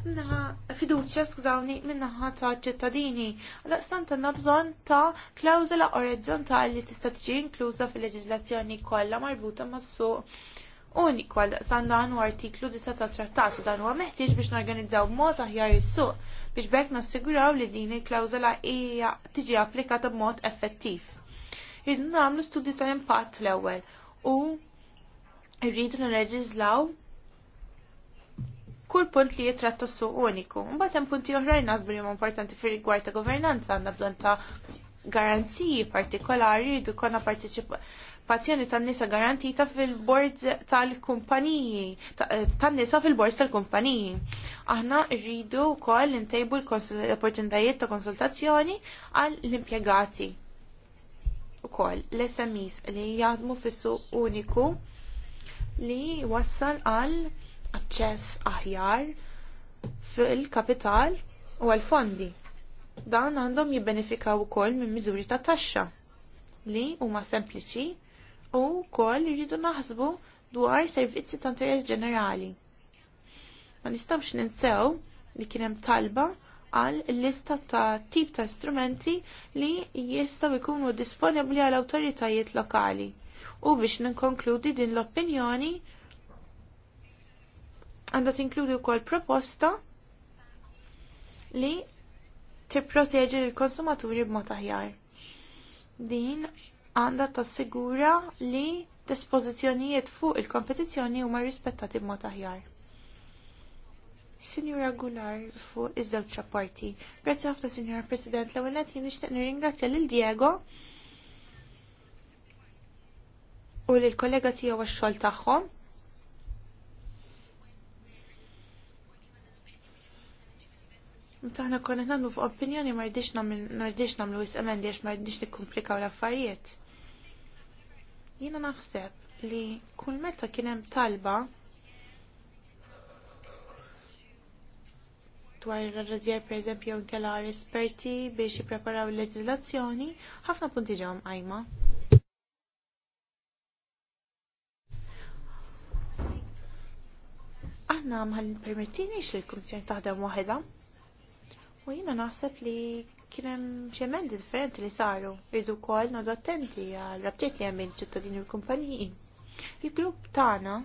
minnaħa fiduċja skużawni minnaħa ta' ċittadini. Laqstant għandna bżonn ta' klawżola orizzontali li tista' tiġi inkluża fil-leġiżlazzjoni kollha marbuta mas-suq uniku għal daqsan dan u artiklu 9 ta' trattatu dan huwa meħtieġ biex norganizzaw b'mod aħjar is-suq biex bekk nassiguraw li din il-klawżola hija tiġi applikata b'mod effettiv. Irridu nagħmlu studju tal-impatt l-ewwel u rridu nirreġiżlaw kull punt li jitratta su uniku. Mbagħad hemm punti oħrajn naħsbu li huma importanti fir rigward ta' governanza għandna bżonn ta' garanziji partikolari jridu konna partiċipa pazzjoni tan nisa garantita fil-bord tal-kumpaniji, tan nisa fil-bord tal-kumpaniji. Aħna rridu kol l-intejbu l-opportunitajiet ta' konsultazzjoni għall-impiegati ukoll l sms li jaħdmu fis-suq uniku li wassal għal aċċess aħjar fil-kapital u għall fondi Dan għandhom jibbenefikaw ukoll minn miżuri ta' taxxa li huma sempliċi u wkoll jridu naħsbu dwar servizzi ta' interess ġenerali. Ma nistgħux ninsew li kien hemm talba għal lista ta' tip ta' strumenti li jistgħu jkunu disponibbli għal awtoritajiet lokali. U biex ninkonkludi din l-opinjoni għandha tinkludi wkoll proposta li tipproteġi l-konsumaturi b'mod aħjar. Din għandha tassigura li dispozizjonijiet fuq il kompetizzjoni huma rispettati b'mod aħjar. Signora Gunar fu iż-żewġ rapporti. Grazzi ħafna, Signora President. L-ewwel qed jien nixtieq nirringrazzja lil Diego u lil kollega tiegħu għax-xogħol tagħhom. Taħna konna nagħmlu fuq opinjoni ma rridix nagħmlu wis emendi għax ma rridix nikkumplikaw l-affarijiet. Jina naħseb li kull meta kienem talba dwar ir-rażjer pereżempju jew esperti biex jippreparaw il-leġiżlazzjoni, ħafna punti ġew mqajma. Aħna mħal permettini li l-Kummissjoni taħdem waħda U jiena naħseb li kien hemm xi emendi differenti li saru, irdu kol nodu attenti għal rabtiet li hemm ċittadini u l-kumpaniji. Il-grupp tagħna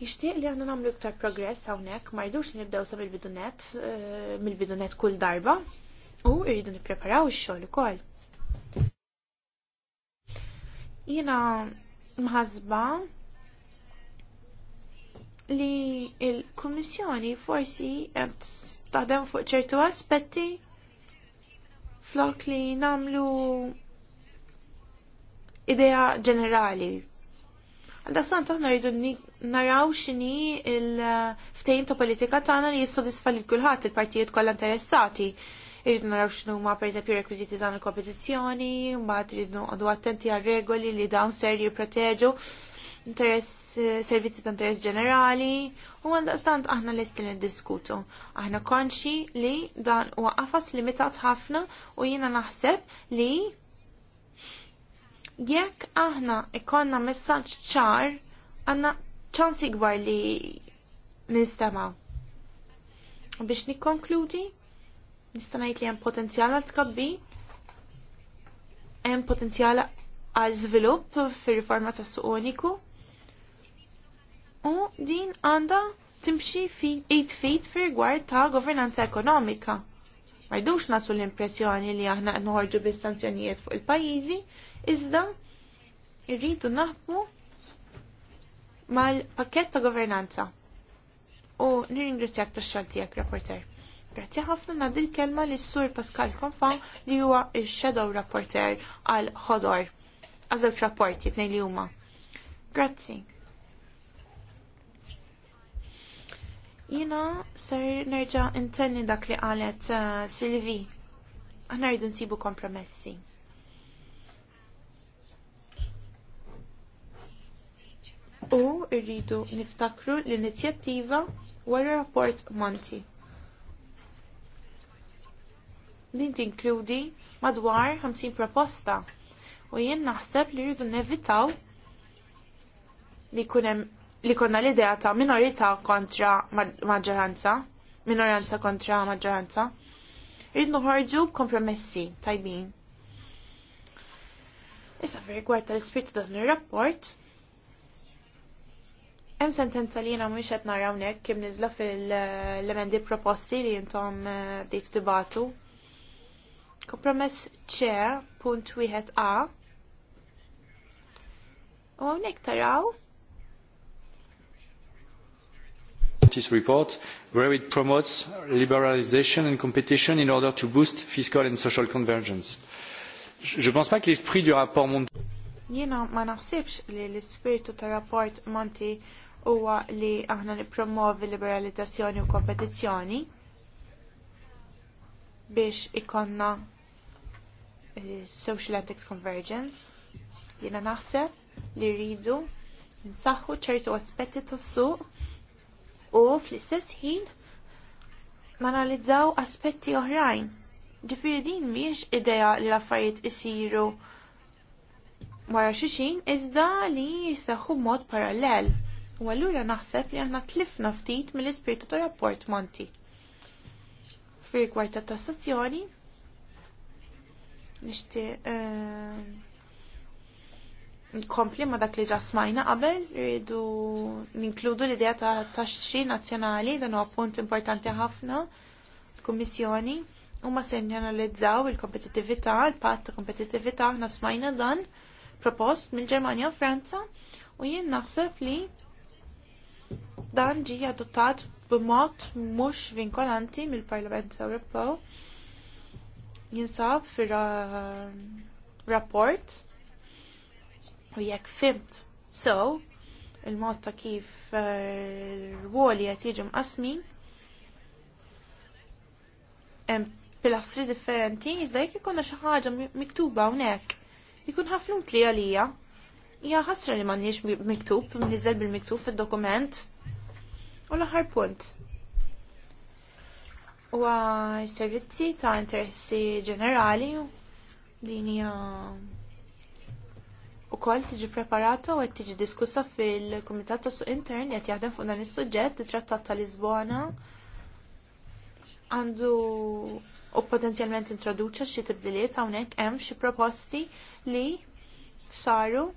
Jishtiq li għanna nagħmlu iktar progress hawnhekk ma jidux nibdaw sa mill-bidunet eh, mill-bidunet kull darba u rridu nippreparaw ix-xogħol ukoll. Jiena mħasba li il-Kummissjoni forsi qed taħdem fuq ċertu aspetti flok li namlu idea ġenerali. Għal-dasant aħna rridu naraw x'inhi il ftejn ta' politika tagħna li jissodisfa lil kulħadd il-partijiet kollha interessati. Irridu naraw x'inhu ma pereżempju rekwiziti tagħna il-kompetizzjoni, mbagħad irridu noqogħdu attenti għal regoli li dawn ser jipproteġu interess, servizzi ta' interess ġenerali u għandaqstant aħna l-istin diskutu Aħna konxi li dan u għafas limitat ħafna u jina naħseb li jekk aħna ikonna messaġġ ċar għanna ċansi gbar li nistamaw. U biex nikkonkludi, nista' ngħid li hemm potenzjal għal tkabbi, hemm potenzjal għal żvilupp fir-riforma tas suqoniku uniku. U din għandha timxi fit eight feet fir-rigward ta' governanza ekonomika. Ma jdux nagħtu l-impressjoni li aħna qed noħorġu bis-sanzjonijiet fuq il-pajjiżi, iżda irridu naħdmu mal-pakket ta' governanza. U nirringrazzjak ta' xaltijak, rapporter. Grazzi ħafna nad il-kelma li s-sur Pascal Konfan li huwa il-shadow rapporter għal ħodor. Għazewċ rapporti, t-nej li huma. Grazzi. Jina ser nerġa' intenni dak li qalet uh, Silvi. Aħna rridu nsibu kompromessi. u rridu niftakru l-inizjattiva wara rapport Monti. Din tinkludi madwar 50 proposta u jien naħseb li rridu nevitaw li kunem li konna l-idea ta' minorita kontra maġġoranza, minoranza kontra maġġoranza, rrid noħorġu kompromessi tajbin. Issa fi rigward tal-ispirtu dan ir-rapport, Hemm sentenza li jiena mhux qed nara hawnhekk kif niżla fil-emendi proposti li intom eh, bdejtu dibatu. Kompromess C punt wieħed A. U hawnhekk taraw this report where it promotes liberalization and competition in order to boost fiscal and social convergence. Je pense pas que l'esprit du rapport Monti Jiena ma naħsibx li l ispirtu ta' rapport Monti huwa li aħna nippromovi liberalizzazzjoni u kompetizzjoni biex ikonna eh, social ethics convergence. Jiena naħseb li rridu nsaħħu ċertu aspetti tas-suq u fl-istess ħin nanalizzaw aspetti oħrajn. Ġifieri din mhijiex idea li l-affarijiet isiru wara xi xulxin iżda li jistaħħu b'mod parallel. U allura naħseb li aħna tlifna ftit mill-ispirtu ta' rapport Monti. Fri kwarta ta' tassazzjoni, nishti eh, nkompli ma dak li ġa smajna qabel, rridu ninkludu l-idea ta' taxxi nazzjonali, dan huwa punt importanti ħafna l-Kummissjoni. Huma se janalizzaw il kompetitivita il-patt ta' kompetitivita, aħna smajna dan propost mill-Ġermanja u Franza u jien naħseb li Dan ġi adottat b'mod mhux vinkolanti mill-Parlament Ewropew jinsab fir-rapport eh, u jekk fimt so il-mod ta' kif eh, ruoli qed jiġu mqasmin hemm pilastri differenti iżda jekk ikun xi ħaġa miktuba hawnhekk ikun ħafna tli għalija Ja ħasra li m'għandniex miktub, niżel bil-miktub fil dokument U l-aħħar punt. Huwa servizzi ta' interessi ġenerali din hija ukoll tiġi preparata u qed tiġi diskussa fil-Kumitat ta' Suq Intern qed jaħdem fuq dan is-suġġett it-Trattat ta' Lisbona għandu u potenzjalment introduċa xi tibdiliet hawnhekk hemm xi proposti li saru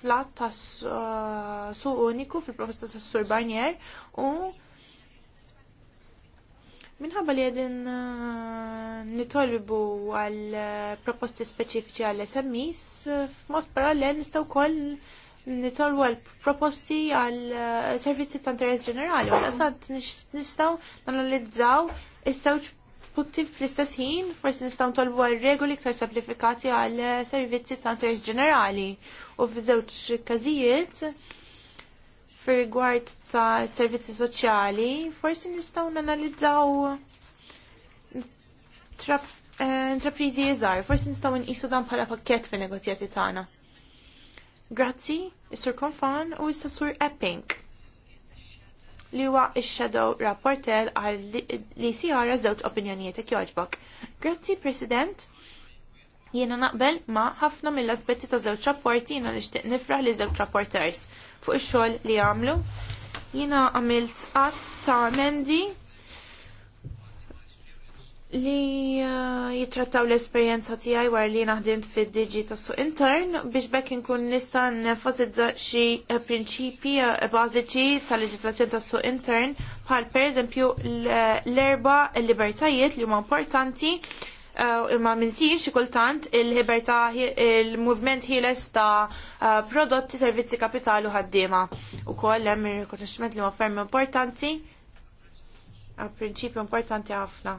flat ta' uh, su uniku fil-proposta ta' Sur Barnier u minħabba li għedin uh, nitolbu għal uh, proposti speċifiċi għal SMIs f'mod parallel nistaw kol nitolbu għal proposti għal servizzi ta' interess ġenerali u għal nistaw nanalizzaw istawċ Putti fl-istess ħin forsi nistgħu ntolbu għal regoli iktar simplifikati għal servizzi ta' interess ġenerali u f'żewġ każijiet fir-rigward ta' servizzi soċjali forsi nistgħu nanalizzaw eh, intrapriżi iżgħar, forsi nistgħu nqisu dan bħala pakkett fin-negozjati tagħna. Grazzi, is-Sur Konfan u issa Sur Epping li huwa x-shadow rapporteur għal li sijara żewġ opinjonijiet ek joġbok. Grazzi, President. Jiena naqbel ma ħafna mill-aspetti ta' żewġ rapporti jiena nixtieq nifra li żewġ rapporters fuq ix-xogħol li għamlu. Jiena għamilt qatt ta' mendi li uh, jitrattaw l-esperienza tiegħi war li naħdint fid-diġi tas-suq intern biex bekk inkun nista' nenfasizza xi uh, prinċipji uh, bażiċi tal-leġislazzjoni tas-suq intern bħal pereżempju l-erba' l libertajiet li huma importanti imma minsir xi kultant il-libertà il-movement ħieles ta' prodotti, servizzi kapitalu ħaddiema. Ukoll hemm ir-rikonoxximent li huma ferm importanti, prinċipju importanti ħafna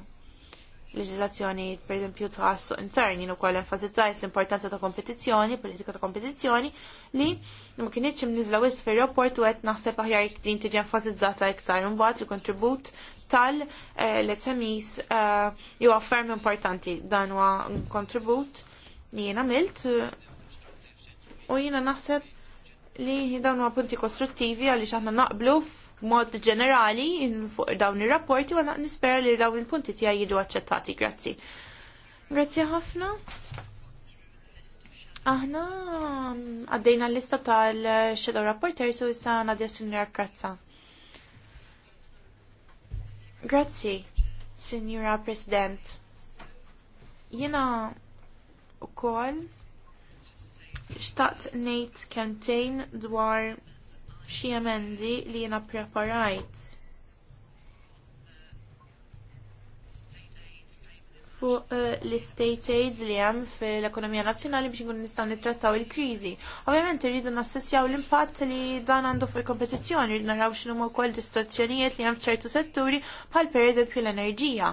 leġislazzjoni per esempio ta' suq intern jien ukoll enfasizzajt l-importanza ta' kompetizzjoni, politika ta' kompetizzjoni li ma kienitx imniżla wisq fir-rapport u qed naħseb aħjar din tiġi enfasizzata iktar imbagħad il-kontribut tal-SMEs eh, eh, jew ferm importanti dan huwa kontribut li jiena għamilt eh, u jiena naħseb li dawn huwa punti kostruttivi għaliex aħna naqblu mod ġenerali fuq dawn ir-rapporti u nispera li dawn il-punti tiegħi jiġu aċċettati. Grazzi. Grazzi ħafna. Aħna għaddejna l-lista tal-Shadow Rapporter su issa Nadja Sunjar Krazza. Grazzi, Signora President. Jena u kol, xtaqt nejt kentejn dwar xi emendi li jiena ppreparajt fuq eh, l-state aid li hemm fil-ekonomija nazzjonali biex nkun nistgħu nittrattaw il-kriżi. Ovvjament irridu nassessjaw l-impatt li dan għandu fuq il-kompetizzjoni, irridu naraw x'inhuma wkoll distorzjonijiet li hemm f'ċertu setturi bħal pereżempju l-enerġija.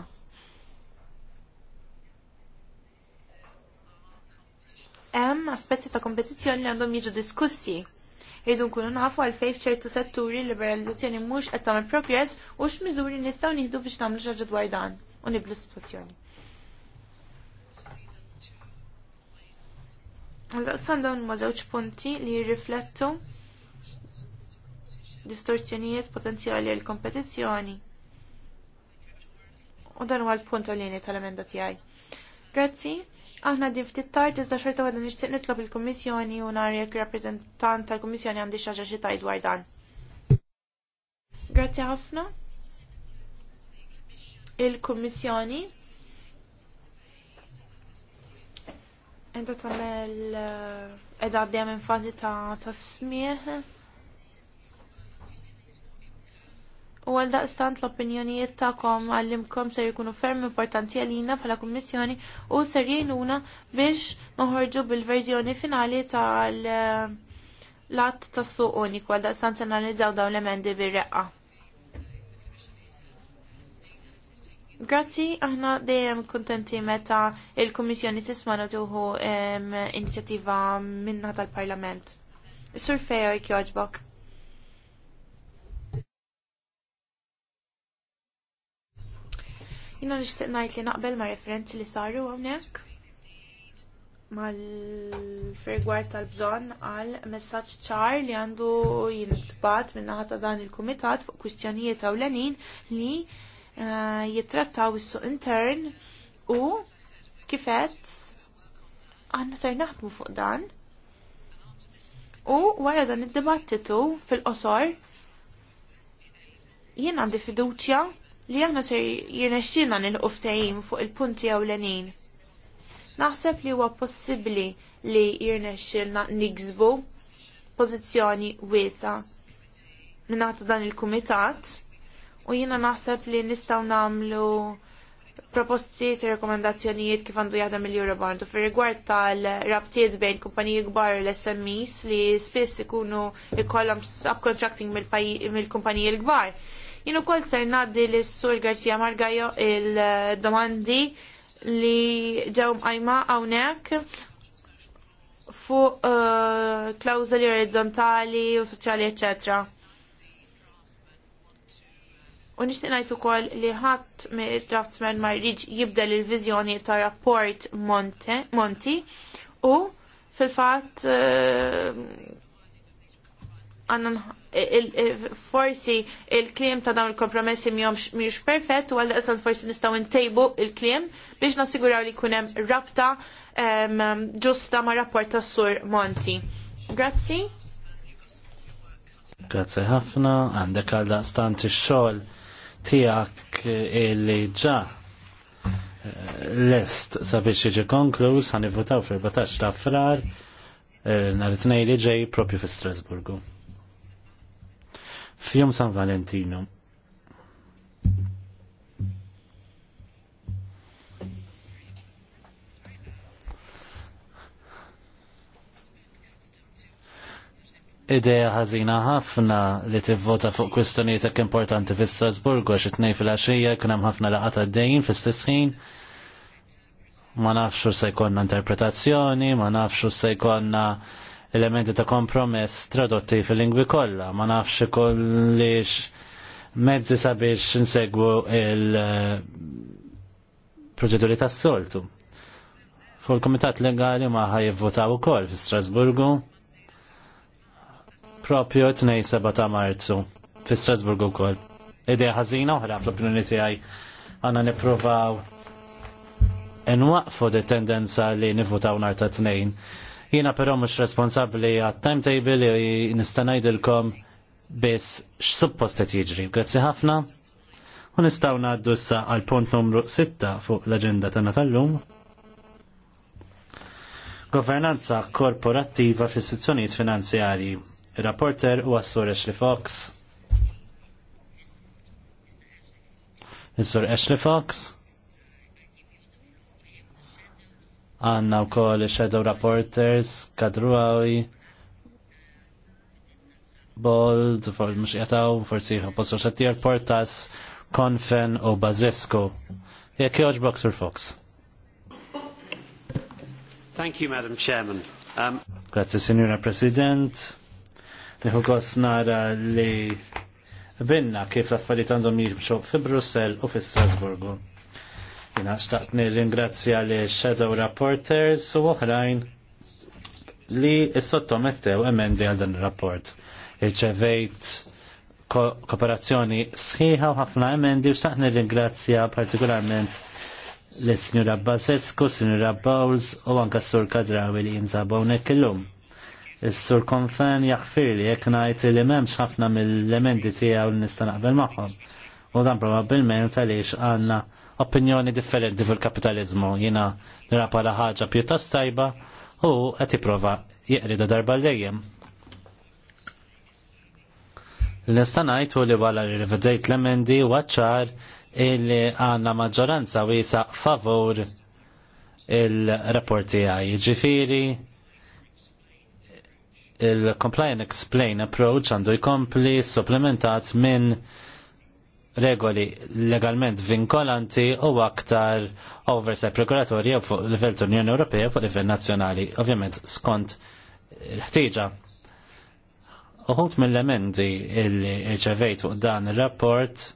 Hemm aspetti ta' kompetizzjoni li għandhom jiġu diskussi Rridu nkunu nafu fejf ċertu setturi liberalizzazzjoni mhux qed tagħmel progress u x'miżuri nistgħu nieħdu biex nagħmlu xi dwar dan u niblu s-sitwazzjoni. Għal-daqsan dawn ma' żewġ punti li jirriflettu distorsjonijiet potenzjali għal kompetizzjoni. U dan huwa l-punt għalini tal-emenda tiegħi. Grazzi, Aħna din ftit tard iżda xorta għadna nixtieq nitlob il-Kummissjoni u nhar jekk rappreżentant tal-Kummissjoni għandi xi ħaġa xi tajt dwar dan. Grazzi ħafna. Il-Kummissjoni Enta tagħmel qiegħda eh, għaddejja minn fażi ta' smieħ. U għal daqstant l-opinjonijiet ta'kom għallimkom ser jkunu ferm importanti għalina bħala kummissjoni u ser jgħinuna biex noħorġu bil-verżjoni finali tal-att tas suq uniku għal daqstant se analizzaw dawn l-emendi bir-reqqa. Grazzi, aħna dejjem kontenti meta il-Kummissjoni tismana tuħu inizjattiva minna tal-Parlament. Sur fejo jogħġbok. Jina nishtiq najt li naqbel ma' referenzi li saru għawnek mal-fergwar tal-bżon għal messaċ ċar li għandu jintbat minnaħat ta' dan il-komitat fuq kwistjonijiet għawlenin li uh, jittrattaw is-suq intern u kifet għanna ser naħdmu fuq dan. U wara dan id-dibattitu fil-qosor jien għandi fiduċja li aħna ser jirnexxina nil uftajim fuq il-punti ewlenin. Naħseb li huwa possibbli li jirnexxilna nigzbu pożizzjoni wiesa minn dan il-kumitat u jiena naħseb li nistgħu nagħmlu proposti ta' rekomendazzjonijiet kif għandu jaħdem il-Eurobond u fir-rigward tal-rabtiet bejn kumpaniji kbar l-SMEs li spiss ikunu ikollhom subcontracting mill-kumpaniji l-kbar. Jien ukoll ser ngħaddi lis sur Garcia Margajo il-domandi li ġew mqajma hawnhekk fuq uh, eh, klawżoli orizzontali u soċjali eċċetera U nixtieq ngħid ukoll li ħadd me draftsman ma rriġ jibdel il-viżjoni ta' rapport Monti u fil-fatt eh, għanna forsi il-klim ta' dawn il-kompromessi mhijiex perfett u għalda qasal forsi nistgħu ntejbu il-klim biex nassiguraw li jkun hemm rabta ġusta ma' rapport tas Sur Monti. Grazzi. Grazzi ħafna, għandek għal daqstant ix-xogħol tijak eh, illi ġa eh, lest sabiex iġi konkluż ħan votaw fil-14 ta' frar eh, nhar it-tnejn li ġej propju fi Strasburgu. Fjum San Valentino. Ideja ħażina ħafna li tivvota fuq kwistjonijiet hekk importanti fi Strasburgu għax it-tnejn fil-għaxija kien hemm ħafna laqgħat għaddejjin fl-istess ħin. Ma nafxu se jkollna interpretazzjoni, ma nafxu se jkollna elementi ta' kompromess tradotti fil-lingwi kollha, ma nafx kollix mezzi sabiex insegwu il-proċeduri eh, tas-soltu. Fuq il-Kumitat Legali ma ħajvvotaw ukoll fi Strasburgu propju 27 ta' marzu fi Strasburgu kol. Ideja ħażina oħra fl-opinjoni tiegħi għandna nippruvaw inwaqfu d tendenza li nifutaw nhar ta' tnejn. Jiena però mhux responsabbli għat-timetable li nista' ngħidilkom biss x'suppost qed jiġri. Grazzi ħafna. U nistgħu ngħaddu għal punt numru 6 fuq l-aġenda tagħna tal-lum governanza korporattiva fl istituzzjonijiet finanzjarji. Rapporter u għassur Ashley Fox. Is-sur Ashley Fox. Għanna u koll Shadow Reporters, għawi. Bold, for mux jataw, forsi posso xattir Portas, Konfen u bazesku. Jek joġ Boxer Fox. Thank you, Madam Chairman. Um... Grazie, Signora President Niħu gos nara li binna kif affarijiet għandhom jirbxu fi Brussel u fi Strasburgu. Jina xtaqt nir-ringrazzja li Shadow Rapporters u oħrajn li s-sottomettew emendi għal dan il-rapport. Irċevejt kooperazzjoni sħiħa u ħafna emendi u xtaqt nir-ringrazzja partikolarment l-Sinjura Basescu, Sinjura Bowles u anka Sur Kadrawi li nek unek illum. Is-sur konfen jaħfir li jekk ngħid li m'hemmx ħafna mill-elementi tiegħu li nista' naqbel magħhom. U dan probabbilment għaliex għandna opinjoni differenti fil-kapitalizmu jiena nira bħala ħaġa pjuttost tajba u qed jipprova jeqrida darba l-dejjem. Nista' ngħid li wara li rivedejt l-emendi ċar illi għandna maġġoranza wiesaq favur il-rapporti għaj. Ġifiri, Il-comply and explain approach għandu jkompli supplementat minn regoli legalment vinkolanti u aktar oversight prokuratorja fuq livell tal-Unjoni Ewropea fuq livell nazzjonali, ovvjament skont il ħtieġa Uħut mill emendi li ċevejt fuq dan ir-rapport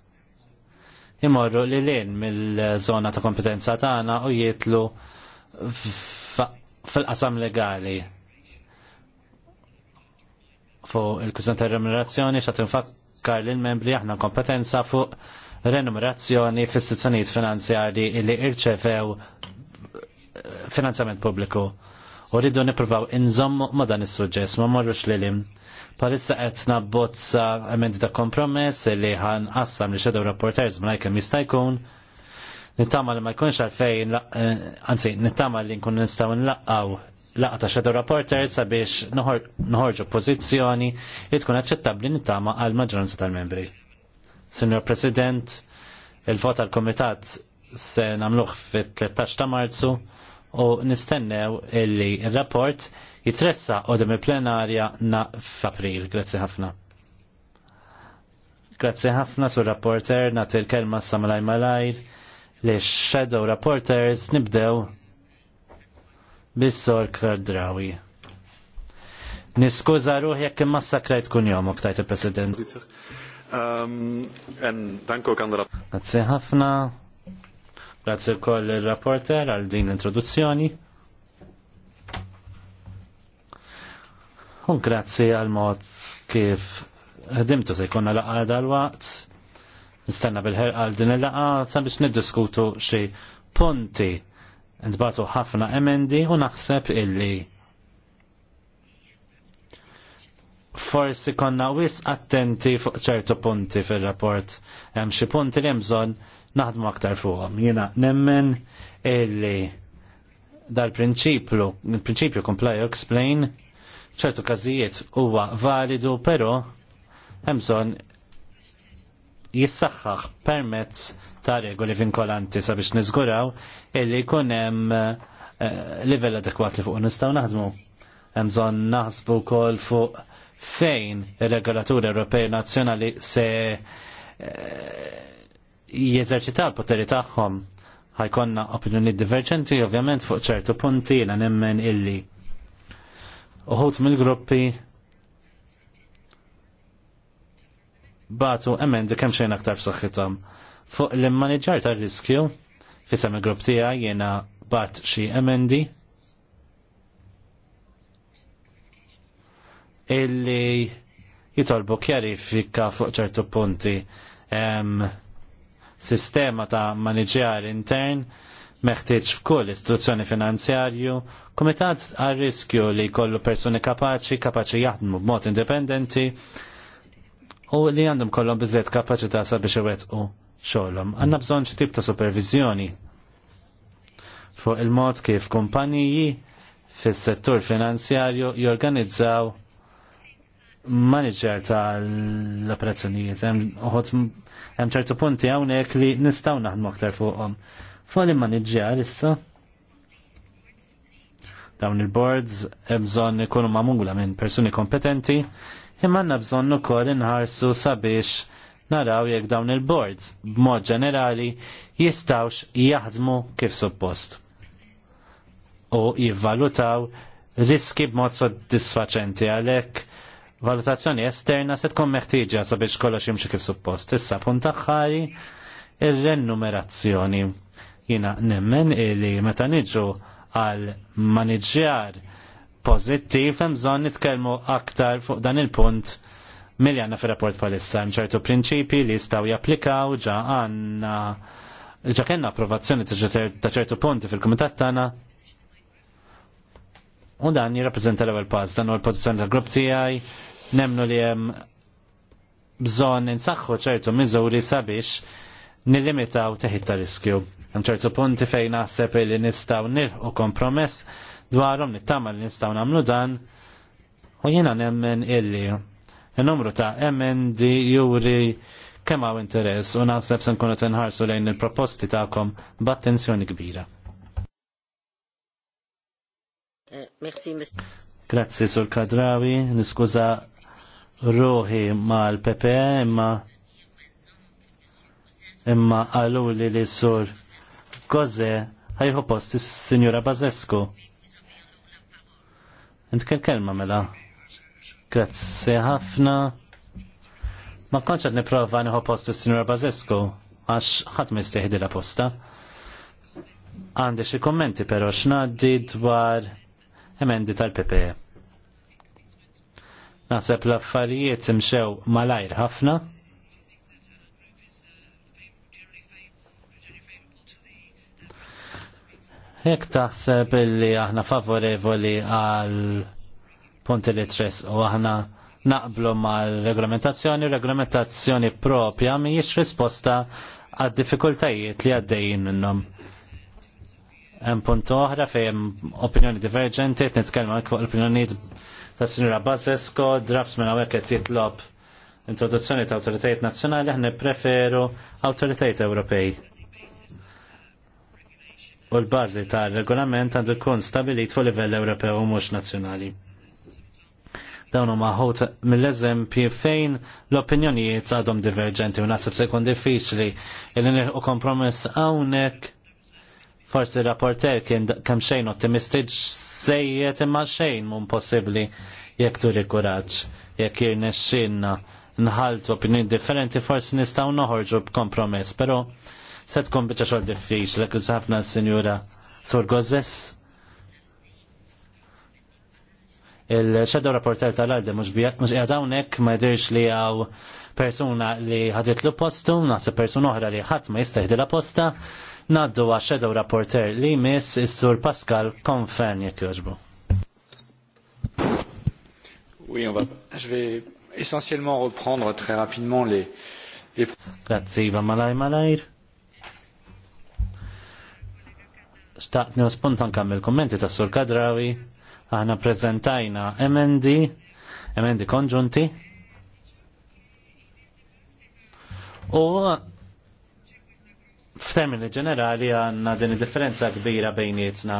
imorru li lin mill-zona ta' kompetenza tagħna u jitlu fil-qasam legali fuq il-kużjon ta' remunerazzjoni xa tinfakkar lil membri aħna kompetenza fuq renumerazzjoni fis-sezzjonijiet finanzjarji li irċevew eh, finanzjament pubbliku. U rridu nippruvaw inżommu ma dan is-suġġess ma morrux lilim. him. Palissa qed nabbozza emendi ta' kompromess li ħan qassam li xedew rapporters ma jkun jista' jkun nittama li ma jkunx għalfejn, eh, anzi, nittama li nkun nistaw nlaqqaw laqa ta' Shadow Reporter sabiex noħorġu pozizjoni li tkun aċċettabbli nittama għal maġġoranza tal-membri. Signor President, il-vot għal komitat se namluħ fit-13 ta' Marzu u nistennew illi il-rapport jitressa u il plenarja na f'April. Grazzi ħafna. Grazzi ħafna sur rapporter nagħti l-kelma samalaj malaj li li shadow rapporters nibdew bis-sor Kardrawi. Niskuża ruħ jekk immassakrajt kun jom, tajt il-President. Um, grazzi ħafna. Grazie wkoll il-rapporter għal din l-introduzzjoni. U grazzi għal mod kif ħdimtu se jkunna laqa dal-waqt. Nistenna bil-ħerqa għal din il-laqa sabiex niddiskutu xi punti Nbatu ħafna emendi u naħseb illi forsi konna wis attenti fuq ċertu punti fil-rapport. Hemm xi punti li hemm bżonn naħdmu aktar fuqhom. Jiena nemmen illi dal-prinċipju, il-prinċipju comply or explain, ċertu każijiet huwa validu, però hemm bżonn jissaħħaħ permezz ta' regoli vinkolanti sabiex nizguraw illi jkun hemm eh, livell adekwat li fuq nistgħu naħdmu. Hemm bżonn naħsbu wkoll fuq fejn ir-regolaturi Ewropej nazzjonali se eh, jeżerċita l-poteri tagħhom ħajkonna opinjoni diverġenti ovvjament fuq ċertu punti l nemmen illi uħut mill-gruppi batu emendi kemm xejn aktar f'saħħithom. Fuq l-manager tal-riskju, fisem il-grupp tija jena bat xi MND illi jitolbu kjarifika fuq ċertu punti um, sistema ta' maniġjar intern meħtieġ f'kull istituzzjoni finanzjarju, kumitat għal riskju li kollu persuni kapaċi, kapaċi jaħdmu b'mod indipendenti u li għandhom bizzet kapaċi kapaċità sabiex iwettqu xogħolhom. Għanna bżonn xi tip ta' supervizjoni fuq il-mod kif kumpaniji fis-settur finanzjarju jorganizzaw manager tal-operazzjonijiet. Hemm ċertu punti hawnhekk li nistgħu naħdmu aktar fuqhom. Fuq il-manager issa dawn il-boards bżonn ikunu mamula minn persuni kompetenti imma għandna bżonn ukoll inħarsu sabiex naraw jekk dawn il-boards b'mod ġenerali jistawx jaħdmu kif suppost u jivvalutaw riski b'mod soddisfaċenti għalhekk valutazzjoni esterna se tkun meħtieġa sabiex kollox jimxi kif suppost. Issa punt aħħari ir-renumerazzjoni. Jiena nemmen li meta niġu għal maniġjar pozittiv hemm bżonn nitkellmu aktar fuq dan il-punt milli għanna fil-rapport palissa ċertu prinċipi li jistaw japplikaw ġa għanna ġa kena approvazzjoni ta' ċertu punti fil-komitat tagħna u dan jirrappreżenta l-ewwel pass dan u l-pożizzjoni tal-grupp tiegħi nemnu li hemm bżonn insaħħu ċertu miżuri sabiex nillimitaw teħit ta' riskju. Hemm ċertu punti fejn naħseb li nistgħu u kompromess dwarhom nittama li nistgħu nagħmlu dan u jiena nemmen illi Il-numru ta' MND juri kemm hawn interess u naħseb se nkunu tinħarsu lejn il-proposti tagħkom b'attenzjoni kbira. Eh, Grazzi sur Kadrawi, niskuża ruħi mal pepe imma imma għalu li li sur Goze ħajħu post is Signora Bazesku. Int kelma mela. Grazzi ħafna. Ma konċ qed nipprova nieħu post is-Sinjor Bazescu għax ħadd ma jistieħdi la posta. Għandi xi kommenti però x'ngħaddi dwar emendi tal-PPE. Naħseb l-affarijiet imxew malajr ħafna. Jek taħseb li aħna favorevoli għal punti li tres u aħna naqblu mal-regolamentazzjoni, reglamentazzjoni propja mhijiex risposta għad diffikultajiet li għaddejjin minnhom. Hemm punt oħra fejn opinjoni divergenti, qed nitkellem fuq l-opinjonijiet ta' Sinjura Bazesko, drafts minn hawnhekk qed jitlob introduzzjoni ta' awtoritajiet nazzjonali aħna preferu awtoritajiet Ewropej. U l-bażi ta' regolament għandu jkun stabilit fuq livell Ewropew u mhux nazzjonali. Dawn huma ħut mill-eżempji fejn l-opinjonijiet għadhom diverġenti u nasib se jkun diffiċli illi nilħu kompromess hawnhekk forsi rapporter kien kemm xejn ottimistiġ sejjed imma xejn mhu possibbli jekk turi kuraġġ jekk jirnexxinna nħalt opinjoni differenti forsi nistgħu noħorġu b'kompromess, però se tkun biċċa xogħol diffiċli kif ħafna sinjura Sur il-shadow rapporter tal-għadde mux jgħadawnek ma jidirx li għaw persona li ħadit l postu, naħseb persona uħra li ħadd ma jistahdi la posta, naddu għax shadow rapporter li mis is-sur Pascal Konfen jek joġbu. Oui, on va... je vais essentiellement reprendre très rapidement les... les... Grazie, va malaj malajr. Staqni u spontan kammil kommenti tas-sur Kadrawi Aħna prezentajna emendi, emendi konġunti. U f'termini ġenerali għanna din differenza kbira bejnietna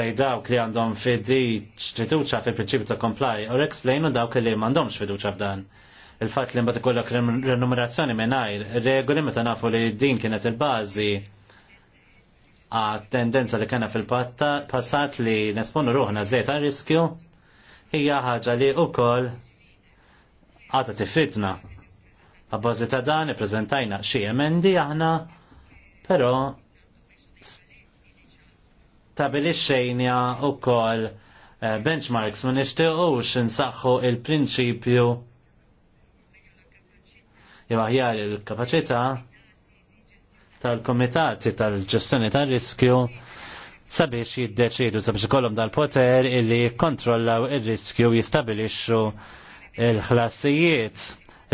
bej dawk li għandhom fidi fiduċa fil principi ta' comply u explainu dawk li m'għandhomx fiduċa f'dan. Il-fatt li mbagħad ikollok renumerazzjoni mingħajr regoli meta nafu li din kienet il-bażi tendenza li kena fil-passat li nesponu ruħna zeta għal riskju hija ħaġa li u koll għata tifitna. Għabbażi ta' dan prezentajna xie emendi aħna, pero tabili xejnja u koll eh, benchmarks ma u nsaxħu il-prinċipju jew aħjar il kapacita tal-komitati tal-ġestjoni tal-riskju sabiex jiddeċidu sabiex ikollhom dal-poter illi jikkontrollaw ir-riskju il jistabilixxu il-ħlasijiet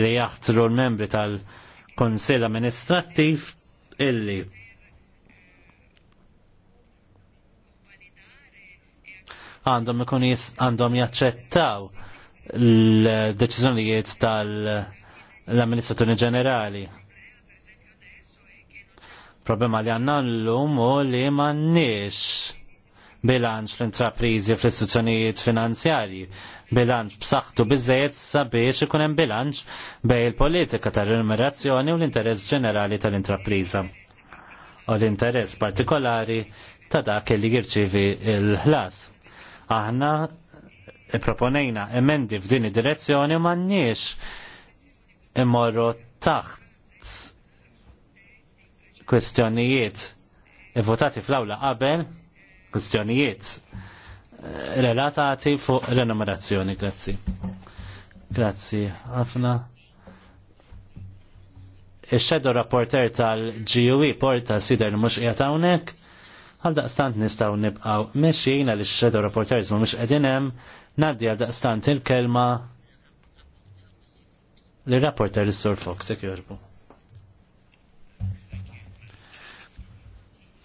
li jaħtru l-membri tal-Konsil Amministrattiv illi għandhom ikun għandhom jaċċettaw l-deċiżjonijiet tal-amministraturi ġenerali. Problema li għanna l-lum u li ma bilanċ l-intraprizi fl-istituzzjonijiet finanzjarji, bilanċ b'saħħtu biżejjed sabiex ikun hemm bilanċ bej il-politika tar-remunerazzjoni u l-interess ġenerali tal-intrapriża u l-interess partikolari ta' dak li jirċivi l-ħlas. Aħna proponejna emendi f'din id-direzzjoni u m'għandniex immorru taħt kwestjonijiet votati fl-awla qabel, kwestjonijiet eh, relatati fuq l-enumerazzjoni. Grazzi. Grazzi ħafna. Ix-xedu rapporter tal-GUE porta sider mhux qiegħed hawnhekk. Għal daqstant nistgħu nibqgħu mexjin għal ix-xedu rapporters mhumiex qegħdin hemm, ngħaddi għal daqstant il-kelma l-rapporter is-Sur Fox jekk jorbu.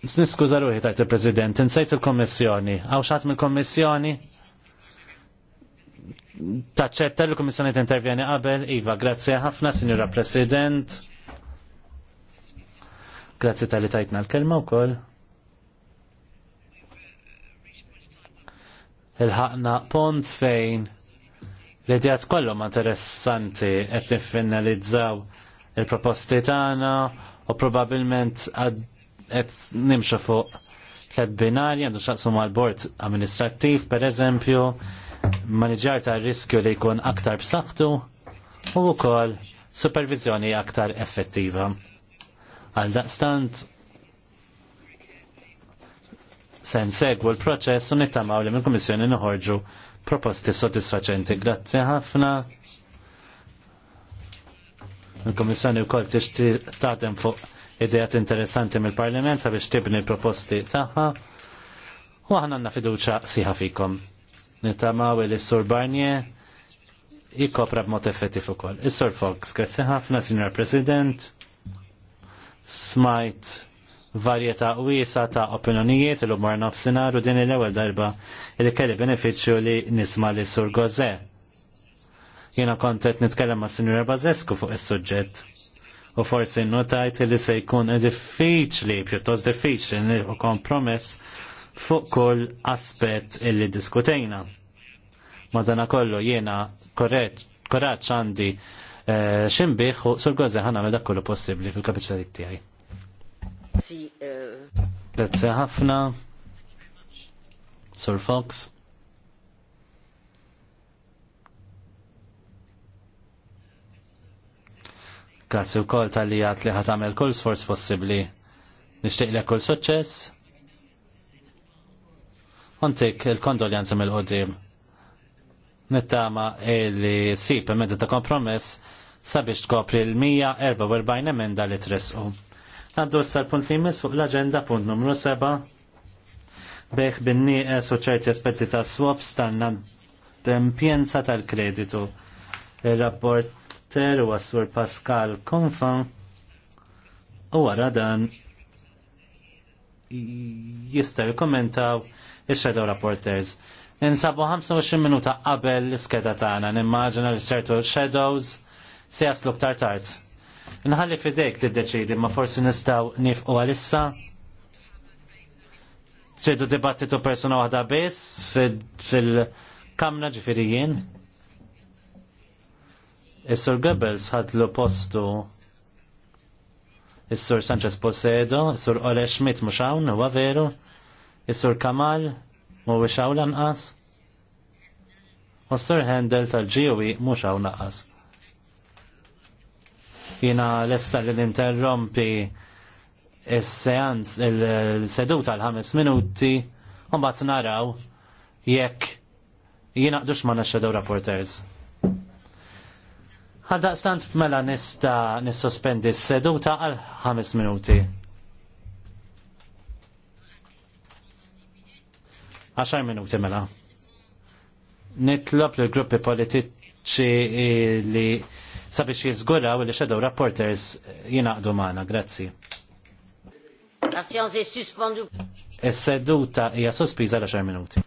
Niskuza ruħi tajt il-President, insejt il-Kommissjoni. Għaw xaħat mill-Kommissjoni? Taċċetta l-Kommissjoni t-intervjeni qabel. Iva, grazie ħafna, Signora President. Grazie tal-li tajtna l-kelma u koll. Il-ħakna pont fejn l-idejat kollhom interessanti qed niffinalizzaw il-proposti tagħna u probabbilment għad qed nimxu fuq tlet binari għandu xaqsu mal-bord amministrattiv pereżempju, maniġar ta' riskju li jkun aktar b'saħħtu u wkoll supervizjoni aktar effettiva. Għal daqstant se segwu l-proċess u nittamaw li mill komissjoni nħorġu proposti soddisfaċenti. Grazzi ħafna. Il-Kommissjoni wkoll tixtieq tatem fuq idejat interessanti mill-Parlament sabiex tibni proposti tagħha. U aħna għandna fiduċa siħa fikom. Nittamaw li s-Sur Barnier jikopra b'mod effettiv ukoll. Is-Sur Fox, grazzi ħafna, Sinjor President, smajt varjetà wiesa ta' opinjonijiet il mar nofsinhar u din l-ewwel darba li kelli benefiċċju li nisma' li sur Gozè. Jiena kont qed nitkellem ma' Sinjura Bazesku fuq is-suġġett u forsi notajt li se jkun diffiċli, pjuttost diffiċli u kompromess fuq kull aspett illi diskutejna. Madana kollu jiena korraċ għandi eh, ximbiħ u sur ħana dak kollu possibli fil-kapitali tiegħi. Eh. Grazie ħafna. Sir Fox. Grazzi wkoll tal-li għat li għat għamel kull sforz possibbli. Nishtiq li kull suċċess. Untik il-kondoljanza mill-qoddim. Nittama li sip emenda ta' kompromess sabiex tkopri l-144 emenda li tresqu. Għaddu s-sal-punt li jmiss fuq l-agenda punt numru 7 beħ binni nieqes u ċerti aspetti ta' swaps tal-pjenza tal-kreditu. Il-rapport rapporter u għassur Pascal Konfan u għara dan jistaw jikommentaw il-shadow rapporters. Ninsabu 25 minuta qabel l-iskeda tagħna nimmaġina li ċertu shadows se jaslu ktar tard. Nħalli fidejk tiddeċidi ma forsi nistgħu nifqu għalissa. Tridu dibattitu persuna waħda biss fil-kamra ġifirijien. Is-Sur Goebbels ħadlu postu Is-Sur Sanchez Posedo, Is-Sur Ole Schmidt mhux hawn, huwa veru, Is-Sur Kamal mhuwiex hawn lanqas. U s-Sur Handel tal-ġiwi e mhux hawn lanqas. Jiena lesta li ninterrompi is-seans il-seduta l ħames minuti u mbagħad naraw jekk jinaqdux ma' naxxedew rapporters. Għal daqstant mela nista nissospendi s-seduta għal 5 minuti. Għaxar minuti mela. Nitlob l gruppi politiċi li sabiex jizguraw li xedaw rapporters jinaqdu maħna. Grazzi. La Is-seduta hija sospiża għal 10 minuti.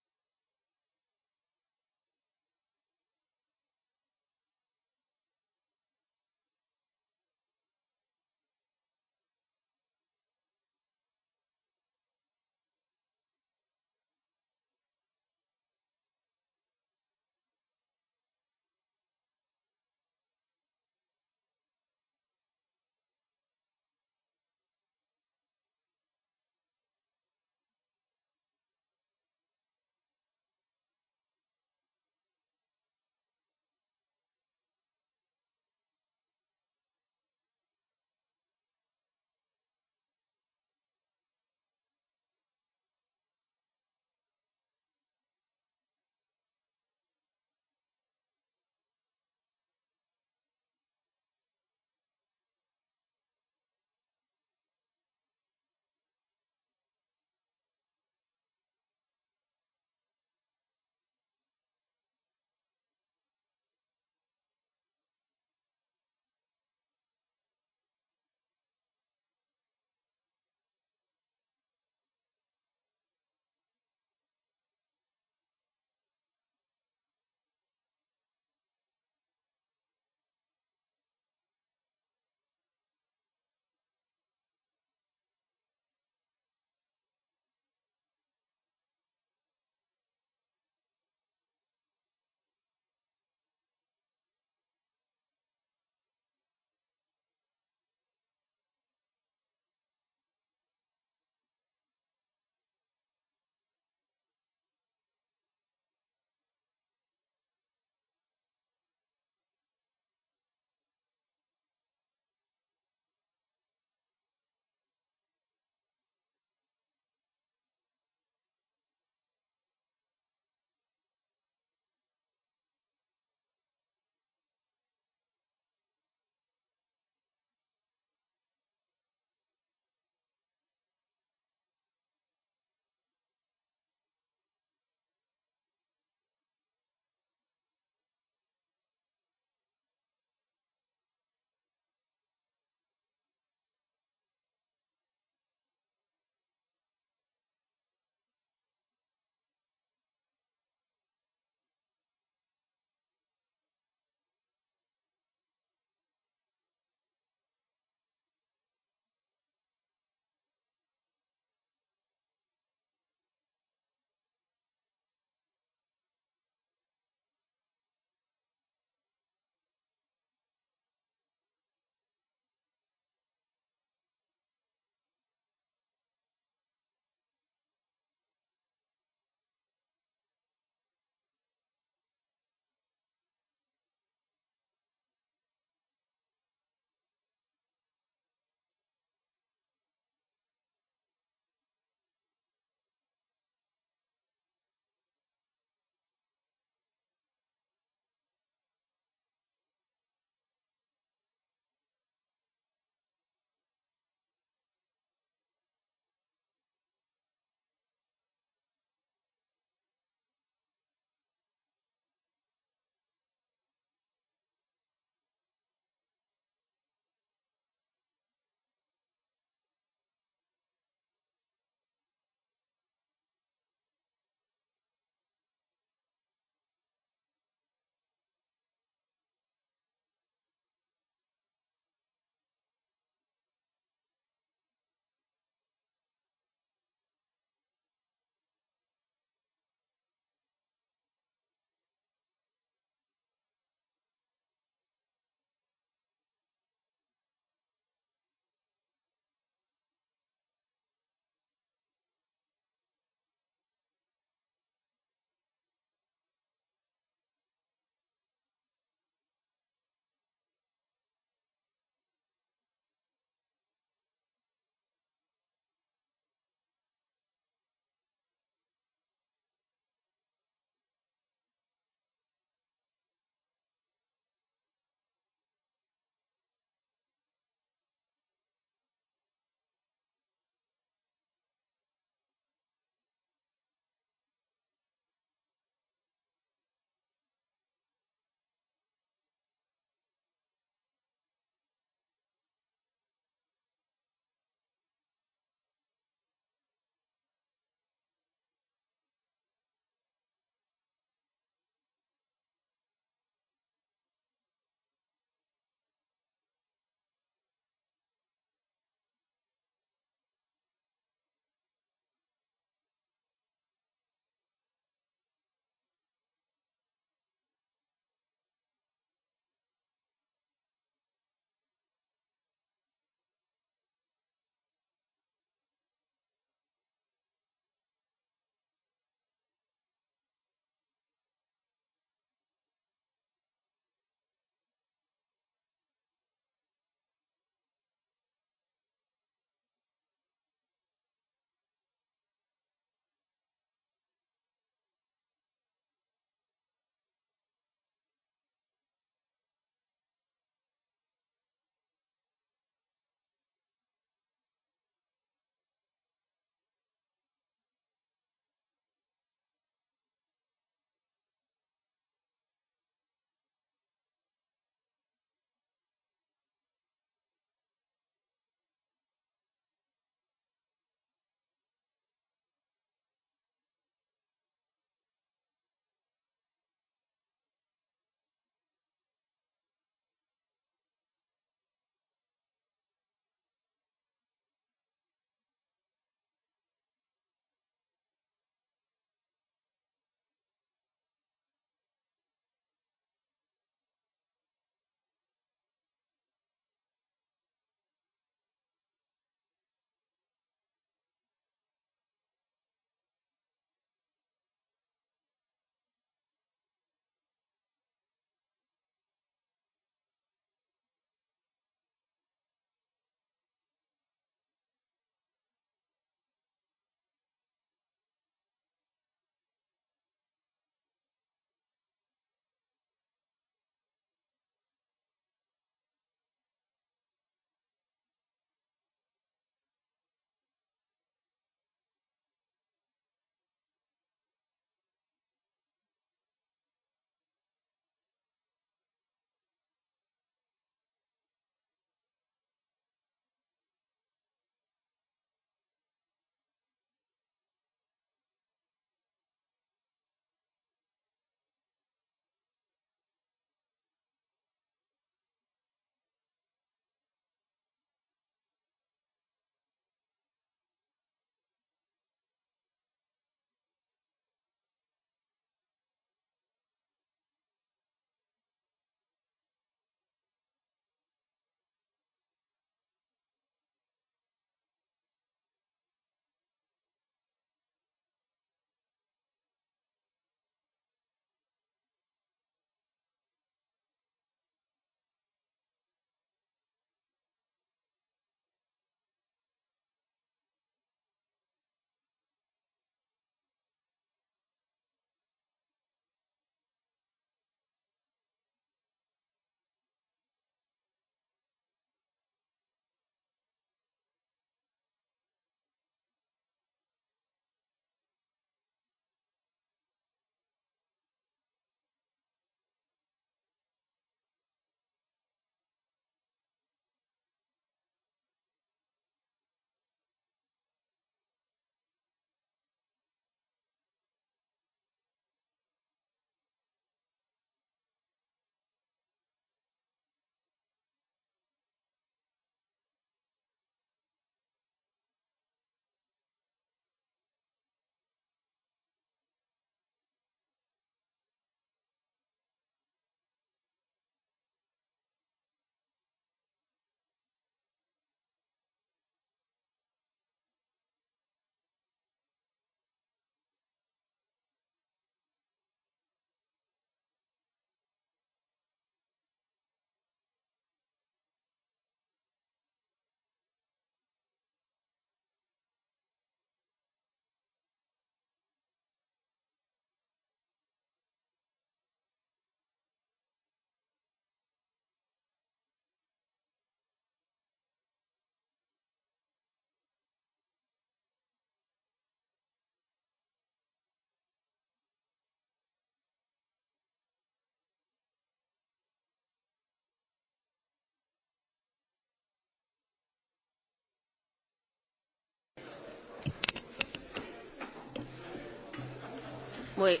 Oui,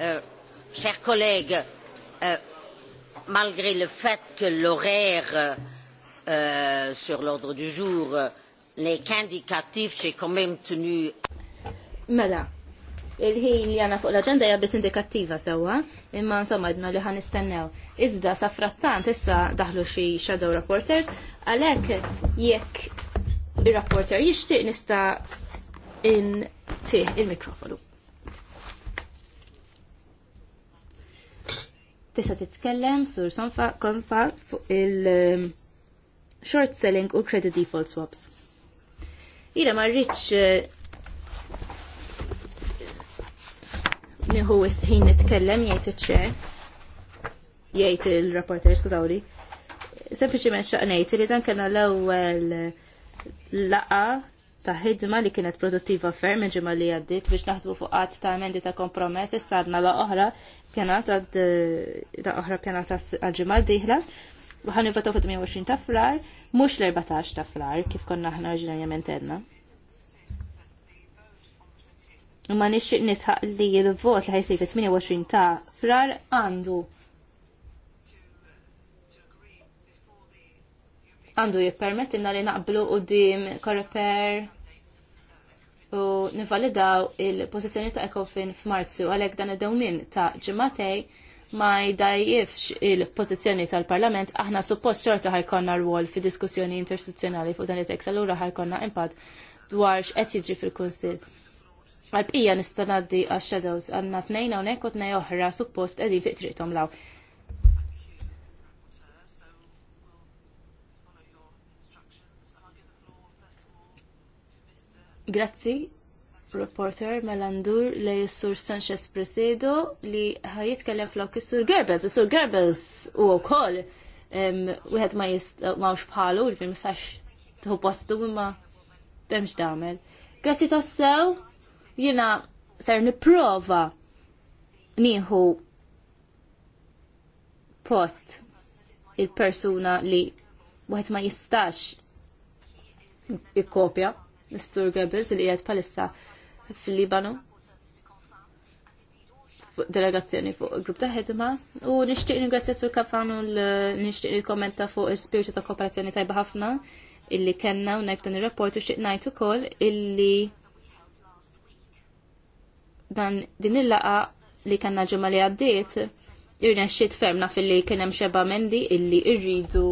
euh, chers collègues, euh, malgré le fait que l'horaire euh, sur l'ordre du jour euh, n'est qu'indicatif, j'ai quand même tenu. Mela, il-ħin li għana fuq l-agenda hija biss indikattiva sewwa, imma insomma idna li ħan istennew. Iżda sa frattant issa daħlu xi shadow reporters, għalhekk jekk ir-rapporter jixtieq nista' in tih il-mikrofonu. tista' titkellem sur sonfa konfa fuq il- um, short selling u credit default swaps. Ira ma rridx uh, nieħu ħin nitkellem jgħid iċ-ċer jgħid il-rapporter skużawli. Sempliċiment xaqnejt li dan kellna l-ewwel laqa ta' ħidma li kienet produttiva ferm il-ġimgħa li għaddiet biex naħdmu fuq qatt ta' emendi ta' kompromess issa għadna la oħra pjanata la oħra pjanata għal-ġimgħa d-dieħla. U ħan nivvotaw fuq 28 ta' frar, mhux l-14 ta' frar kif konna aħna oriġinarjament għedna. ma nixtieq nisħaq li l-vot li ħajsir 28 ta' frar għandu għandu jippermettilna li naqblu dim korreper u nivalidaw il-pożizzjoni ta' Ecofin f'Marzu għalhekk dan id dawmin ta' ġimatej ma jdajjifx il-pożizzjoni tal-Parlament aħna suppost xorta ħajkonna rwol fi diskussjoni interstituzzjonali fuq dan it-tekst għallura ħajkonna impad dwar x'qed jiġri fil-Kunsill. Għalbqija nista' ngħaddi għax-shadows għandna tnejn hawnhekk u tnejn oħra suppost qegħdin fiq triqthom law. Grazzi, reporter Melandur lej sur Sanchez Presedo li ħajitkellem flok is-sur Gerbels. Is-sur Gerbels u wkoll wieħed ma jistgħux bħalu li fil mistax tħu postu imma b'hemmx damel. Grazzi tassew, jiena ser nipprova nieħu post il-persuna li wieħed ma jistax ikkopja. Mr. Goebbels li qiegħed palissa fil-Libanu delegazzjoni fuq grupp ta' ħedma u nixtieq ningrazzja sur kafan u nixtieq kommenta fuq il-spiritu ta' kooperazzjoni tajba ħafna illi kellna u nekton il ir-rapport u xtiq ngħid ukoll illi dan din il-laqa li kellna ġimgħa li għaddiet irna xiet fermna fil-li kienem xeba mendi illi irridu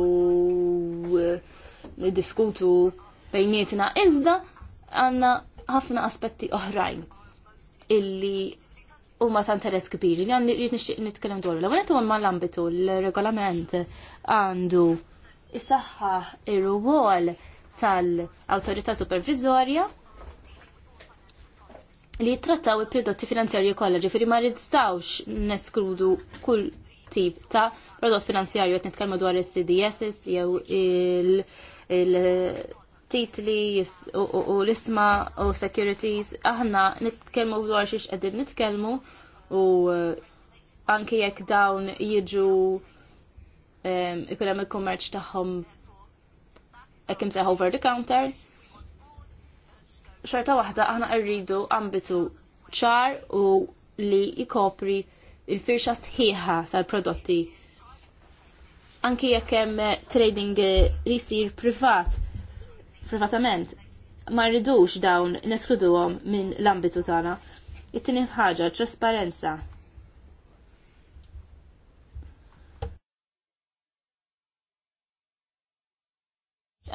eh, diskutu bejnietna iżda għandna ħafna aspetti oħrajn illi huma tan teres kbiri Li għandi rrid nixtieq nitkellem dwar. L-ewwel huwa mal-ambitu l-regolament għandu isaħħa ir-rwol tal-awtorità supervizorja li jittrattaw il-prodotti finanzjarji kollha, ġifieri ma ridstawx neskrudu kull tip ta' prodott finanzjarju qed nitkellmu dwar is-CDS jew il titli u l-isma u securities, aħna nitkellmu dwar xiex għedin nitkellmu u eh, anke jekk dawn jiġu eh, ikun hemm il-kummerċ tagħhom ekkim seħ over the counter. Xorta waħda aħna rridu ambitu ċar u li jkopri il-firxa sħiħa tal-prodotti anki jekk hemm trading risir eh, privat privatament ma rridux dawn neskluduhom minn l-ambitu tagħna. It-tieni ħaġa trasparenza.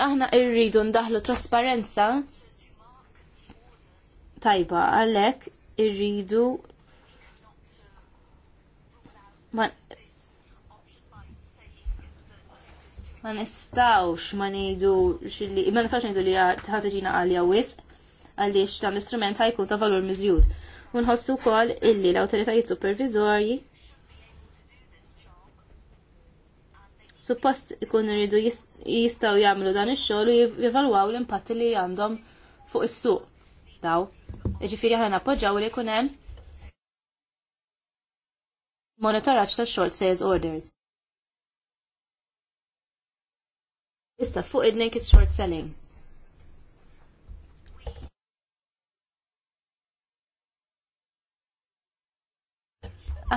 Aħna rridu ndaħlu trasparenza tajba għalhekk irridu ma nistawx ma nejdu xilli, ma nistawx nejdu li ħataġina għalja wisq għaliex dan l-istrument ħajkun ta' valur miżjud. Unħossu kol illi l-autoritajiet supervizori suppost ikun rridu jistaw jagħmlu dan ix-xogħol u jivalwaw l-impatt li għandhom fuq is-suq. Daw, ġifiri ħana nappoġġaw li jkun hemm ta' tax-short sales orders. Issa fuq id-naked short selling.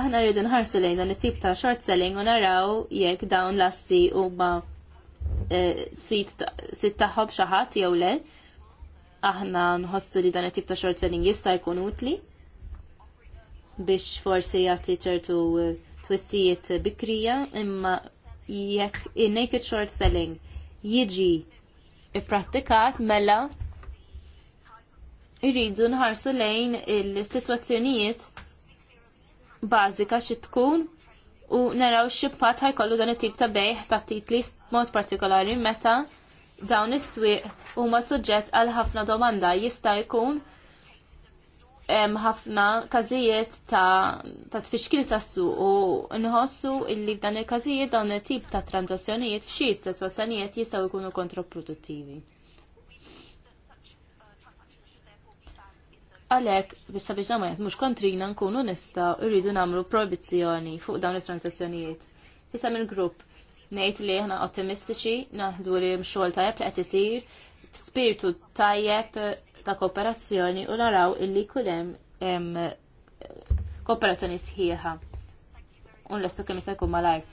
Aħna rridu nħarsu lejn dan it-tip ta' short selling u naraw jekk dawn lassi huma eh, sit tagħhom xi ħadd jew le. Aħna nħossu li dan it-tip ta' short selling jista' jkun utli biex forsi jagħti ċertu eh, twissijiet bikrija imma jekk in naked short selling jiġi ipprattikat mela irridu nħarsu lejn il sitwazzjonijiet bażika xi tkun u naraw x'impatt ħajkollu dan it-tip ta' bejħ ta' titli mod partikolari meta dawn is-swieq huma suġġett għal ħafna domanda jista' jkun hemm ħafna każijiet ta', ta tfixkil ta' su u nħossu illi f'dan il-każijiet dawn it-tip ta' tranzazzjonijiet f'xi sitwazzjonijiet jistgħu jkunu kontraproduttivi. Għalhekk biex sabiex dawn mhux kontrina nkunu nista' rridu nagħmlu proibizzjoni fuq dawn it-tranzazzjonijiet. Tisem mill grupp ngħid li aħna ottimistiċi naħdu li m'xogħol tajjeb li qed isir spiritu tajjeb ta' kooperazzjoni u naraw illi kulem kooperazzjoni sħiħa. Un l istu kemm jista' jkun malajr.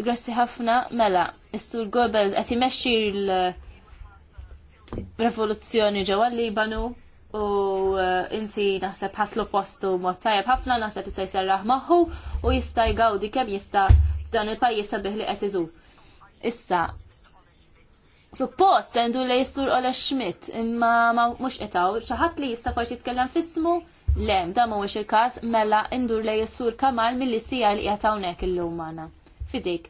Grazzi ħafna mela, is-sur Goebbels qed imexxi l-revoluzzjoni ġewwa Libanu u eh, inti naħseb ħatlu postu mod tajjeb ħafna naħseb jistaj serraħ maħu u jista' jgawdi kemm jista' f'dan il-pajjiż sabiħ li qed iżur. Issa, Suppost sendu li jistur Ola Schmidt, imma mux etaw, xaħat li jista forsi jitkellem fismu? Le, da mux il-kas, mela indur li sur Kamal mill-li sija li jatawnek il lumana għana. Fidik.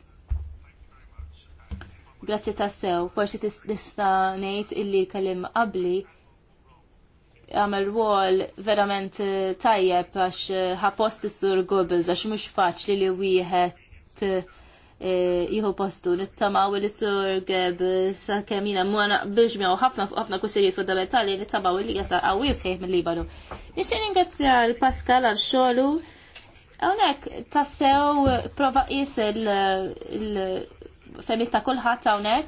Grazzi tassew, forsi tista nejt illi kellim qabli għamel wall verament eh, tajjeb għax eh, ħapost is-sur Goebbels għax mux faċli li wieħed eh, E, jieħu postu nittamaw li surgeb sa' kemina muħana naqbilx u ħafna fuq ħafna kussirijiet fundamentali nittamaw li jasa' qawwi sħiħ mill-Libanu. Nixċen ringrazzja l Pascal għal xolu hawnhekk tassew prova jis il-femit ta' kulħadd hawnhekk.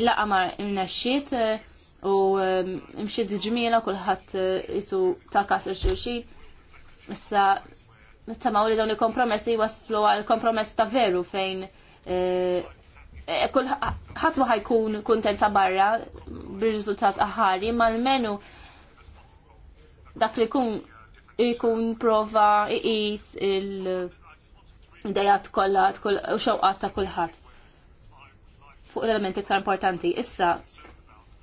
Il-laqa e, u e, mxiet ġmiela kulħadd jisu ta' kasir xulxin Issa, nittamaw li dawn il-kompromessi waslu għal kompromess ta' veru fejn eh, eh, kull ħatmu ħajkun kontent barra bir-riżultat aħari, ma' l-menu dak li kun ikun prova iqis il-dejat kollha u xewqat ta' kulħadd fuq l-elementi iktar importanti. Issa,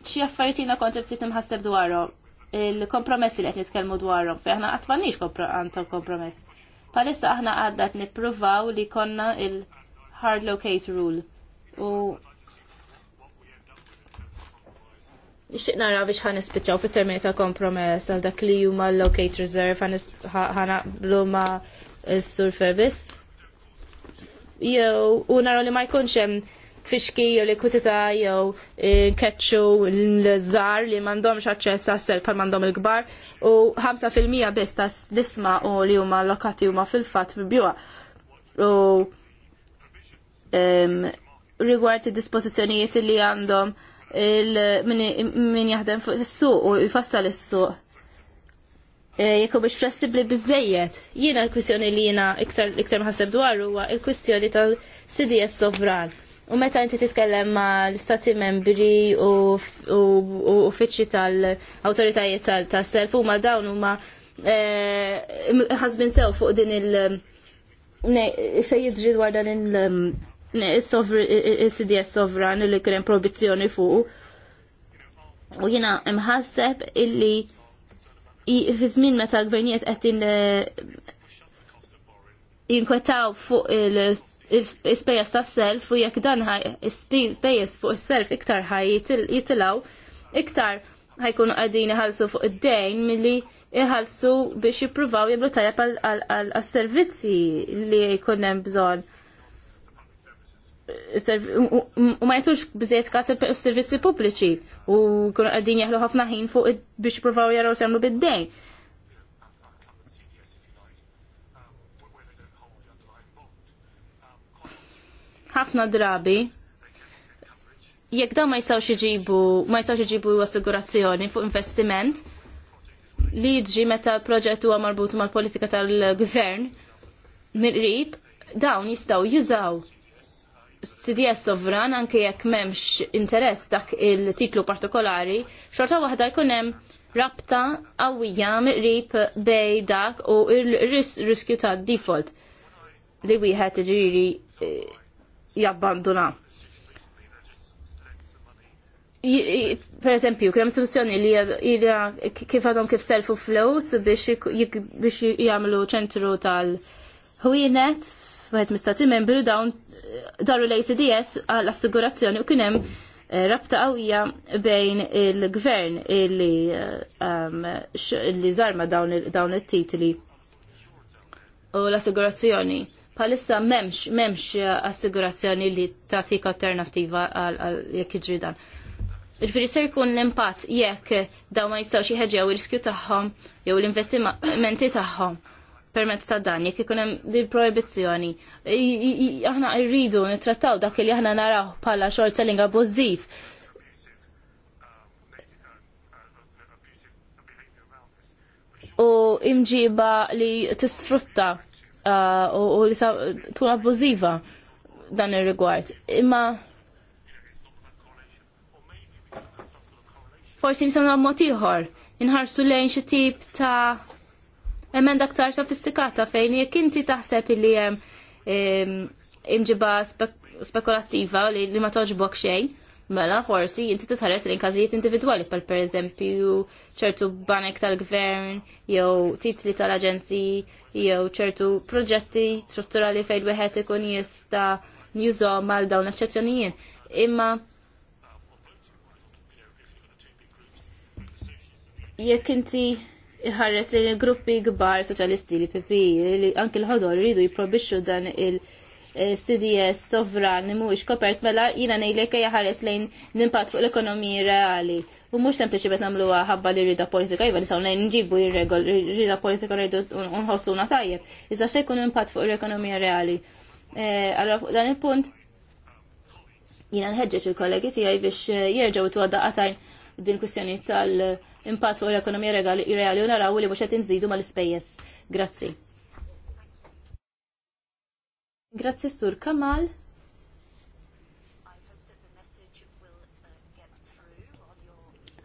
xi affarijiet jiena kont ftit dwarhom il-kompromessi li qed nitkellmu dwarhom fejn aħna qatt m'għandniex kompromess. Palissa aħna għadda qed nippruvaw li konna il-hard locate rule u Ixtiq nara biex ħan fit termini ta' kompromess għal dak li huma locate reserve ħan naqblu ma' s-sur Ferbis. Jew u naraw li ma jkunx hemm tfixki jew l kutita jew eh, keċċu l-żar li m'għandhomx aċċess għas-sel bħal m'għandhom il-kbar u 5% biss ta' l-isma u li huma allokati huma fil-fatt bibjuha. U rigward id-dispożizzjonijiet li għandhom min jaħdem fuq is-suq u jfassal is-suq eh, jekku biex flessibli bizzejiet. Jiena l-kwistjoni li jiena iktar ħaseb dwar huwa l kwistjoni tal-CDS sovran. U meta inti titkellem ma l-istati membri u uffiċċji tal-autoritajiet tal-self huma dawn huma eh, ħasbin sew fuq din il- xej jidri dwar dan il-CDS sovran li kien proibizzjoni fuq. U jiena imħasseb illi fi żmien meta l-gvernijiet qed jinkwetaw fuq il- l-ispejjeż tas-self u jekk dan spejjeż fuq is-self iktar ħaj jitilgħu iktar ħajkunu qegħdin iħallsu fuq id-dejn milli iħallsu biex jippruvaw jiblu tajjeb għas-servizzi li jkun hemm bżonn. U ma jtux bżiet kas il-servizzi pubbliċi u kunu għaddin jaħlu ħafna ħin fuq biex jippruvaw jaraw semlu bid-dejn ħafna drabi jekk dawn ma jistgħux iġibu ma jistgħux iġibu assigurazzjoni fuq investiment li jiġi meta l-proġett huwa marbut mal-politika tal-gvern mill-qrib dawn jistgħu jużaw CDS sovran anke jekk m'hemmx interess dak il-titlu partikolari, xorta waħda jkun hemm rabta qawwija mill-qrib bej dak u r riskju tad default li wieħed iġiri eh, jabbanduna. Per esempio, krem istituzzjoni li kif għadhom kif selfu flows biex jagħmlu ċentru tal-ħwienet għed mistati membru dawn daru l-ACDS għall-assigurazzjoni u kienem eh, rabta qawwija bejn il-gvern li zarma eh, um, dawn it-titli u l-assigurazzjoni palissa memx, memx assigurazzjoni li tatik alternativa għal jekk iġri dan. Ġifiri ser jkun l-impatt jekk daw ma jistgħux għaw il riskju tagħhom jew l-investimenti tagħhom permezz ta' dan jekk ikun hemm din proibizzjoni. Aħna rridu nittrattaw dak li aħna naraw bħala short selling abbużiv. U imġiba li tisfrutta u li sa tkun abbużiva dan ir-rigward. Imma forsi nisamna mod ieħor inħarsu lejn xi tip ta' emenda aktar sofistikata fejn jekk inti taħseb li hemm imġiba spekulattiva li ma toġbok xejn mela forsi inti titħares l każijiet individwali pal per eżempju ċertu banek tal-gvern jew titli tal-aġenziji jew ċertu proġetti strutturali fejn wieħed ikun jista' njużo għal dawn l-eċċezzjonijiet. Imma jekk inti iħares li gruppi kbar soċjalisti li PP li anki l-ħodor jridu jipprobixxu dan il- CDS sovra mhuwiex kopert mela jiena ngħidlek jaħares lejn l-impatt fuq l ekonomija reali. U mhux sempliċi bet nagħmluha għabba li rida politika jiva li saw nġibu jirregol rida politika rridu nħossuna tajjeb. Iżda xe jkun impatt fuq l-ekonomija reali. E, allora fuq dan il-punt jiena nħeġġeġ il-kollegi tiegħi biex e, jerġgħu tuha daqatajn din kustjoni tal- impatt fuq l-ekonomija reali u naraw li mhux qed zidu mal-ispejjeż. Grazzi. Grazzi Sur Kamal.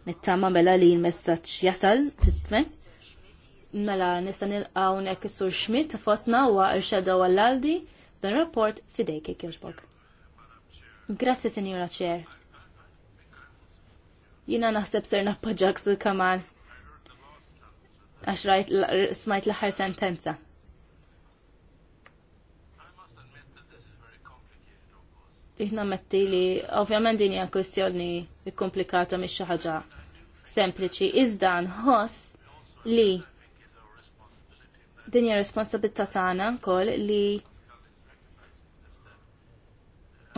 Nittama mela li l-messaġġ jasal fisme. Mela nista' nilqgħu hekk sur Schmidt u għal irxedaw għall-Aldi dan rapport fidejk jekk jogħġbok. Grazzi Signora Chair. Jina naħseb ser nappoġġak Sur Kamal għax rajt smajt l-ħar sentenza. Iħna metti li, ovvjament din hija kwestjoni komplikata mhix xi ħaġa sempliċi, iżda nħoss li din hija responsabilità tagħna wkoll li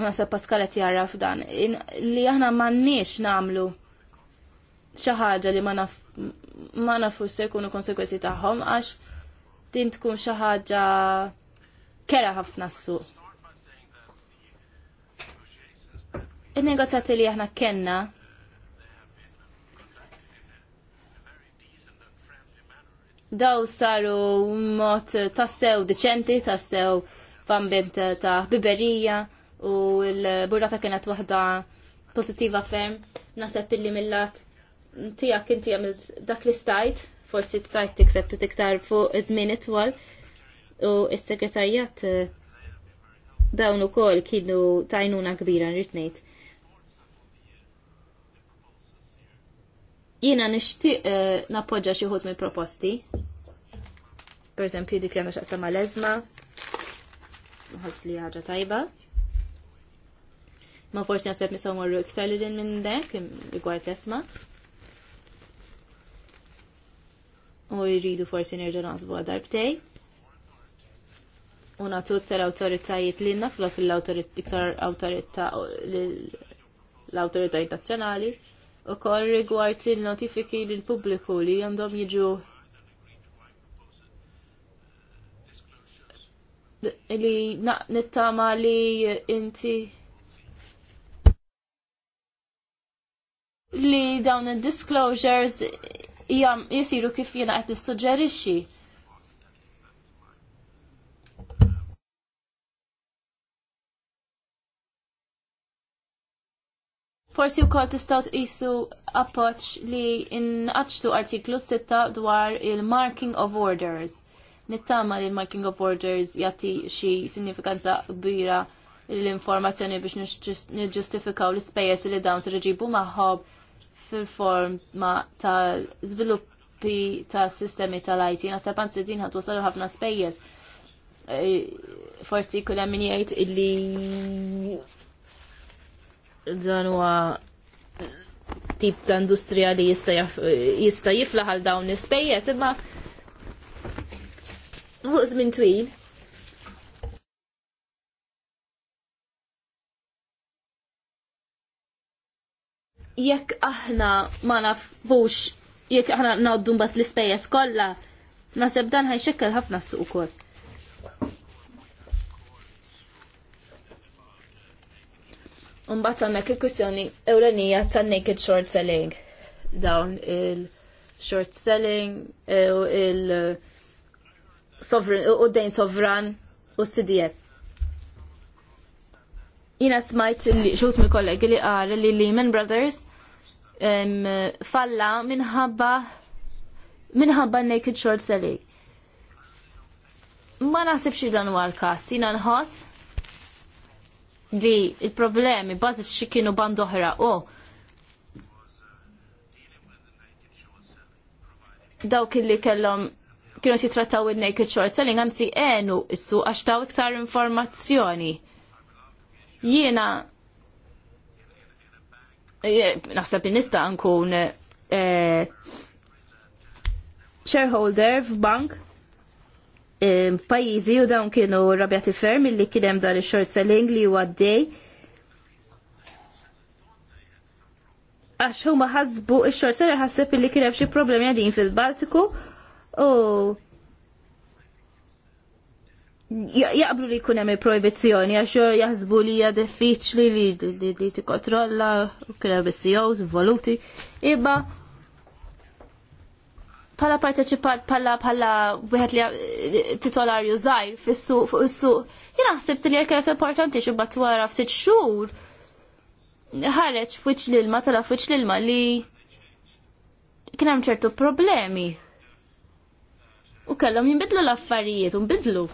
Nasa qed jara dan, li aħna m'għandniex nagħmlu xi ħaġa li ma ma nafux se jkunu konsekwenzi tagħhom għax din tkun xi ħaġa kera ħafna s-suq il-negozjati li aħna kenna daw saru mod tassew deċenti, tassew f'ambjent ta' biberija u l-burrata kienet waħda pozittiva ferm. Naseb illi millat Tija inti għamil dak li stajt, forsi stajt tikseb t-tiktar fuq żmien itwal u s-segretarjat eh, dawn ukoll kienu tajnuna kbira nrid ngħid. Jiena nixtieq eh, nappoġġa xi minn mill-proposti. Pereżempju dik li għandha x'aqsam mal-eżma. li ħaġa tajba. Ma forsi naħseb nisaw morru iktar li din minn dek rigward l-esma. U jridu forsi nerġa' naħsbu btej. u natu iktar autoritajiet li naflok fil-iktar l-autoritajiet nazjonali u koll rigward il-notifiki l-pubbliku li għandhom jiġu li nittama li inti li dawn il-disclosures jisiru kif jena nissuġġerixxi. nissuġġerixi. Forsi wkoll tistgħu tqisu appoġġ li inqaċtu artiklu 6 dwar il-marking of orders. Nittama li l-marking of orders jagħti xi sinifikanza kbira l-informazzjoni biex niġġustifikaw l-ispejjeż li dawn se reġibu maħob fil-forma tal-żviluppi ta' sistemi tal-IT. Naħseb s din għat wasal ħafna spejjeż. Eh, forsi kull hemm jgħid illi dan huwa tip ta' industrija li jista' jiflaħ għal dawn l-ispejjeż, imma fuq żmien twil. Jekk aħna ma nafux, jekk aħna ngħoddu mbagħad l-ispejjeż kollha, naseb dan ħajxekkel ħafna suq ukoll. Mbagħad għandek il-kwistjoni ewlenija ta' naked short selling. Dawn il-short selling eh, u il- eh, sovran u dejn sovran u CDS. Jina smajt li xut mi kollegi li għar li Lehman Brothers falla minħabba minħabba naked short selling. Ma nasibx dan huwa l-każ, jina nħoss li il-problemi bażiċi kienu band oħra u dawk li kellhom kienu jitrattaw il-naked short selling għanzi għenu issu għax taw iktar informazzjoni. Jiena naħseb nista' nkun eh, shareholder f'bank pajizi u dawn kienu rabjati ferm illi kienem dar il ix-short selling li huwa għaddej. Għax huma ħazbu il short selling ħasib illi kienem xie problemi għadin fil-Baltiku u jaqblu li kunem il-proibizzjoni għax jaħsbu li hija diffiċli li li tikkontrolla u kien hemm is-CEOs involuti. Imma pala parteċipat pala pala wieħed li titolarju żgħir fis-suq fuq is-suq. Jiena ħsib li kienet importanti xi bat wara ftit xhur ħareġ f'wiċċ l-ilma tala f'wiċċ l-ilma li kien hemm ċertu problemi. U kellhom jinbidlu l-affarijiet u nbidlu.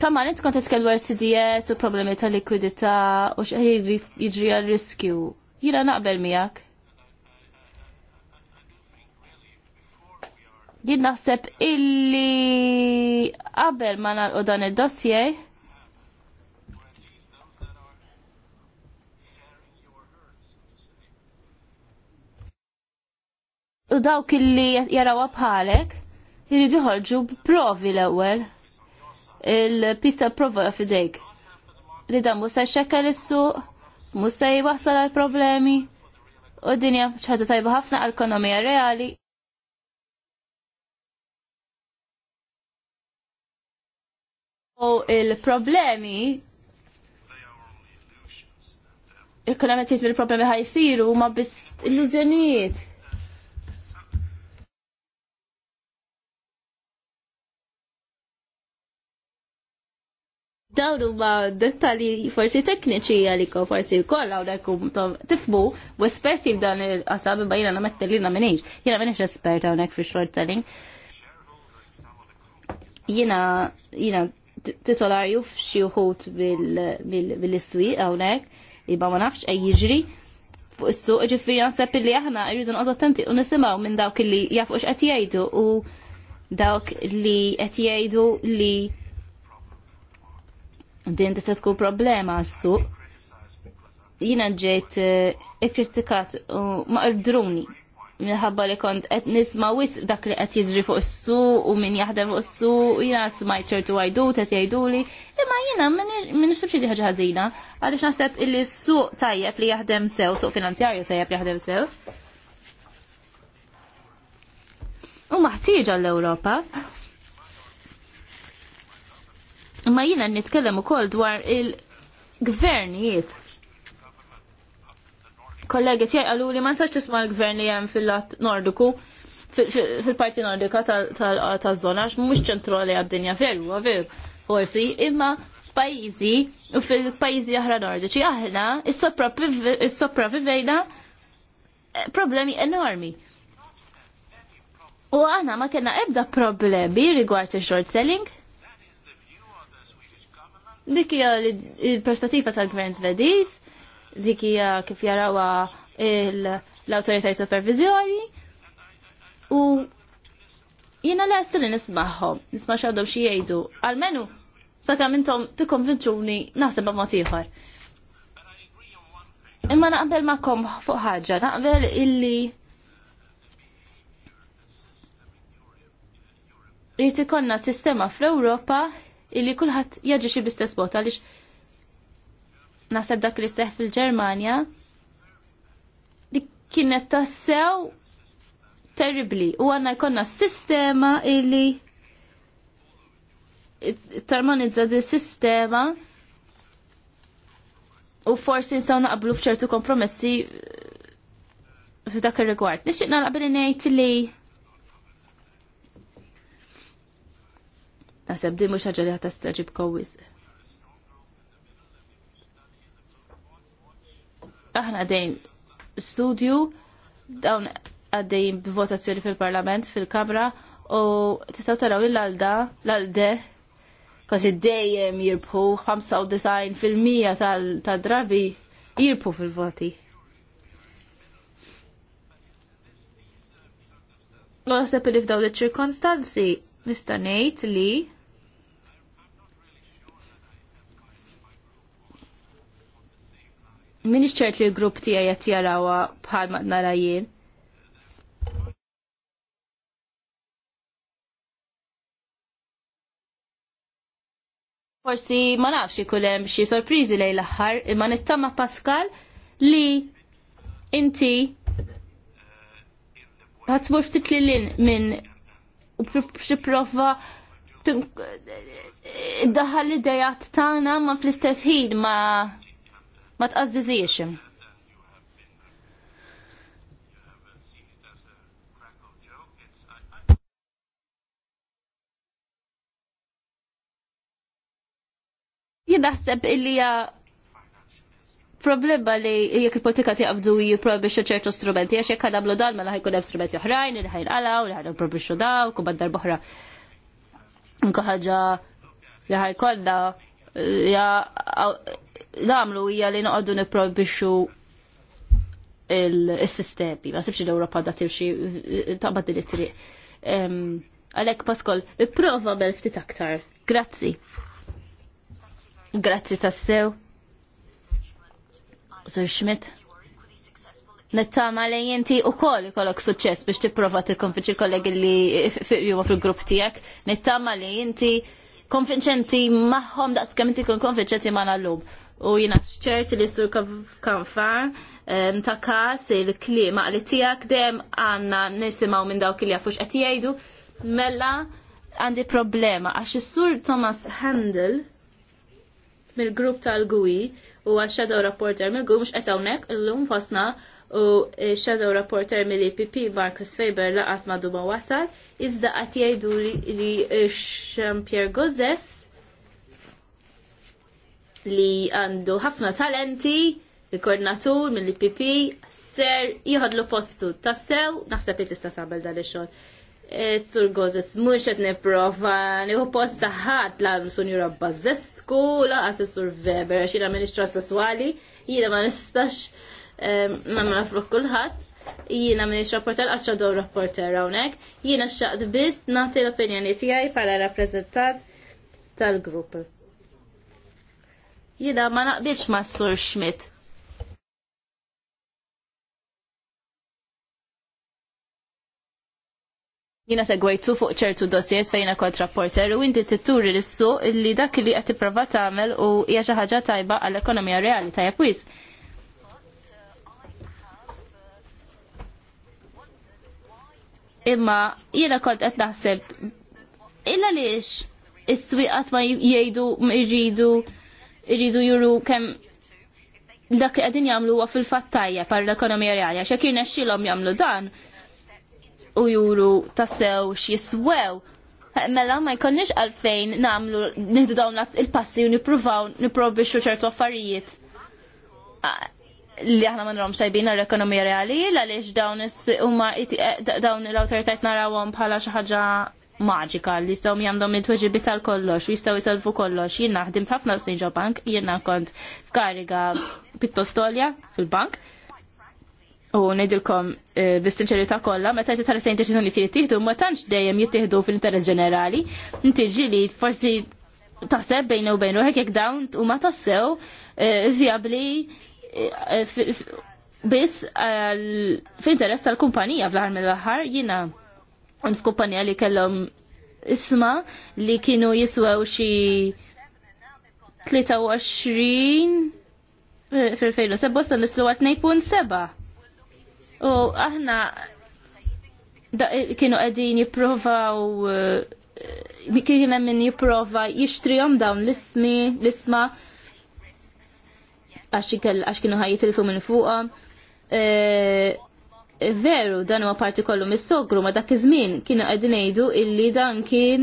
Kamma nit kont itkellmu CDS u problemi ta' likwidità u xeħi jidri għal-riskju. Jira naqbel miegħek. Jien naħseb illi qabel ma nagħlqu dan id-dossier U dawk illi jarawha bħalek jridu ħolġu b'provi l-ewwel il-pista prova fidejk. Li dan musa xekka l-suq, musa jwaħsal għal problemi u dinja ċħadu tajba ħafna għal ekonomija reali. U il-problemi il-kollamet jitmi il-problemi ħajsiru ma bis illużjonijiet. dawn huma dettalji forsi tekniċi għaliko forsi kollha hawnhekk tifmu u esperti f'dan il-qasab imma jiena nagħmel li m'inhiex. Jiena m'inhiex espert hawnhekk fix-short selling. Jiena jiena titolarju f'xi wħud bil-iswieq hawnhekk imma ma nafx ej jiġri fuq is-suq ġifieri naħseb illi aħna rridu nqogħdu attenti u nisimgħu minn dawk li jafux qed jgħidu u dawk li qed jgħidu li din tista' tkun problema għas-suq. Jiena ġejt eh, ikkritikat u maqdruni minħabba li kont qed nisma' wisq dak li qed jiġri fuq is-suq u min jaħdem fuq is-suq jiena smajt ċertu għajdut qed jgħiduli, imma jiena min nixtibx xi ħaġa ħażina għaliex naħseb illi s-suq tajjeb li jaħdem sew, suq finanzjarju tajjeb jaħdem sew. U maħtieġa l-Ewropa Ma jina nitkellem ukoll dwar il-gvernijiet. Kollegi tiegħi qalu li ma nsax tisma' l-gvern li hemm fil-lat nordiku fil-parti nordika tal zona għax mhux ċentru għad-dinja veru, veru. Forsi, imma f'pajjiżi u fil-pajjiżi aħra nordiċi aħna is-sopravvivejna eh, problemi enormi. U aħna ma kena ebda problemi rigward il-short selling, Dik hija l-perspettiva tal-Gvern Svediż, dik hija kif jarawha l-awtorità supervizjoni u jiena lest li nisma'ħom, nisma' x'għandhom xi jgħidu, għalmenu sakemm intom tikkonvinċuni naħseb b'mod ieħor. Imma naqbel ma'kom fuq ħaġa, naqbel illi Rrit ikonna sistema fl-Ewropa illi kulħadd jaġi xi bistess bot għaliex naħseb dak li seħ fil-Ġermanja dik kienet tassew terribli u għanna jkollna sistema illi tarmonizza di sistema u forsi nsaw naqblu fċertu kompromessi f'dak ir-rigward. Nixtieq naqbel ngħid li Naħseb din mhux ħaġa li ħadd kowis. Aħna għadajn studju dawn għadajn b'votazzjoni fil-Parlament fil-Kamra u tistaw taraw l-għalda l-għalde kważi dejjem jirbħu 95% tal-drabi jirpu fil-voti. Naħseb li f'dawn iċ-ċirkonstanzi nista' ngħid li Min ċert li l-grupp tiegħi qed jarawha bħal ma nara jien. Forsi ma nafx ikun xie xi sorpriżi lejn l-aħħar, imma nittama Pascal li inti ħatmur ftit lilin minn u prova daħal l-idejat tagħna ma fl-istess ħin ma ma tqazziżiex. Jien naħseb illi problema li jekk il-politika tiqabdu xi ċertu strumenti, għax jekk għadamlu dan mela ħajkun hemm strumenti oħrajn li ħajn qalaw li ħajn probixxu daw, kumbat darb'oħra. Nka ħaġa li ħajkollna l-għamlu hija li noqogħdu nipprobixxu il-sistemi, ma sibx l-Ewropa da tirxi eh, taqbad din it-triq. Għalek Paskol, prova bel ftit aktar. Grazzi. Grazzi tassew. Sir Schmidt. Nittama li jinti u koll kollok suċess biex tipprova t-konfiċi l-kollegi li firjuma fil-grupp tijak. Nittama li jinti konfiċenti maħħom daqs kemm inti kun konfiċenti ma' l lub u jina ċert li sur kanfar ta' kas il-klima li tijak dem għanna nisimaw minn dawk li għafux għet jgħidu mella għandi problema għax is-sur Thomas Handel mill-grupp tal-GUI u għax-shadow rapporter mill-GUI mux qed hawnhekk illum fosna u eh, shadow rapporter mill-IPP Marcus Faber laqas ma duba wasal, iżda qed jgħidu li Xampier eh, Gozess li għandu ħafna talenti, il-koordinatur mill-IPP, ser jħodlu postu tassew, naħseb li tista' tagħmel dan ix-xogħol. Eh, sur gozes, mux qed nipprova, nieħu posta taħat la sunjura Bazzesku, laqas sur Weber, għax jiena ministra sesswali, jiena ma nistax nagħmel eh, nafruħ kulħadd, jiena ministra porter, għax do rapporter hawnhekk, jiena xaqt biss nagħti l-opinjoni tiegħi bħala rappreżentant tal-grupp. Jida ma naqbiex ma' Sur Schmidt. jina segwejtu fuq ċertu dossiers fejna kont rapporter u inti titturi l-issu li dak li qed tipprova tagħmel u hija xi ħaġa tajba għall-ekonomija reali tajja wis. Imma jiena kont qed naħseb illa liġ is-swieqat ma jgħidu jridu irridu juru kemm dak li qegħdin jagħmlu huwa fil-fatt tajjeb l-ekonomija reali għaxa jekk xilom jagħmlu dan u juru tassew xiswew. Mela ma jkollniex għalfejn namlu nieħdu dawn il-passi u nippruvaw nipprobixxu ċertu affarijiet li aħna manrom xajbina l-ekonomija reali għaliex dawn dawn l-awtoritajt narawhom bħala xi ħaġa maġika li jistgħu jandom il-tweġibi tal-kollox u jistgħu jisalfu kollox. Jien naħdim ħafna snin ġo bank, jien kont f'kariga pittostolja fil-bank. U nidilkom eh, bis-sinċerità kollha meta inti tara deċiżjoni li jittieħdu ma tantx dejjem jittieħdu fil-interess ġenerali. Inti ġili forsi taħseb bejn u bejn ruħek jekk dawn huma tassew eh, viabli eh, biss fil-interess tal-kumpanija fl-aħħar mill-aħħar jiena un f'kumpanija li kellhom isma li kienu jiswew xi 23 fil sebba sa nislu għat 2.7. U aħna eh, kienu għedin jiprovaw eh, kien hemm min jipprova jixtrihom dawn l-ismi, l-isma għax kienu ħajitilfu minn fuqhom. E, veru dan huwa parti kollu mis-sogru ma dak iż-żmien kienu qegħdin ngħidu illi dan kien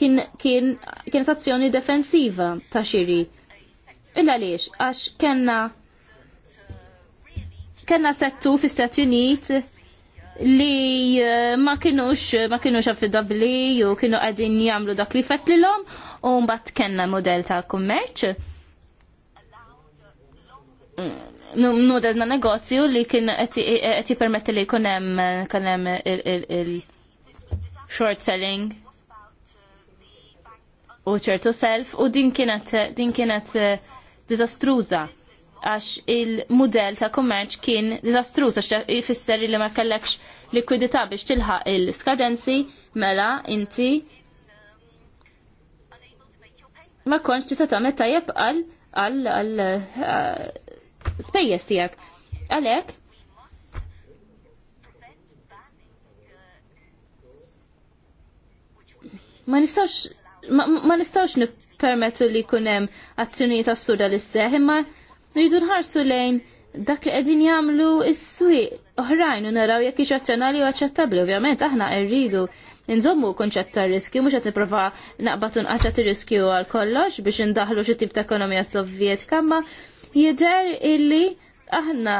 kien kien kienet azzjoni defensiva ta' xiri. Illa għaliex għax kellna kellna settu fl-Istati Unit li eh, ma kienux ma kienux affidabli u kienu qegħdin jagħmlu dak li fett u mbagħad kellna model ta' kummerċ mm nudel ma' negozju li kien qed jippermetti li jkun hemm kien hemm il-short selling u ċertu self u din kienet din kienet eh, diżastruża għax il-modell ta' kummerċ kien diżastruż għax jfisser li ma kellekx likwidità biex tilħaq il-skadenzi mela inti ma konċ tista' tagħmel tajjeb għal għal spejjeż tiegħek. Għalhekk ma nistax ma, nistax nippermettu li kunem azzjonijiet assurda li seħ imma nridu nħarsu lejn dak li qegħdin jagħmlu s-swieq oħrajn u naraw jekk hix azzjonali u aċċettabbli. Ovvjament aħna rridu nżommu kunċett ta' riskju mhux qed nipprova naqbad unqaċċat ir-riskju għal kollox biex indaħlu xi tip ta' ekonomija sovjetika ma jidher illi aħna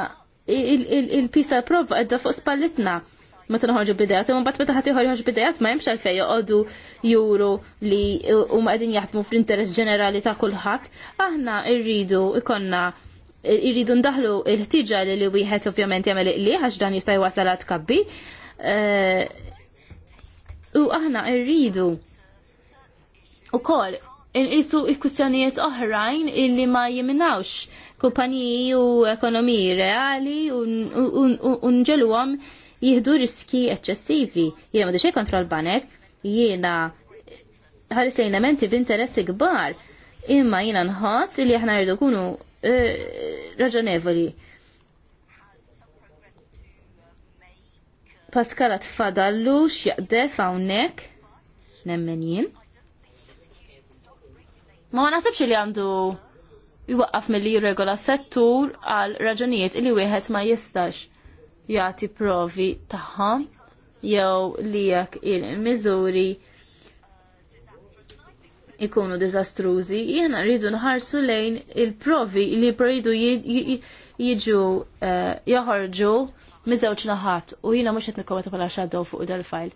il-pista prova għedda fuq spallitna meta nħoġu bidejat, u mbagħad meta ħadd bidejat ma hemmx fej joqogħdu juru li u ma qegħdin jaħdmu fl-interess ġenerali ta' kulħadd. Aħna rridu ikonna irridu ndaħlu il-ħtiġa li li wieħed ovvjament jagħmel li għax dan jista' jwasal kabbi. Eh, u aħna rridu ukoll inqisu l kwistjonijiet oħrajn illi ma jiminawx kumpaniji u ekonomiji reali u għom jihdu riski eċċessivi. Jiena ma diċej kontra l-banek, jiena lejna menti b'interessi kbar, imma jiena nħoss li aħna rridu kunu eh, raġonevoli. Paskala tfadallu x'jaqdef hawnhekk nemmen jien. Ma ma nasibx li għandu jwaqqaf milli jirregola settur għal raġunijiet li wieħed ma jistax jagħti provi tagħha jew li jekk il-miżuri ikunu dizastrużi, jena rridu nħarsu lejn il-provi li jridu jiġu eh, joħorġu mizewċ naħat u jena mux jtnikometa pala xaddu fuq dal-fajl.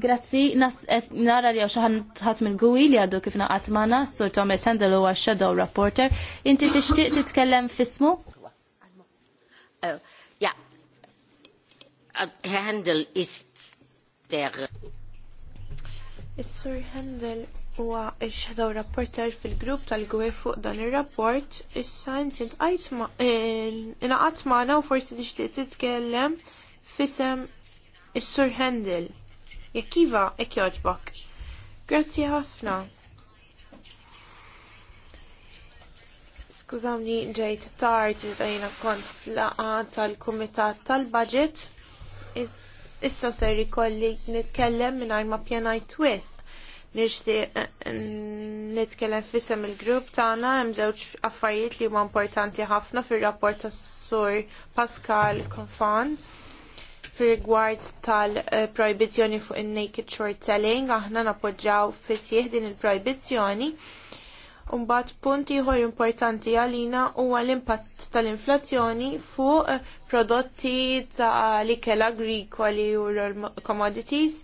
Grazzi, nara li għaxħan ħat minn gwi li għaddu kif għatmana, Sur Thomas Handel huwa shadow reporter. Inti tixtieq titkellem fismu? Oh, ja, uh, Handel ist der. Is-Sur Handel huwa shadow reporter fil-grupp tal-gwe fuq dan ir-rapport, issa inti t mana eh, u forsi tixtieq titkellem fisem is-Sur Handel. Jekk iva, jekk jogħġbok. Grazzi ħafna. Skużawni ġejt tard dajna kont flaqa tal-Kumitat tal-Budget. Issa ser ikolli nitkellem mingħajr ma pjena twist. Nixtieq eh, nitkellem fissem il-grupp tagħna hemm żewġ affarijiet li huma importanti ħafna fir-rapport tas-sur Pascal Confant fil-gwart tal-proibizjoni fuq il-naked short selling, aħna napoġġaw fisjih din il-proibizjoni. Umbat punti ieħor importanti għalina huwa l-impatt tal-inflazzjoni fuq prodotti li ikel agrikoli u commodities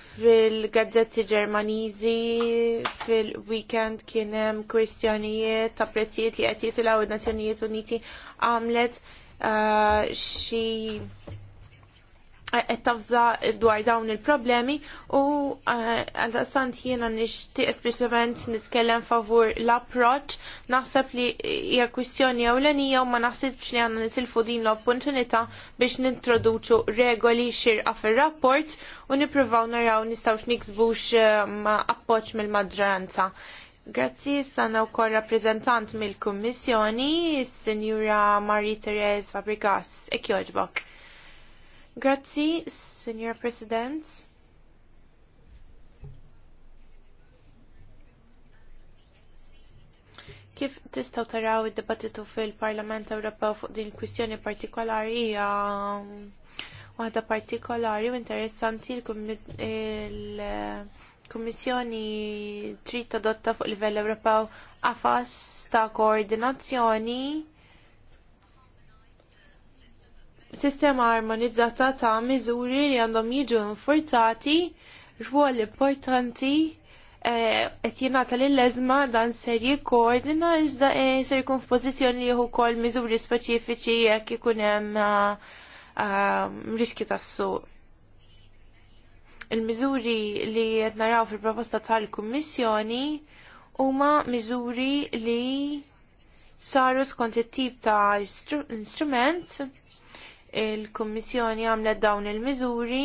fil-gazzetti ġermaniżi fil-weekend kien hemm kwistjonijiet ta' prezzijiet li qed jitilgħu in-Nazzjonijiet Uniti għamlet Eh, xi qed eh, tafza dwar dawn il-problemi u eh, għal-stant jiena nixtieq esplicitament nitkellem favur l approċċ naħseb li hija kwistjoni ewlenija u ma naħsibx li għandna nitilfu din l-opportunità biex nintroduċu regoli xirqa fir-rapport u nippruvaw naraw nistgħux niksbux ma appoġġ mill-maġġoranza. Grazzi, sanna u kol rappresentant mill-Kommissjoni, Signora Marie-Therese Fabregas, e kjoġbok. Grazzi, Signor President. Kif tistaw taraw id-debattitu fil-Parlament Ewropew fuq din kwistjoni partikolari hija um, waħda partikolari u interessanti l Kummissjoni trid tadotta fuq livell Ewropew afas ta' koordinazzjoni sistema armonizzata ta' miżuri li għandhom jiġu infurzati rwol importanti eh, qed jingħata lill leżma dan ser jikkoordina iżda eh, ser jkun f'pożizzjoni li jieħu wkoll miżuri speċifiċi jekk ikun hemm eh, riskju tas-suq il-miżuri li qed naraw fil-proposta tal-Kummissjoni huma miżuri li saru skont it-tip ta' instrument il-Kummissjoni għamlet dawn il-miżuri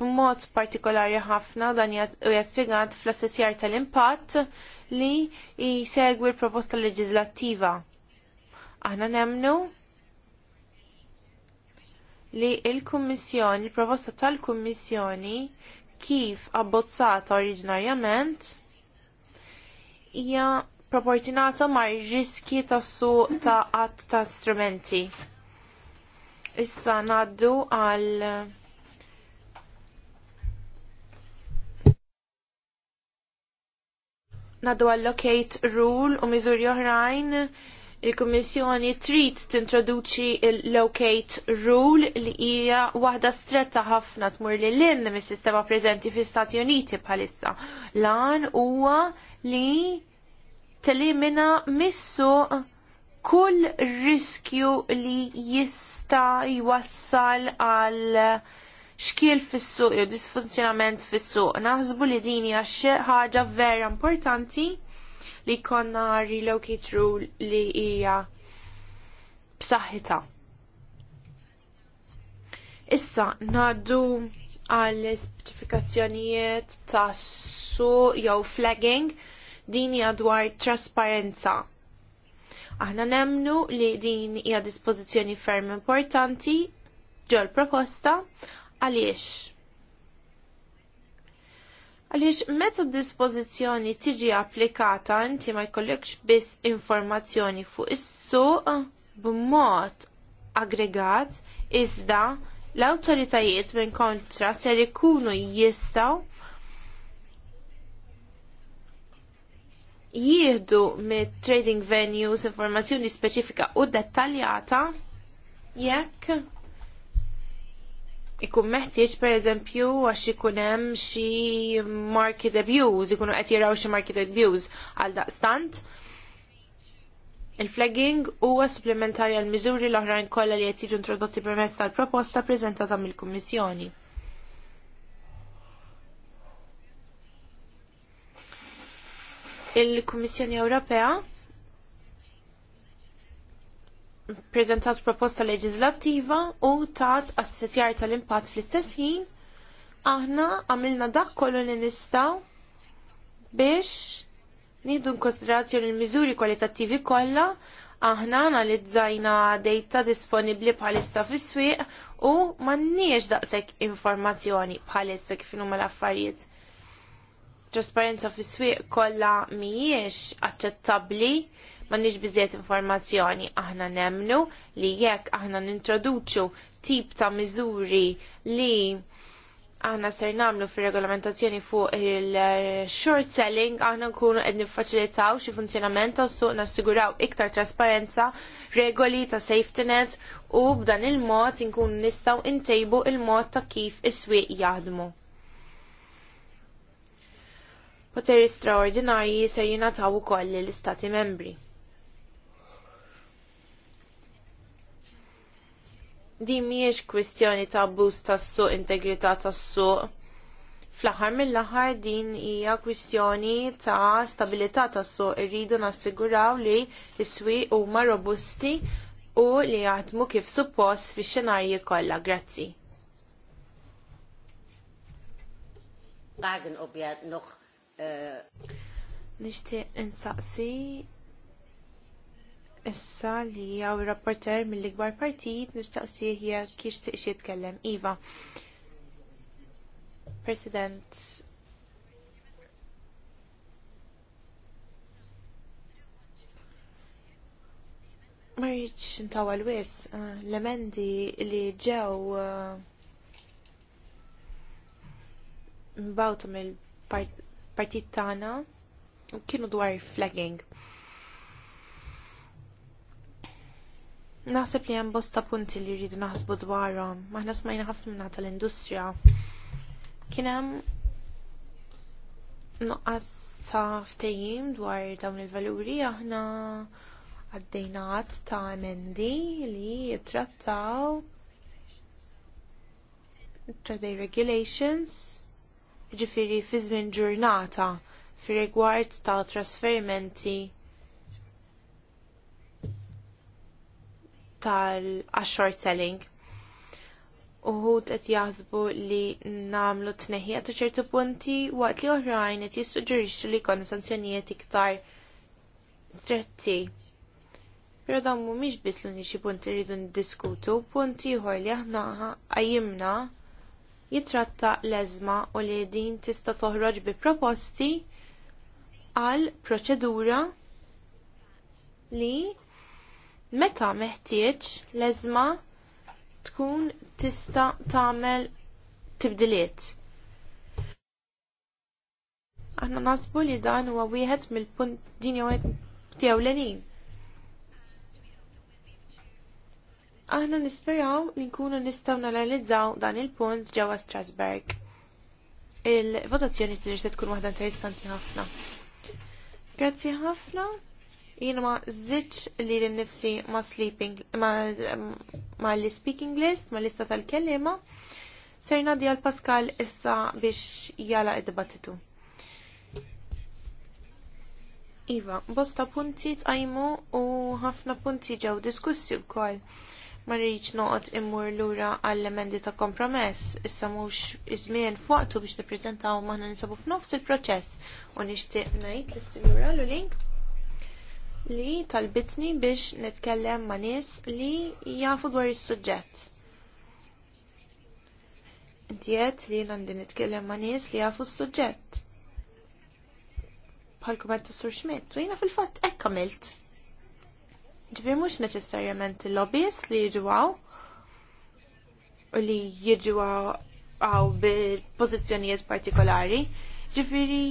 b'mod partikolari ħafna u dan jaspjegat fl-assessjar tal-impatt li jsegwi l-proposta leġislattiva. Aħna nemnu li il-Kummissjoni, il-proposta tal-Kummissjoni kif abbozzata oriġinarjament hija proporzjonata mar riski tas-suq ta' att ta' strumenti. Issa ngħaddu għal naddu allocate rule u miżuri oħrajn il-Kummissjoni trid tintroduċi il-locate rule li hija waħda stretta ħafna tmur li l-in mis-sistema preżenti fi Stati Uniti bħalissa. Lan huwa li telimina missu kull riskju li jista jwassal għal xkiel fis-suq jew disfunzjonament fis-suq. Naħsbu li din hija xi ħaġa vera importanti li konna rilokitru li hija b'saħħitha. Issa, naddu għall specifikazzjonijiet ta' su jew flagging din hija dwar trasparenza. Aħna nemnu li din hija dispożizzjoni ferm importanti ġol proposta għaliex Għaliex meta dispożizzjoni tiġi applikata inti ma jkollekx biss informazzjoni fuq is-suq b'mod aggregat iżda l-awtoritajiet minn kontra ser ikunu jistgħu jieħdu mit trading venues informazzjoni speċifika u dettaljata jekk ikun meħtieġ per eżempju għax ikun hemm xi market abuse, ikunu qed jiraw xi market abuse għal daqstant. Il-flagging huwa supplementari għal miżuri l-oħrajn kollha li qed jiġu introdotti permezz tal-proposta preżentata mill-Kummissjoni. Il-Kummissjoni Ewropea prezentat proposta leġislattiva u tat assessjar tal-impatt fl-istess ħin, aħna għamilna dak kollu li nistaw biex nidu konsiderazzjoni l-miżuri kwalitattivi kollha, aħna analizzajna data disponibbli bħalissa fis-swieq u m'għandniex daqshekk informazzjoni bħalissa kif huma l-affarijiet. Trasparenza fis-swieq kollha mhijiex aċċettabbli Ma nix bizziet informazzjoni aħna nemnu li jekk aħna nintroduċu tip ta' miżuri li aħna ser namlu fir regolamentazzjoni fuq il-short selling, aħna nkunu qed niffaċilitaw xi funzjonament ta' suq nassiguraw iktar trasparenza, regoli ta' safety net u b'dan il-mod nkun nistgħu ntejbu il-mod ta' kif is-swieq jaħdmu. Poteri straordinarji ser jingħataw ukoll lill istati membri. Di miex kwistjoni ta' abbuż tas-suq, integrità tas-suq. Fl-aħħar mill-aħħar din hija kwistjoni ta' stabilità tas-suq. Irridu nassiguraw li s-swieq huma robusti u li jaħdmu kif suppost fix-xenarji kollha. Grazzi. Dagen ob nog äh, Nixtieq insaqsi issa li għaw rapporter mill-ikbar partit nistaqsih kiex tiqx jitkellem. Iva. President, Marriċ ntawa l-wis, eh, l-emendi li ġew eh, mbawtu mill-partit tagħna kienu dwar flagging. Naħseb li hemm bosta punti li jridu naħsbu dwarhom. Aħna smajna ħafna minn tal-industrija. Kien hemm nuqqas ta' ftehim dwar dawn il-valuri aħna għaddejnat ta' emendi li jittrattaw trade regulations ġifiri fi żmien ġurnata fi rigward ta' trasferimenti tal-short selling. Uħud qed jaħsbu li namlu tneħija ta' ċertu punti waqt li oħrajn qed jissuġġerixxu li jkollna sanzjonijiet iktar stretti. Però dawn mhumiex biss l-uniċi punti rridu niddiskutu, punti ieħor li aħna għajimna jitratta l-eżma u li din tista' toħroġ bi proposti għal proċedura li meta meħtieġ l tkun tista tagħmel tibdiliet. Aħna nasbu li dan huwa wieħed mill-punt din jew tiegħu lenin. Aħna nisperaw li nkunu nistgħu nanalizzaw dan il-punt ġewwa Strasberg. Il-votazzjoni tiġi se tkun waħda interessanti ħafna. Grazzi ħafna jien ma żidx li l-nifsi ma sleeping ma, ma speaking list, ma lista tal-kellima. Ser di għal Pascal issa biex jala id-dibattitu. Iva, bosta punti tqajmu u ħafna punti ġew diskussi wkoll. Ma rridx noqgħod immur lura għall-emendi ta' kompromess, issa mhux iż-żmien fuqtu biex nippreżentaw maħna nisabu f'nofs il-proċess u nixtieq ngħid l sinjura link li talbitni biex nitkellem ma' nies li jafu dwar is-suġġett. Inti qed li għandi nitkellem ma' nies li jafu s-suġġett. Bħal kumment Sur Schmidt, u jiena fil-fatt hekk għamilt. Ġifier mhux neċessarjament il-lobbies li jiġu għaw u li jiġu għaw bil-pożizzjonijiet partikolari. Ġifieri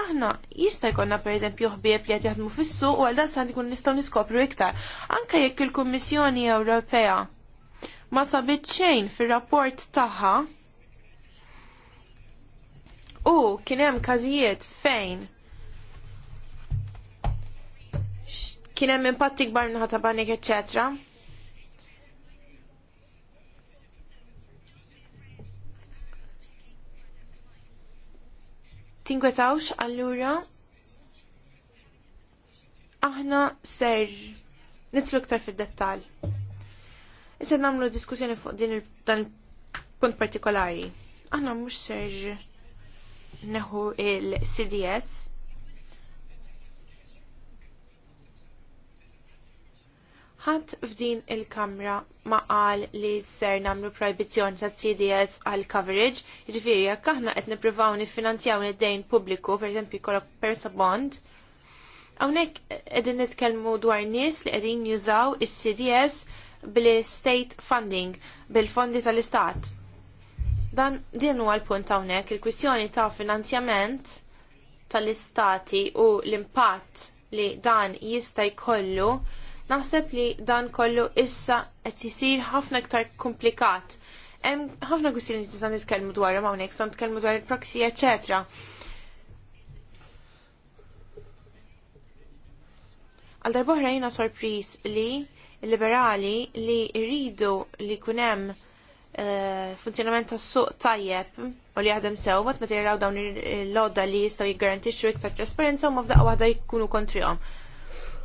aħna jista' jkollna pereżempju ħbieb li qed jaħdmu fis-suq u għal dan sa ikun nistgħu niskopru iktar. Anke jekk il-Kummissjoni Ewropea ma sabit xejn fir-rapport tagħha u kien hemm każijiet fejn kien hemm impatti kbar minħata banek eċċetra Tinkwetawx allura aħna ser nitlu ktar fid-dettal. Issa namlu diskussjoni fuq din dan punt partikolari. Aħna mhux ser neħu il-CDS ħadd f'din il-kamra ma qal li ser nagħmlu proibizzjoni ta' CDS għal coverage, jiġifieri jekk aħna qed nippruvaw niffinanzjaw id-dejn pubbliku, pereżempju jkollok persa bond, hawnhekk qegħdin nitkellmu dwar nies li qegħdin jużaw is-CDS bl-state funding, bil-fondi tal-istat. Dan din huwa l-punt hawnhekk, il-kwistjoni ta' finanzjament tal-istati u l-impatt li dan jista' jkollu Naħseb li dan kollu issa qed isir ħafna iktar komplikat. Hemm ħafna kwistjoni tista' nitkellmu dwarhom hawnhekk, sa nitkellmu dwar il-proxy, eċetera. Għal darbohra jiena sorpriż li liberali li rridu li jkun hemm eh, funzjonament tas suq tajjeb u li jaħdem sew, mat ma tiraw dawn il-loda li jistaw jiggarantixxu iktar trasparenza u mafdaq waħda jkunu kontrihom.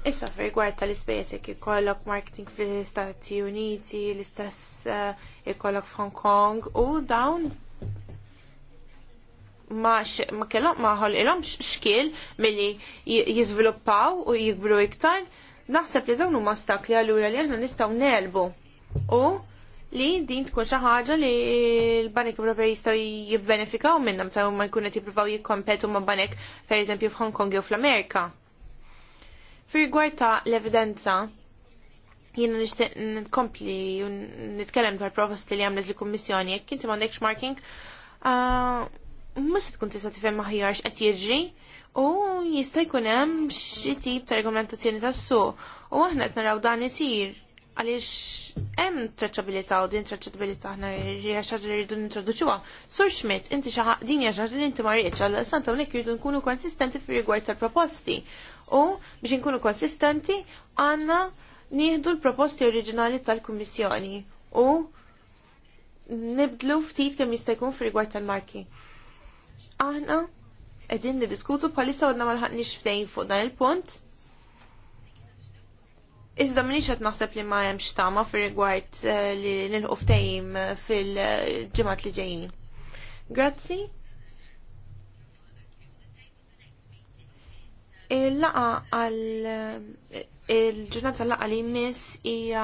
Issa fi rigward tal-ispejjeż jekk ikollok marketing fl-Istati Uniti, l-istess eh, ikollok f'Hong Kong u dawn ma, ma kellhom ma ħolqilhomx xkiel milli jiżviluppaw u jikbru iktar, naħseb li dawn huma stakli allura li aħna nistgħu nelbu. U li din tkun xi ħaġa li l-Banek Ewropej jistgħu jibbenefikaw minnha meta huma jkun qed jippruvaw jikkompetu ma' banek pereżempju f'Hong Kong jew fl-Amerika. Fir ta' l-evidenza, jiena nixtieq nitkompli u nitkellem dwar proposti li għamlet l kummissjoni jekk inti m'għandekx marking, ah, mhux se tkun tista' tifhem aħjarx qed jiġri u jista' jkun hemm xi tip ta' argumentazzjoni tas-suq u aħna qed naraw dan isir għaliex hemm traċabilità u din traċabilità aħna hija xi li rridu nintroduċuha. Sur Schmidt, inti xi din hija li inti ma rridx għal sant hawnhekk irridu nkunu konsistenti fir-rigward tal-proposti. U biex inkunu konsistenti għandna nieħdu l-proposti oriġinali tal-Kummissjoni u nibdlu ftit kemm jista' jkun fir tal-marki. Aħna qegħdin diskutu bħalissa għadna ma ħadniex ftehim fuq dan il-punt Iżda minix qed naħseb li ma hemmx tama fir-rigward eh, li l-uftajim fil-ġimgħat li ġejjin. Grazzi. Il-laqa għal il-ġurnata laqa li jmiss hija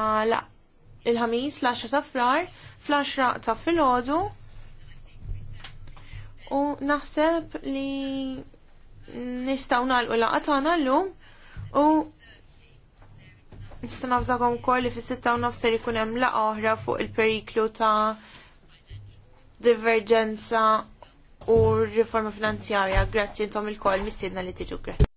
il-ħamis l-10 ta' frar fl-10 ta' filgħodu u naħseb li nistgħu nagħlqu laqa tagħna llum u Nista' nafżakom ukoll li fis-sitta u nofser ikun hemm oħra fuq il-periklu ta' divergenza u riforma finanzjarja. Grazzi intom il-koll mistiedna li tiġu. Grazzi.